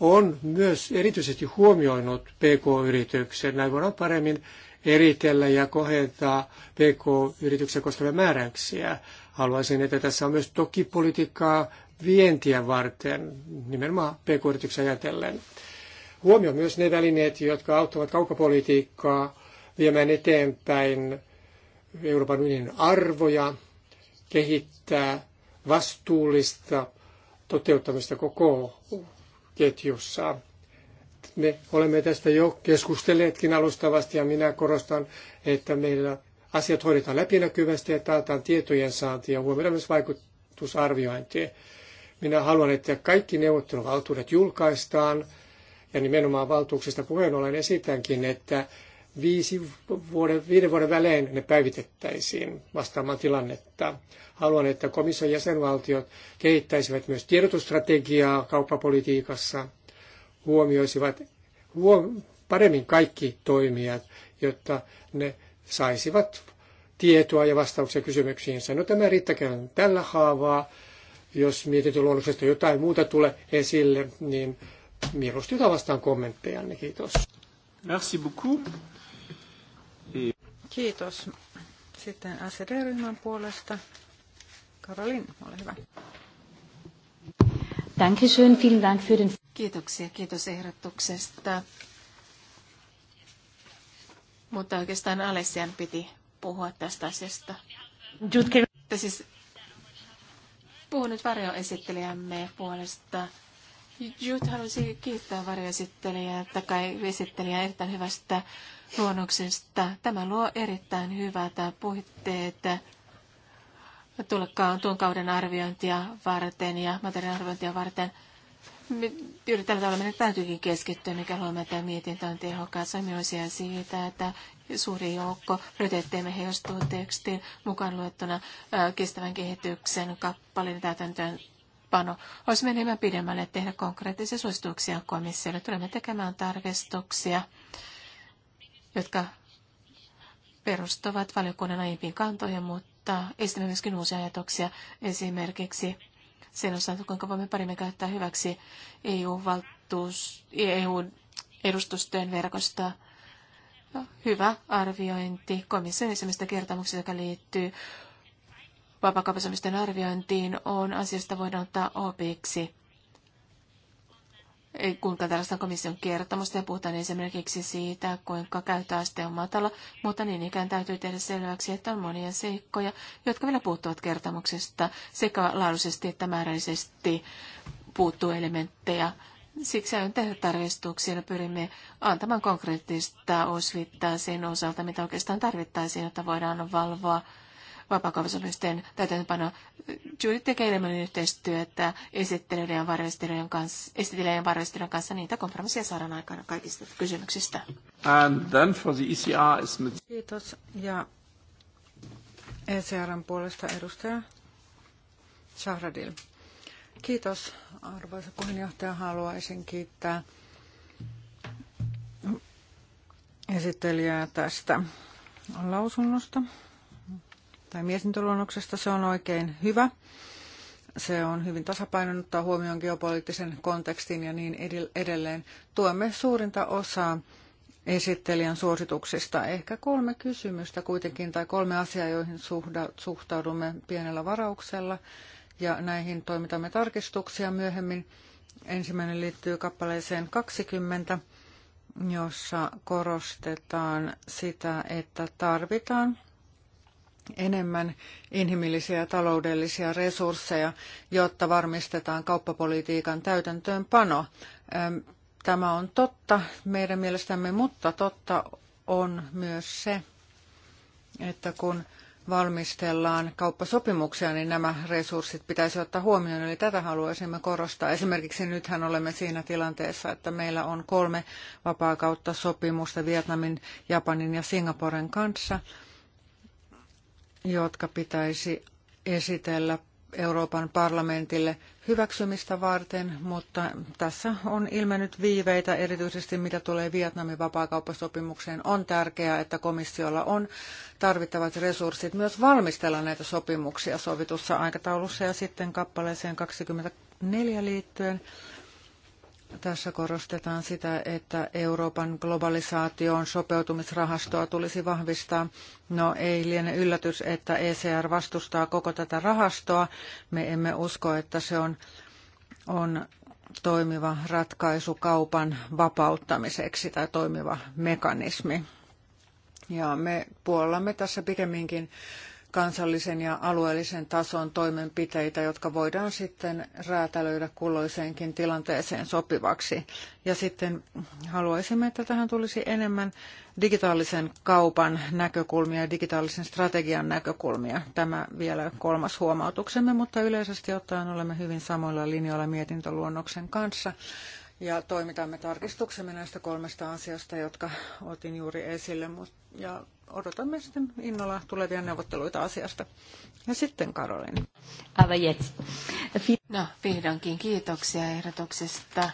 on myös erityisesti huomioinut pk yritykset Näin voidaan paremmin eritellä ja kohentaa pk-yrityksiä koskevia määräyksiä. Haluaisin, että tässä on myös toki politiikkaa vientiä varten, nimenomaan pk-yrityksiä ajatellen. Huomio myös ne välineet, jotka auttavat kauppapolitiikkaa viemään eteenpäin Euroopan unionin arvoja, kehittää vastuullista toteuttamista koko ketjussa. Me olemme tästä jo keskustelleetkin alustavasti ja minä korostan, että meillä asiat hoidetaan läpinäkyvästi ja taataan tietojen saantia, ja huomioidaan myös vaikutusarviointia. Minä haluan, että kaikki neuvotteluvaltuudet julkaistaan ja nimenomaan valtuuksista puheen ollen esitänkin, että viisi vuoden, viiden vuoden välein ne päivitettäisiin vastaamaan tilannetta. Haluan, että komission jäsenvaltiot kehittäisivät myös tiedotusstrategiaa kauppapolitiikassa, huomioisivat huom- paremmin kaikki toimijat, jotta ne saisivat tietoa ja vastauksia kysymyksiinsä. No tämä riittäkään tällä haavaa. Jos mietityn luonnoksesta jotain muuta tulee esille, niin mieluusti jotain vastaan kommentteja. Kiitos. Merci beaucoup. Kiitos. Sitten SED-ryhmän puolesta. Karolin, ole hyvä. Dankeschön, vielen Dank für den... Kiitoksia, kiitos ehdotuksesta. Mutta oikeastaan Alessian piti puhua tästä asiasta. Jutke. Siis puhun nyt varjoesittelijämme puolesta. Jut halusi kiittää varjoesittelijää, tai esittelijää erittäin hyvästä luonnoksesta. Tämä luo erittäin hyvät puitteet tuon kauden arviointia varten ja materiaalin arviointia varten. Juuri tällä tavalla meidän täytyykin keskittyä, mikä luomme tämä mietintö on tehokas. Samoisia siitä, että suuri joukko prioriteetteemme heijastuu tekstiin mukaan luettuna kestävän kehityksen kappaleen täytäntöön pano. Olisi menemään pidemmälle tehdä konkreettisia suosituksia komissiolle. Tulemme tekemään tarkistuksia jotka perustuvat valiokunnan aiempiin kantoihin, mutta esitämme myöskin uusia ajatuksia. Esimerkiksi sen osalta, kuinka voimme paremmin käyttää hyväksi EU-valtuus, EU-edustustojen verkosta. No, hyvä arviointi komission ensimmäistä kertomuksesta, joka liittyy vapaakaupasemisten arviointiin, on asiasta voidaan ottaa opiksi kuinka tällaista komission kertomusta ja puhutaan esimerkiksi siitä, kuinka käyttöaste on matala, mutta niin ikään täytyy tehdä selväksi, että on monia seikkoja, jotka vielä puuttuvat kertomuksesta sekä laadullisesti että määrällisesti puuttuu elementtejä. Siksi on tehdä tarkistuksia pyrimme antamaan konkreettista osvittaa sen osalta, mitä oikeastaan tarvittaisiin, jotta voidaan valvoa vapaakauppasopimusten täytäntöpano. juuri tekee enemmän yhteistyötä esittelyiden ja varjostelijoiden kanssa, esittelijöiden ja kanssa niitä kompromisseja saadaan aikana kaikista kysymyksistä. And then for the ECR is... Kiitos. Ja ECRn puolesta edustaja Sahradil. Kiitos arvoisa puheenjohtaja. Haluaisin kiittää esittelijää tästä lausunnosta tai mietintöluonnoksesta. Se on oikein hyvä. Se on hyvin tasapainottaa huomioon geopoliittisen kontekstin ja niin edelleen. Tuemme suurinta osaa esittelijän suosituksista. Ehkä kolme kysymystä kuitenkin tai kolme asiaa, joihin suhtaudumme pienellä varauksella ja näihin toimitamme tarkistuksia myöhemmin. Ensimmäinen liittyy kappaleeseen 20, jossa korostetaan sitä, että tarvitaan enemmän inhimillisiä ja taloudellisia resursseja, jotta varmistetaan kauppapolitiikan täytäntöönpano. Tämä on totta meidän mielestämme, mutta totta on myös se, että kun valmistellaan kauppasopimuksia, niin nämä resurssit pitäisi ottaa huomioon. Eli tätä haluaisimme korostaa. Esimerkiksi nythän olemme siinä tilanteessa, että meillä on kolme vapaakautta sopimusta Vietnamin, Japanin ja Singaporen kanssa – jotka pitäisi esitellä Euroopan parlamentille hyväksymistä varten, mutta tässä on ilmennyt viiveitä, erityisesti mitä tulee Vietnamin vapaakauppasopimukseen. On tärkeää, että komissiolla on tarvittavat resurssit myös valmistella näitä sopimuksia sovitussa aikataulussa ja sitten kappaleeseen 24 liittyen tässä korostetaan sitä, että Euroopan globalisaation sopeutumisrahastoa tulisi vahvistaa. No ei liene yllätys, että ECR vastustaa koko tätä rahastoa. Me emme usko, että se on, on toimiva ratkaisu kaupan vapauttamiseksi tai toimiva mekanismi. Ja me puollamme tässä pikemminkin kansallisen ja alueellisen tason toimenpiteitä, jotka voidaan sitten räätälöidä kulloiseenkin tilanteeseen sopivaksi. Ja sitten haluaisimme, että tähän tulisi enemmän digitaalisen kaupan näkökulmia ja digitaalisen strategian näkökulmia. Tämä vielä kolmas huomautuksemme, mutta yleisesti ottaen olemme hyvin samoilla linjoilla mietintöluonnoksen kanssa. Ja toimitamme tarkistuksemme näistä kolmesta asiasta, jotka otin juuri esille. Ja odotamme sitten innolla tulevia neuvotteluita asiasta. Ja sitten Karolin. No, vihdoinkin kiitoksia ehdotuksesta.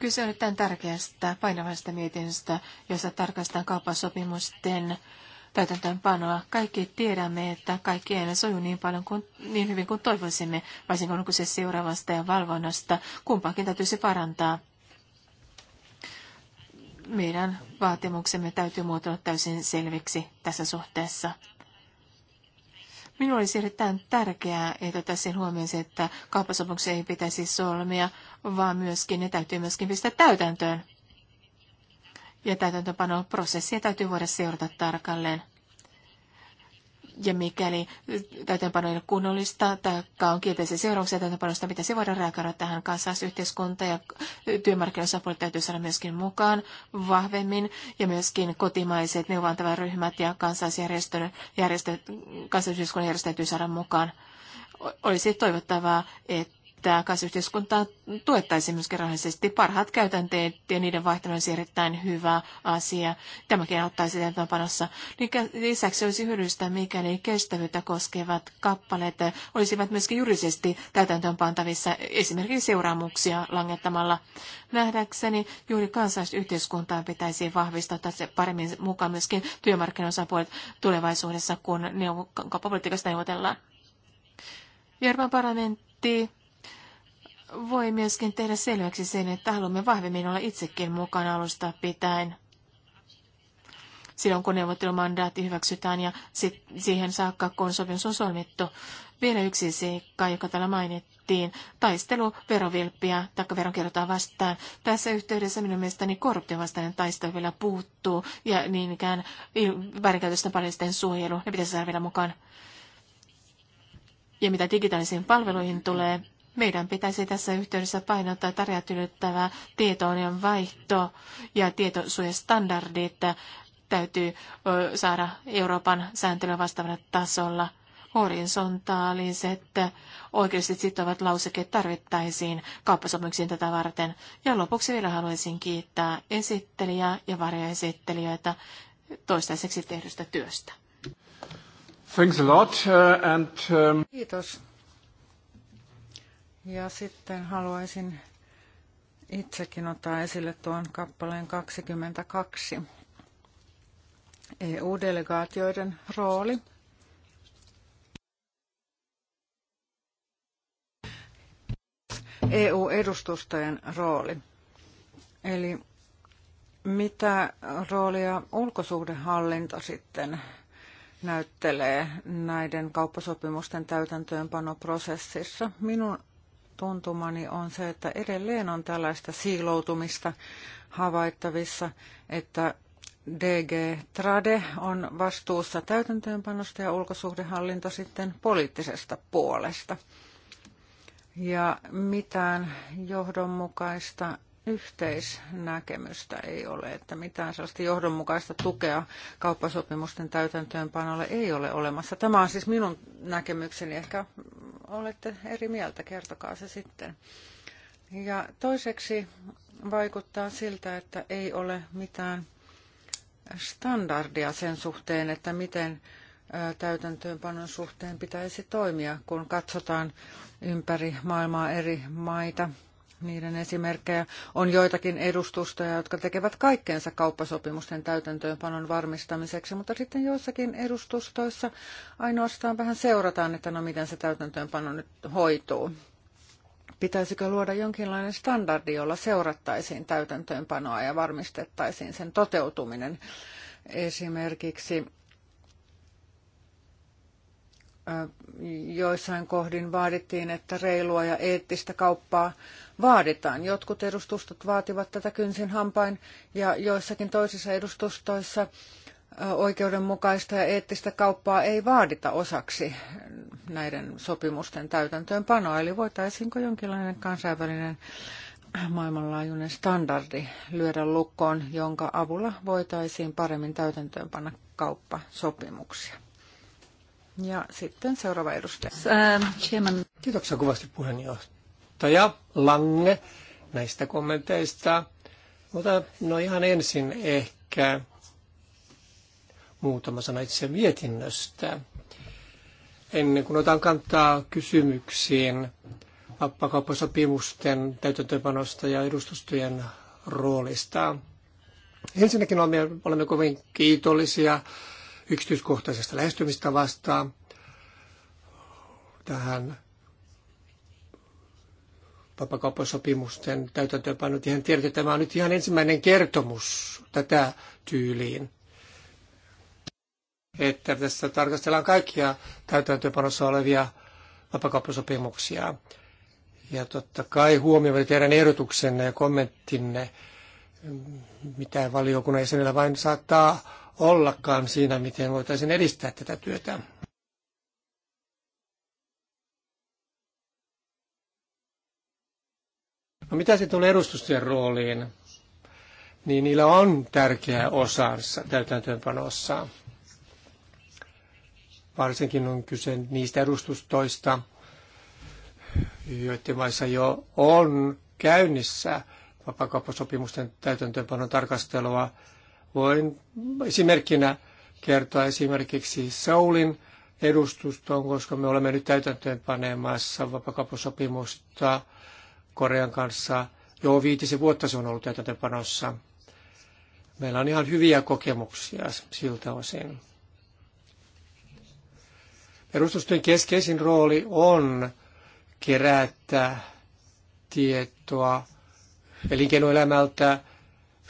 Kyse on nyt tämän tärkeästä painavasta mietinnöstä, jossa tarkastetaan kauppasopimusten täytäntöönpanoa. Kaikki tiedämme, että kaikki ei soju niin paljon kuin, niin hyvin kuin toivoisimme, varsinkin kun kyse seuraavasta ja valvonnasta. Kumpaakin täytyisi parantaa meidän vaatimuksemme täytyy muotoilla täysin selviksi tässä suhteessa. Minulle olisi erittäin tärkeää, että tässä huomioon se, että kauppasopimuksia ei pitäisi solmia, vaan myöskin ne täytyy myöskin pistää täytäntöön. Ja täytäntöpanoprosessia täytyy voida seurata tarkalleen. Ja mikäli täytäntöpano ei ole kunnollista tai on kielteisiä seurauksia täytäntöpanosta, mitä se voidaan reagoida tähän kansalaisyhteiskunta ja työmarkkinoissapuolet täytyy saada myöskin mukaan vahvemmin ja myöskin kotimaiset neuvontavat ryhmät ja kansalaisjärjestön kansalaisyhteiskunnan järjestö täytyy saada mukaan. Olisi toivottavaa, että että kansallisyhteiskuntaa tuettaisiin myös rahallisesti. Parhaat käytänteet ja niiden vaihtelu olisi erittäin hyvä asia. Tämäkin auttaisi panossa. Niin lisäksi olisi hyödyllistä, mikäli kestävyyttä koskevat kappaleet olisivat myöskin juridisesti täytäntöönpantavissa esimerkiksi seuraamuksia langettamalla. Nähdäkseni juuri kansallisyhteiskuntaa pitäisi vahvistaa se paremmin mukaan myöskin työmarkkinoosapuolet tulevaisuudessa, kun kauppapolitiikasta neuvotellaan. Jerman parlamentti voi myöskin tehdä selväksi sen, että haluamme vahvemmin olla itsekin mukana alusta pitäen silloin, kun neuvottelumandaatti hyväksytään ja sit siihen saakka, kun sopimus on solmittu. Vielä yksi seikka, joka täällä mainittiin, taistelu verovilppiä tai veronkiertoa vastaan. Tässä yhteydessä minun mielestäni korruptiovastainen taistelu vielä puuttuu ja niin ikään väärinkäytösten paljastajien suojelu, ne pitäisi saada vielä mukaan. Ja mitä digitaalisiin palveluihin tulee, meidän pitäisi tässä yhteydessä painottaa tarjat ylittävää tietoinen vaihto ja tietosuojastandardit täytyy saada Euroopan sääntelyä vastaavalla tasolla. Horisontaaliset oikeudelliset sitovat lauseket tarvittaisiin kauppasopimuksiin tätä varten. Ja lopuksi vielä haluaisin kiittää esittelijää ja varjoesittelijöitä toistaiseksi tehdystä työstä. Thanks a lot, uh, and, um... Kiitos ja sitten haluaisin itsekin ottaa esille tuon kappaleen 22. EU-delegaatioiden rooli. EU-edustustojen rooli. Eli mitä roolia ulkosuhdehallinto sitten näyttelee näiden kauppasopimusten täytäntöönpanoprosessissa? Minun tuntumani on se, että edelleen on tällaista siiloutumista havaittavissa, että DG Trade on vastuussa täytäntöönpanosta ja ulkosuhdehallinto sitten poliittisesta puolesta. Ja mitään johdonmukaista yhteisnäkemystä ei ole, että mitään sellaista johdonmukaista tukea kauppasopimusten täytäntöönpanolle ei ole olemassa. Tämä on siis minun näkemykseni. Ehkä olette eri mieltä, kertokaa se sitten. Ja toiseksi vaikuttaa siltä, että ei ole mitään standardia sen suhteen, että miten täytäntöönpanon suhteen pitäisi toimia, kun katsotaan ympäri maailmaa eri maita – niiden esimerkkejä. On joitakin edustustoja, jotka tekevät kaikkeensa kauppasopimusten täytäntöönpanon varmistamiseksi, mutta sitten joissakin edustustoissa ainoastaan vähän seurataan, että no miten se täytäntöönpano nyt hoituu. Pitäisikö luoda jonkinlainen standardi, jolla seurattaisiin täytäntöönpanoa ja varmistettaisiin sen toteutuminen? Esimerkiksi joissain kohdin vaadittiin, että reilua ja eettistä kauppaa vaaditaan. Jotkut edustustot vaativat tätä kynsin hampain ja joissakin toisissa edustustoissa oikeudenmukaista ja eettistä kauppaa ei vaadita osaksi näiden sopimusten täytäntöönpanoa. Eli voitaisiinko jonkinlainen kansainvälinen maailmanlaajuinen standardi lyödä lukkoon, jonka avulla voitaisiin paremmin täytäntöönpanna kauppasopimuksia. Ja sitten seuraava edustaja. Ähm, chairman. Kiitoksia kovasti puheenjohtaja Lange näistä kommenteista. Mutta no ihan ensin ehkä muutama sana itse mietinnöstä. Ennen kuin otan kantaa kysymyksiin vapaakauppasopimusten täytäntöönpanosta ja edustustojen roolista. Ensinnäkin olemme, olemme kovin kiitollisia yksityiskohtaisesta lähestymistavasta tähän vapakauppasopimusten täytäntöönpanot. Ihan tiedät, että tämä on nyt ihan ensimmäinen kertomus tätä tyyliin. Että tässä tarkastellaan kaikkia täytäntöönpanossa olevia vapakauppasopimuksia. Ja totta kai huomioon teidän ehdotuksenne ja kommenttinne, mitä valiokunnan jäsenillä vain saattaa ollakaan siinä, miten voitaisiin edistää tätä työtä. No mitä se tulee edustustojen rooliin? Niin niillä on tärkeä osansa täytäntöönpanossa. Varsinkin on kyse niistä edustustoista, joiden maissa jo on käynnissä vapaakauppasopimusten täytäntöönpanon tarkastelua Voin esimerkkinä kertoa esimerkiksi Saulin edustuston, koska me olemme nyt täytäntöön panemassa vapakauppasopimusta Korean kanssa. Jo viitisen vuotta se on ollut täytäntöönpanossa. Meillä on ihan hyviä kokemuksia siltä osin. Edustustojen keskeisin rooli on kerätä tietoa elinkeinoelämältä,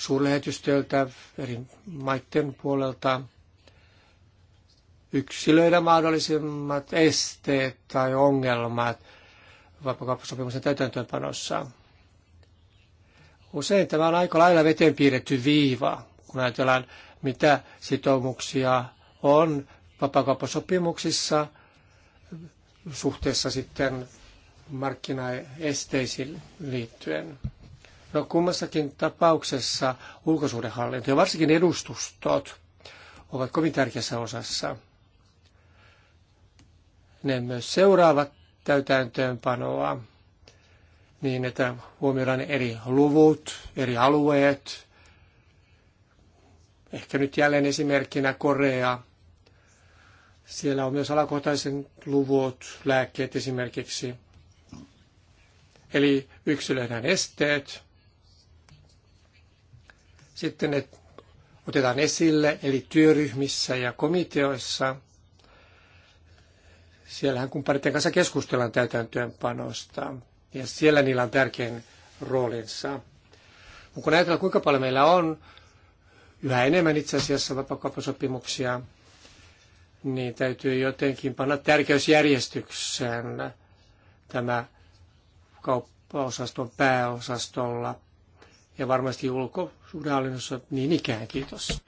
suurlähetystöltä eri maiden puolelta yksilöidä mahdollisimmat esteet tai ongelmat vapakauppasopimuksen täytäntöönpanossa. Usein tämä on aika lailla veteen piirretty viiva, kun ajatellaan, mitä sitoumuksia on vapakauppasopimuksissa suhteessa sitten markkinaesteisiin liittyen. No kummassakin tapauksessa ulkosuhdehallinto ja varsinkin edustustot ovat kovin tärkeässä osassa. Ne myös seuraavat täytäntöönpanoa niin, että huomioidaan eri luvut, eri alueet. Ehkä nyt jälleen esimerkkinä Korea. Siellä on myös alakohtaisen luvut, lääkkeet esimerkiksi. Eli yksilöidään esteet, sitten ne otetaan esille, eli työryhmissä ja komiteoissa. Siellähän kumppaneiden kanssa keskustellaan täytäntöönpanosta, ja siellä niillä on tärkein roolinsa. Mutta kun ajatellaan, kuinka paljon meillä on yhä enemmän itse asiassa vapakauppasopimuksia, niin täytyy jotenkin panna tärkeysjärjestykseen tämä kauppaosaston pääosastolla ja varmasti ulkosuhdehallinnossa niin ikään. Kiitos.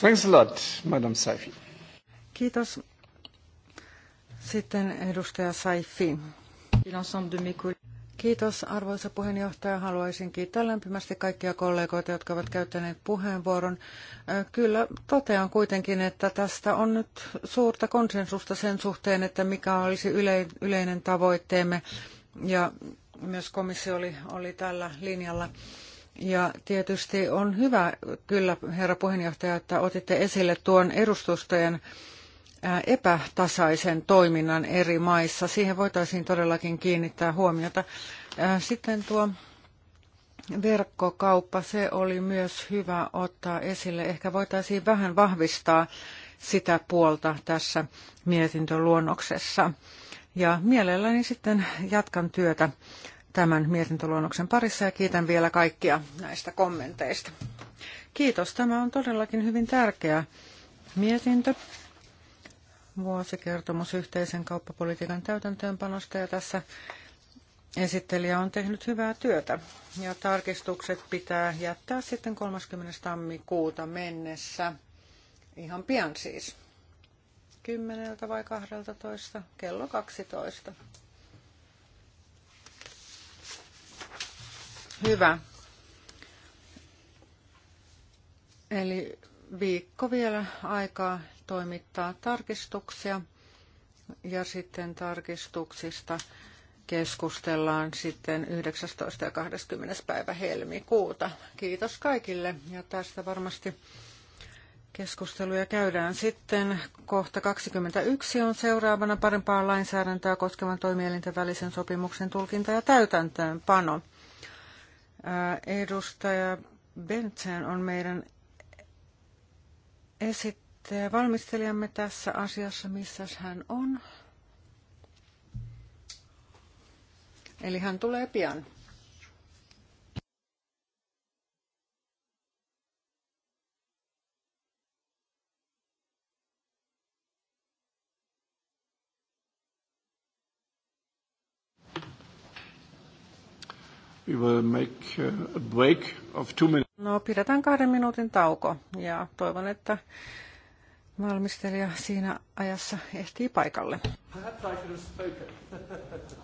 Thanks a lot, Madam Saifi. Kiitos. Sitten edustaja Saifi. Kiitos arvoisa puheenjohtaja. Haluaisin kiittää lämpimästi kaikkia kollegoita, jotka ovat käyttäneet puheenvuoron. Kyllä totean kuitenkin, että tästä on nyt suurta konsensusta sen suhteen, että mikä olisi yleinen tavoitteemme ja myös komissio oli, oli tällä linjalla. Ja tietysti on hyvä kyllä, herra puheenjohtaja, että otitte esille tuon edustustojen epätasaisen toiminnan eri maissa. Siihen voitaisiin todellakin kiinnittää huomiota. Sitten tuo verkkokauppa, se oli myös hyvä ottaa esille. Ehkä voitaisiin vähän vahvistaa sitä puolta tässä mietintöluonnoksessa. Ja mielelläni sitten jatkan työtä tämän mietintöluonnoksen parissa ja kiitän vielä kaikkia näistä kommenteista. Kiitos, tämä on todellakin hyvin tärkeä mietintö. Vuosikertomus yhteisen kauppapolitiikan täytäntöönpanosta ja tässä esittelijä on tehnyt hyvää työtä. Ja tarkistukset pitää jättää sitten 30. tammikuuta mennessä, ihan pian siis. Kymmeneltä vai 12, kello 12. Hyvä. Eli viikko vielä aikaa toimittaa tarkistuksia ja sitten tarkistuksista keskustellaan sitten 19. ja 20. päivä helmikuuta. Kiitos kaikille ja tästä varmasti keskusteluja käydään sitten. Kohta 21 on seuraavana parempaa lainsäädäntöä koskevan toimielinten välisen sopimuksen tulkinta ja täytäntöönpano. Edustaja Bentsen on meidän esittäjä, valmistelijamme tässä asiassa, missä hän on. Eli hän tulee pian. We will make uh, a break of two minutes. No, pidetään kahden minuutin tauko ja toivon, että valmistelija siinä ajassa ehtii paikalle. <laughs>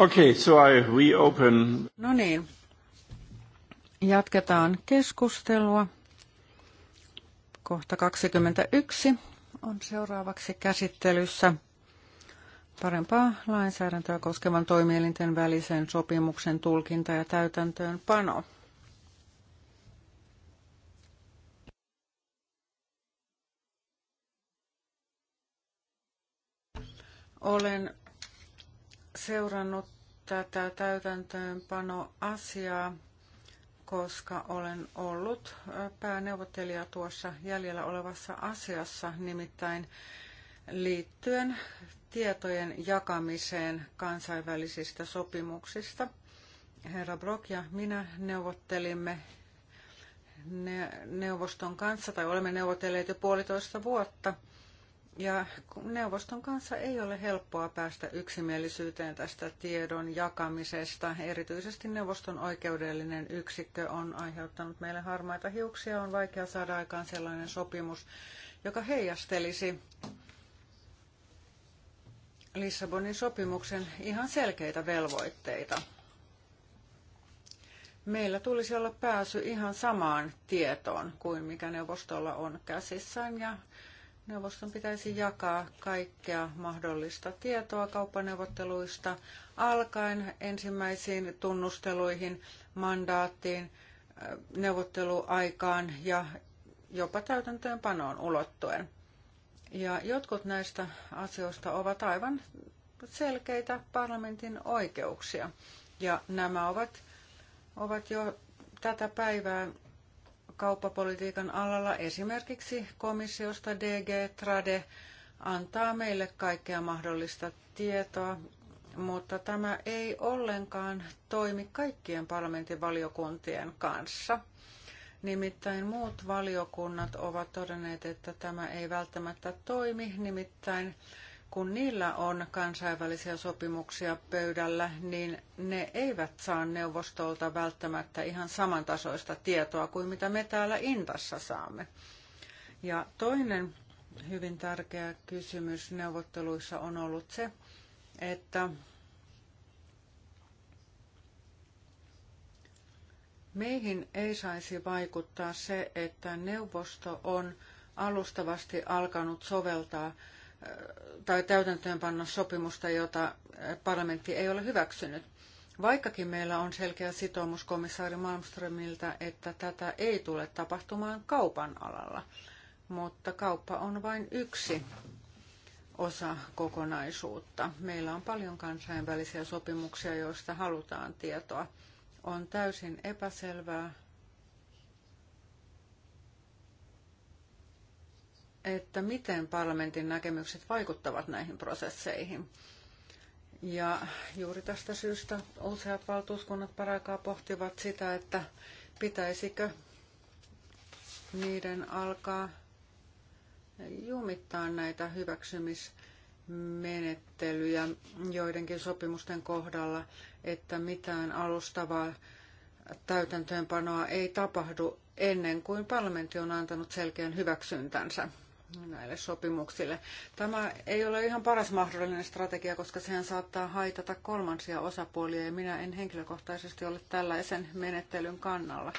Okay, so I reopen. No niin, jatketaan keskustelua. Kohta 21 on seuraavaksi käsittelyssä parempaa lainsäädäntöä koskevan toimielinten välisen sopimuksen tulkinta ja täytäntöönpano. Olen seurannut tätä täytäntöönpanoasiaa koska olen ollut pääneuvottelija tuossa jäljellä olevassa asiassa, nimittäin liittyen tietojen jakamiseen kansainvälisistä sopimuksista. Herra Brock ja minä neuvottelimme neuvoston kanssa, tai olemme neuvotelleet jo puolitoista vuotta – ja neuvoston kanssa ei ole helppoa päästä yksimielisyyteen tästä tiedon jakamisesta. Erityisesti neuvoston oikeudellinen yksikkö on aiheuttanut meille harmaita hiuksia. On vaikea saada aikaan sellainen sopimus, joka heijastelisi Lissabonin sopimuksen ihan selkeitä velvoitteita. Meillä tulisi olla pääsy ihan samaan tietoon kuin mikä neuvostolla on käsissään ja Neuvoston pitäisi jakaa kaikkea mahdollista tietoa kauppaneuvotteluista alkaen ensimmäisiin tunnusteluihin, mandaattiin, neuvotteluaikaan ja jopa täytäntöönpanoon ulottuen. Ja jotkut näistä asioista ovat aivan selkeitä parlamentin oikeuksia. Ja nämä ovat, ovat jo tätä päivää kauppapolitiikan alalla esimerkiksi komissiosta DG Trade antaa meille kaikkea mahdollista tietoa, mutta tämä ei ollenkaan toimi kaikkien parlamentin valiokuntien kanssa. Nimittäin muut valiokunnat ovat todenneet, että tämä ei välttämättä toimi, nimittäin kun niillä on kansainvälisiä sopimuksia pöydällä, niin ne eivät saa neuvostolta välttämättä ihan samantasoista tietoa kuin mitä me täällä Intassa saamme. Ja toinen hyvin tärkeä kysymys neuvotteluissa on ollut se, että meihin ei saisi vaikuttaa se, että neuvosto on alustavasti alkanut soveltaa tai täytäntöönpannon sopimusta, jota eh, parlamentti ei ole hyväksynyt. Vaikkakin meillä on selkeä sitoumus komissaari Malmströmiltä, että tätä ei tule tapahtumaan kaupan alalla, mutta kauppa on vain yksi osa kokonaisuutta. Meillä on paljon kansainvälisiä sopimuksia, joista halutaan tietoa. On täysin epäselvää, että miten parlamentin näkemykset vaikuttavat näihin prosesseihin. Ja juuri tästä syystä useat valtuuskunnat paraikaa pohtivat sitä, että pitäisikö niiden alkaa jumittaa näitä hyväksymismenettelyjä joidenkin sopimusten kohdalla, että mitään alustavaa täytäntöönpanoa ei tapahdu ennen kuin parlamentti on antanut selkeän hyväksyntänsä näille sopimuksille. Tämä ei ole ihan paras mahdollinen strategia, koska sehän saattaa haitata kolmansia osapuolia ja minä en henkilökohtaisesti ole tällaisen menettelyn kannalla.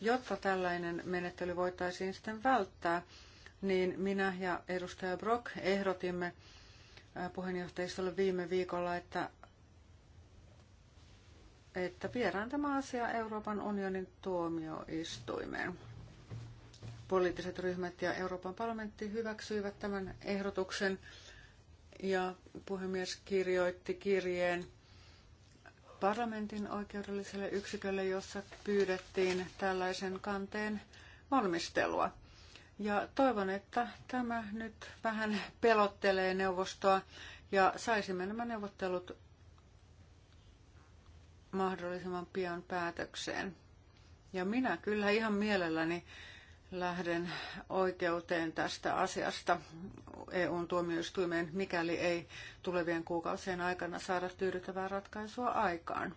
Jotta tällainen menettely voitaisiin sitten välttää, niin minä ja edustaja Brock ehdotimme äh, puheenjohtajistolle viime viikolla, että että viedään tämä asia Euroopan unionin tuomioistuimeen poliittiset ryhmät ja Euroopan parlamentti hyväksyivät tämän ehdotuksen ja puhemies kirjoitti kirjeen parlamentin oikeudelliselle yksikölle, jossa pyydettiin tällaisen kanteen valmistelua. Ja toivon, että tämä nyt vähän pelottelee neuvostoa ja saisimme nämä neuvottelut mahdollisimman pian päätökseen. Ja minä kyllä ihan mielelläni lähden oikeuteen tästä asiasta EUn tuomioistuimeen, mikäli ei tulevien kuukausien aikana saada tyydyttävää ratkaisua aikaan.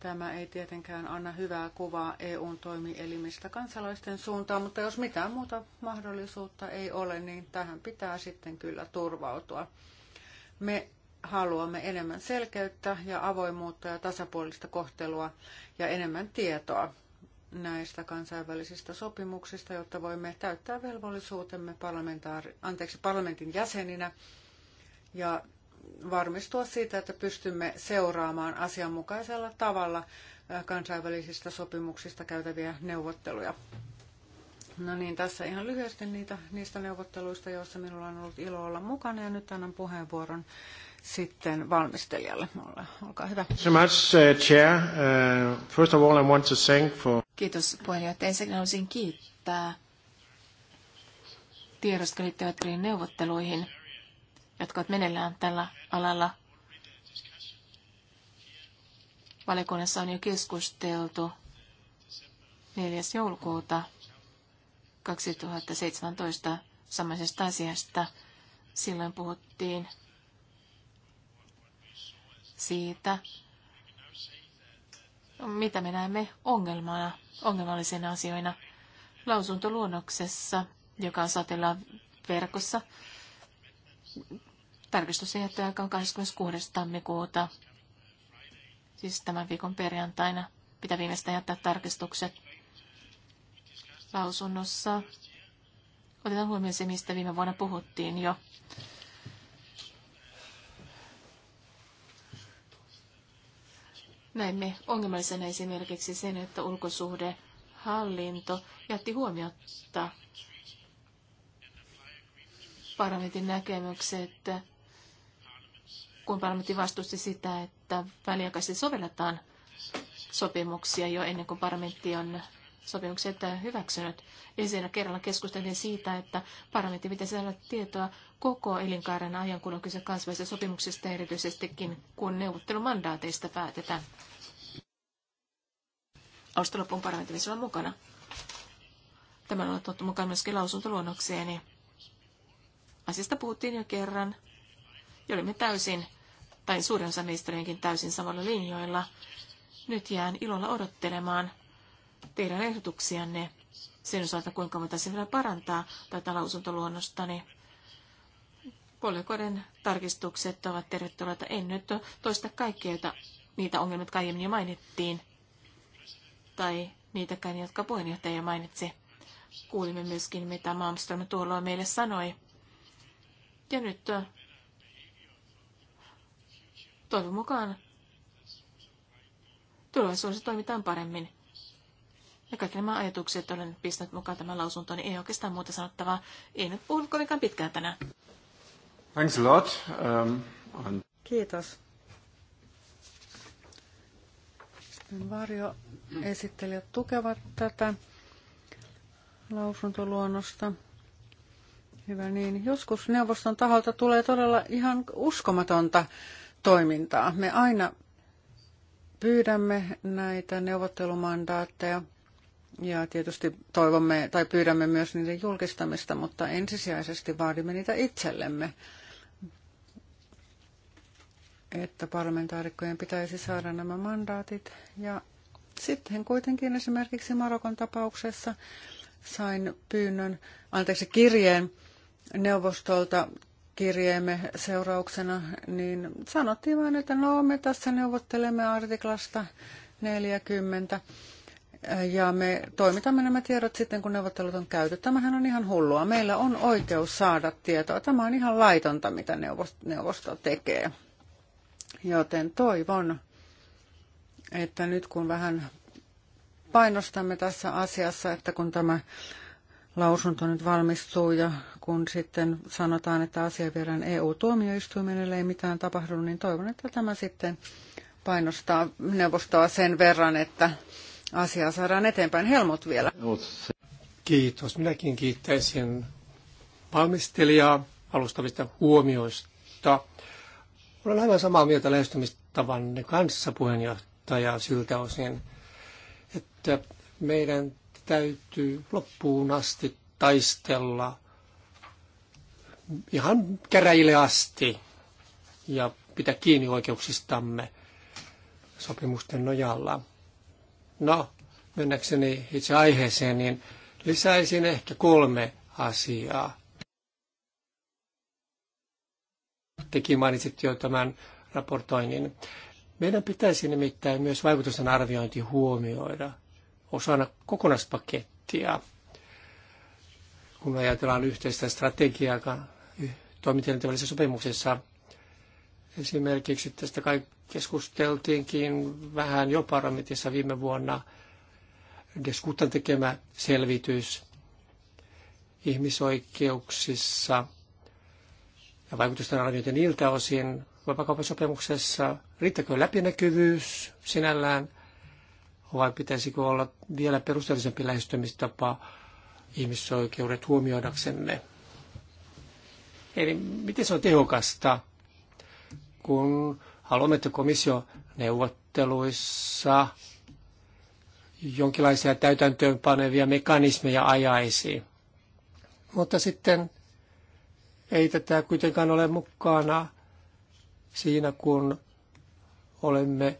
Tämä ei tietenkään anna hyvää kuvaa EUn toimielimistä kansalaisten suuntaan, mutta jos mitään muuta mahdollisuutta ei ole, niin tähän pitää sitten kyllä turvautua. Me haluamme enemmän selkeyttä ja avoimuutta ja tasapuolista kohtelua ja enemmän tietoa näistä kansainvälisistä sopimuksista, jotta voimme täyttää velvollisuutemme parlamentaari, anteeksi, parlamentin jäseninä ja varmistua siitä, että pystymme seuraamaan asianmukaisella tavalla kansainvälisistä sopimuksista käytäviä neuvotteluja. No niin, tässä ihan lyhyesti niitä, niistä neuvotteluista, joissa minulla on ollut ilo olla mukana. Ja nyt annan puheenvuoron sitten valmistelijalle. Olkaa hyvä. So much, uh, Chair. Uh, first of all, I want to thank for... Kiitos puheenjohtaja. Ensinnäkin haluaisin kiittää tiedosta liittyvät neuvotteluihin, jotka ovat meneillään tällä alalla. Valiokunnassa on jo keskusteltu 4. joulukuuta 2017 samaisesta asiasta. Silloin puhuttiin siitä, mitä me näemme ongelmana, ongelmallisina asioina. Lausuntoluonnoksessa, joka on saatella verkossa, tarkistus on 26. tammikuuta, siis tämän viikon perjantaina. Pitää viimeistään jättää tarkistukset lausunnossa. Otetaan huomioon se, mistä viime vuonna puhuttiin jo. Näimme ongelmallisena esimerkiksi sen, että hallinto jätti huomiotta parlamentin näkemykset, kun parlamentti vastusti sitä, että väliaikaisesti sovelletaan sopimuksia jo ennen kuin parlamentti on sopimukset hyväksynyt. Ensimmäinen kerralla keskusteltiin siitä, että parlamentti pitäisi saada tietoa koko elinkaaren ajan, kun on kyse kansainvälisistä sopimuksista erityisestikin, kun neuvottelumandaateista päätetään. Alusta loppuun parlamentissa on mukana. Tämä on otettu mukaan myöskin lausuntoluonnokseeni. Asiasta puhuttiin jo kerran, ja olimme täysin, tai suurin osa meistärienkin täysin samalla linjoilla. Nyt jään ilolla odottelemaan teidän ehdotuksianne sen osalta, kuinka voitaisiin vielä parantaa tätä lausuntoluonnostani. Kollegoiden tarkistukset ovat tervetulleita. En nyt toista kaikkia, joita niitä ongelmia, jotka aiemmin jo mainittiin, tai niitäkään, jotka puheenjohtaja jo mainitsi. Kuulimme myöskin, mitä Malmström tuolloin meille sanoi. Ja nyt äh, toivon mukaan tulevaisuudessa toimitaan paremmin. Ja kaikki nämä ajatukset olen pistänyt mukaan tämän lausuntoon, niin ei oikeastaan muuta sanottavaa. Ei nyt puhunut kovinkaan pitkään tänään. Thanks a lot. Um, and... Kiitos. Sitten tukevat tätä lausuntoluonnosta. Hyvä niin. Joskus neuvoston taholta tulee todella ihan uskomatonta toimintaa. Me aina pyydämme näitä neuvottelumandaatteja ja tietysti toivomme tai pyydämme myös niiden julkistamista, mutta ensisijaisesti vaadimme niitä itsellemme että parlamentaarikkojen pitäisi saada nämä mandaatit. Ja sitten kuitenkin esimerkiksi Marokon tapauksessa sain pyynnön, anteeksi kirjeen neuvostolta kirjeemme seurauksena, niin sanottiin vain, että no me tässä neuvottelemme artiklasta 40 ja me toimitamme nämä tiedot sitten, kun neuvottelut on käyty. Tämähän on ihan hullua. Meillä on oikeus saada tietoa. Tämä on ihan laitonta, mitä neuvosto tekee. Joten toivon, että nyt kun vähän painostamme tässä asiassa, että kun tämä lausunto nyt valmistuu ja kun sitten sanotaan, että asia viedään EU-tuomioistuimelle ei mitään tapahdu, niin toivon, että tämä sitten painostaa neuvostoa sen verran, että asiaa saadaan eteenpäin. Helmut vielä. Kiitos. Minäkin kiittäisin valmistelijaa alustavista huomioista. Olen aivan samaa mieltä lähestymistavanne kanssa puheenjohtaja siltä osin, että meidän täytyy loppuun asti taistella ihan käräjille asti ja pitää kiinni oikeuksistamme sopimusten nojalla. No, mennäkseni itse aiheeseen, niin lisäisin ehkä kolme asiaa. tekin mainitsit jo tämän raportoinnin. Meidän pitäisi nimittäin myös vaikutusten arviointi huomioida osana kokonaispakettia, kun ajatellaan yhteistä strategiaa toimintojen välisessä sopimuksessa. Esimerkiksi tästä kai keskusteltiinkin vähän jo parlamentissa viime vuonna Deskutan tekemä selvitys ihmisoikeuksissa – ja vaikutusten arviointi niiltä osin vapakaupasopimuksessa. Riittäkö läpinäkyvyys sinällään vai pitäisikö olla vielä perusteellisempi lähestymistapa ihmisoikeudet huomioidaksemme? Eli miten se on tehokasta, kun haluamme, että komissio neuvotteluissa jonkinlaisia täytäntöönpanevia mekanismeja ajaisi. Mutta sitten ei tätä kuitenkaan ole mukana siinä, kun olemme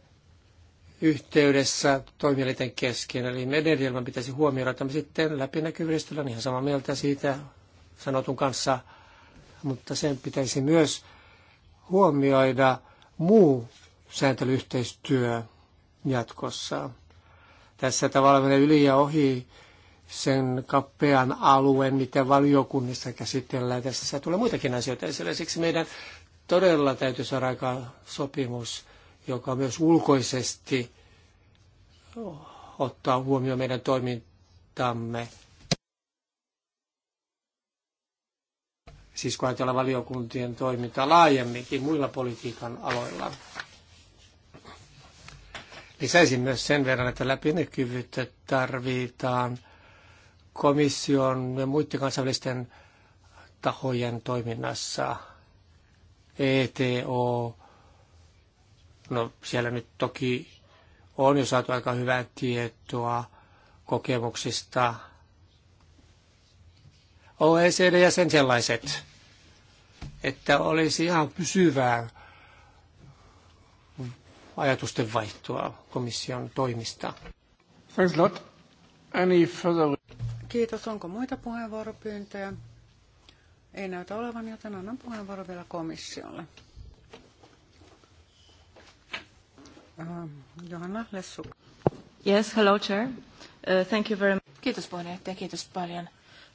yhteydessä toimielinten kesken. Eli menetelmän pitäisi huomioida tämä sitten läpinäkyvyydestöllä, ihan samaa mieltä siitä sanotun kanssa, mutta sen pitäisi myös huomioida muu sääntelyyhteistyö jatkossa. Tässä tavallaan menee yli ja ohi sen kapean alueen, mitä valiokunnissa käsitellään. Tässä tulee muitakin asioita esille. Siksi meidän todella täytyy saada aika sopimus, joka myös ulkoisesti ottaa huomioon meidän toimintamme. Siis kun ajatellaan valiokuntien toimintaa laajemminkin muilla politiikan aloilla. Lisäisin myös sen verran, että läpinäkyvyyttä tarvitaan – komission ja muiden kansainvälisten tahojen toiminnassa. ETO, no siellä nyt toki on jo saatu aika hyvää tietoa kokemuksista. OECD ja sen sellaiset, että olisi ihan pysyvää ajatusten vaihtoa komission toimista. Thanks a lot. Any further... Kiitos. Onko muita puheenvuoropyyntöjä? Ei näytä olevan, joten annan puheenvuoro vielä komissiolle. Uh, Johanna Lessuk. Yes, hello chair. Uh, thank you very much. Kiitos puheenjohtaja, kiitos paljon.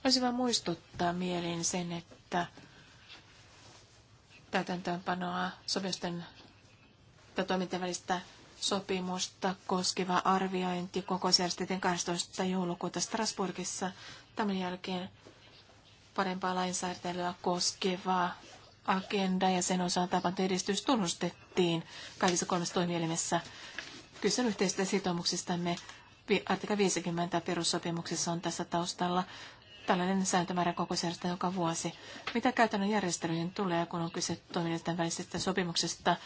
Voisin vain muistuttaa mieliin sen, että täytäntöönpanoa sopimusten tai toimintavälistä sopimusta koskeva arviointi kokousjärjestettiin 12. joulukuuta Strasbourgissa. Tämän jälkeen parempaa lainsäädäntöä koskeva agenda ja sen osalta tapahtui edistys tunnustettiin kaikissa kolmessa toimielimessä. Kyse on sitoumuksistamme. Artikla 50 perussopimuksessa on tässä taustalla tällainen sääntömäärä koko järjestetään joka vuosi. Mitä käytännön järjestelyihin tulee, kun on kyse toimijoiden välisestä sopimuksesta?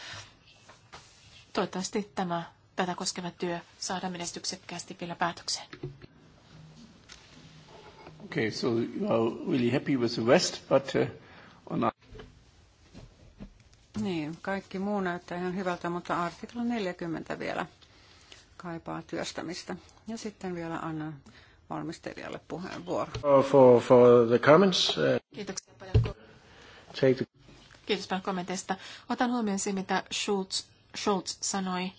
Toivottavasti tämä, tätä koskeva työ saadaan menestyksekkäästi vielä päätökseen. Okay, so you are really happy with the West, but uh, on Niin, kaikki muu näyttää ihan hyvältä, mutta artikla 40 vielä kaipaa työstämistä. Ja sitten vielä annan valmistelijalle puheenvuoro. For, for the comments. Uh, Kiitoksia paljon. Kiitos paljon kommenteista. Otan huomioon se, mitä Schultz Schultz sanoi,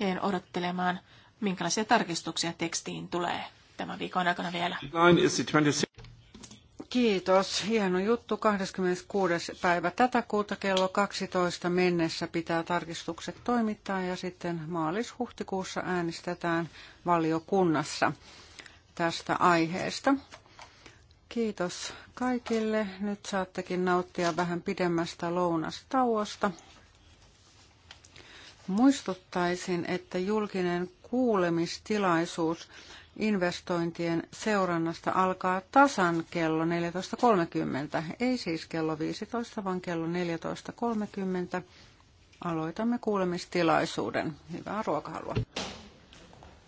en odottelemaan, minkälaisia tarkistuksia tekstiin tulee tämän viikon aikana vielä. Kiitos. Hieno juttu. 26. päivä tätä kuuta kello 12 mennessä pitää tarkistukset toimittaa ja sitten maalis-huhtikuussa äänestetään valiokunnassa tästä aiheesta. Kiitos kaikille. Nyt saattekin nauttia vähän pidemmästä lounastauosta. Muistuttaisin, että julkinen kuulemistilaisuus investointien seurannasta alkaa tasan kello 14.30. Ei siis kello 15, vaan kello 14.30. Aloitamme kuulemistilaisuuden. Hyvää ruokahalua.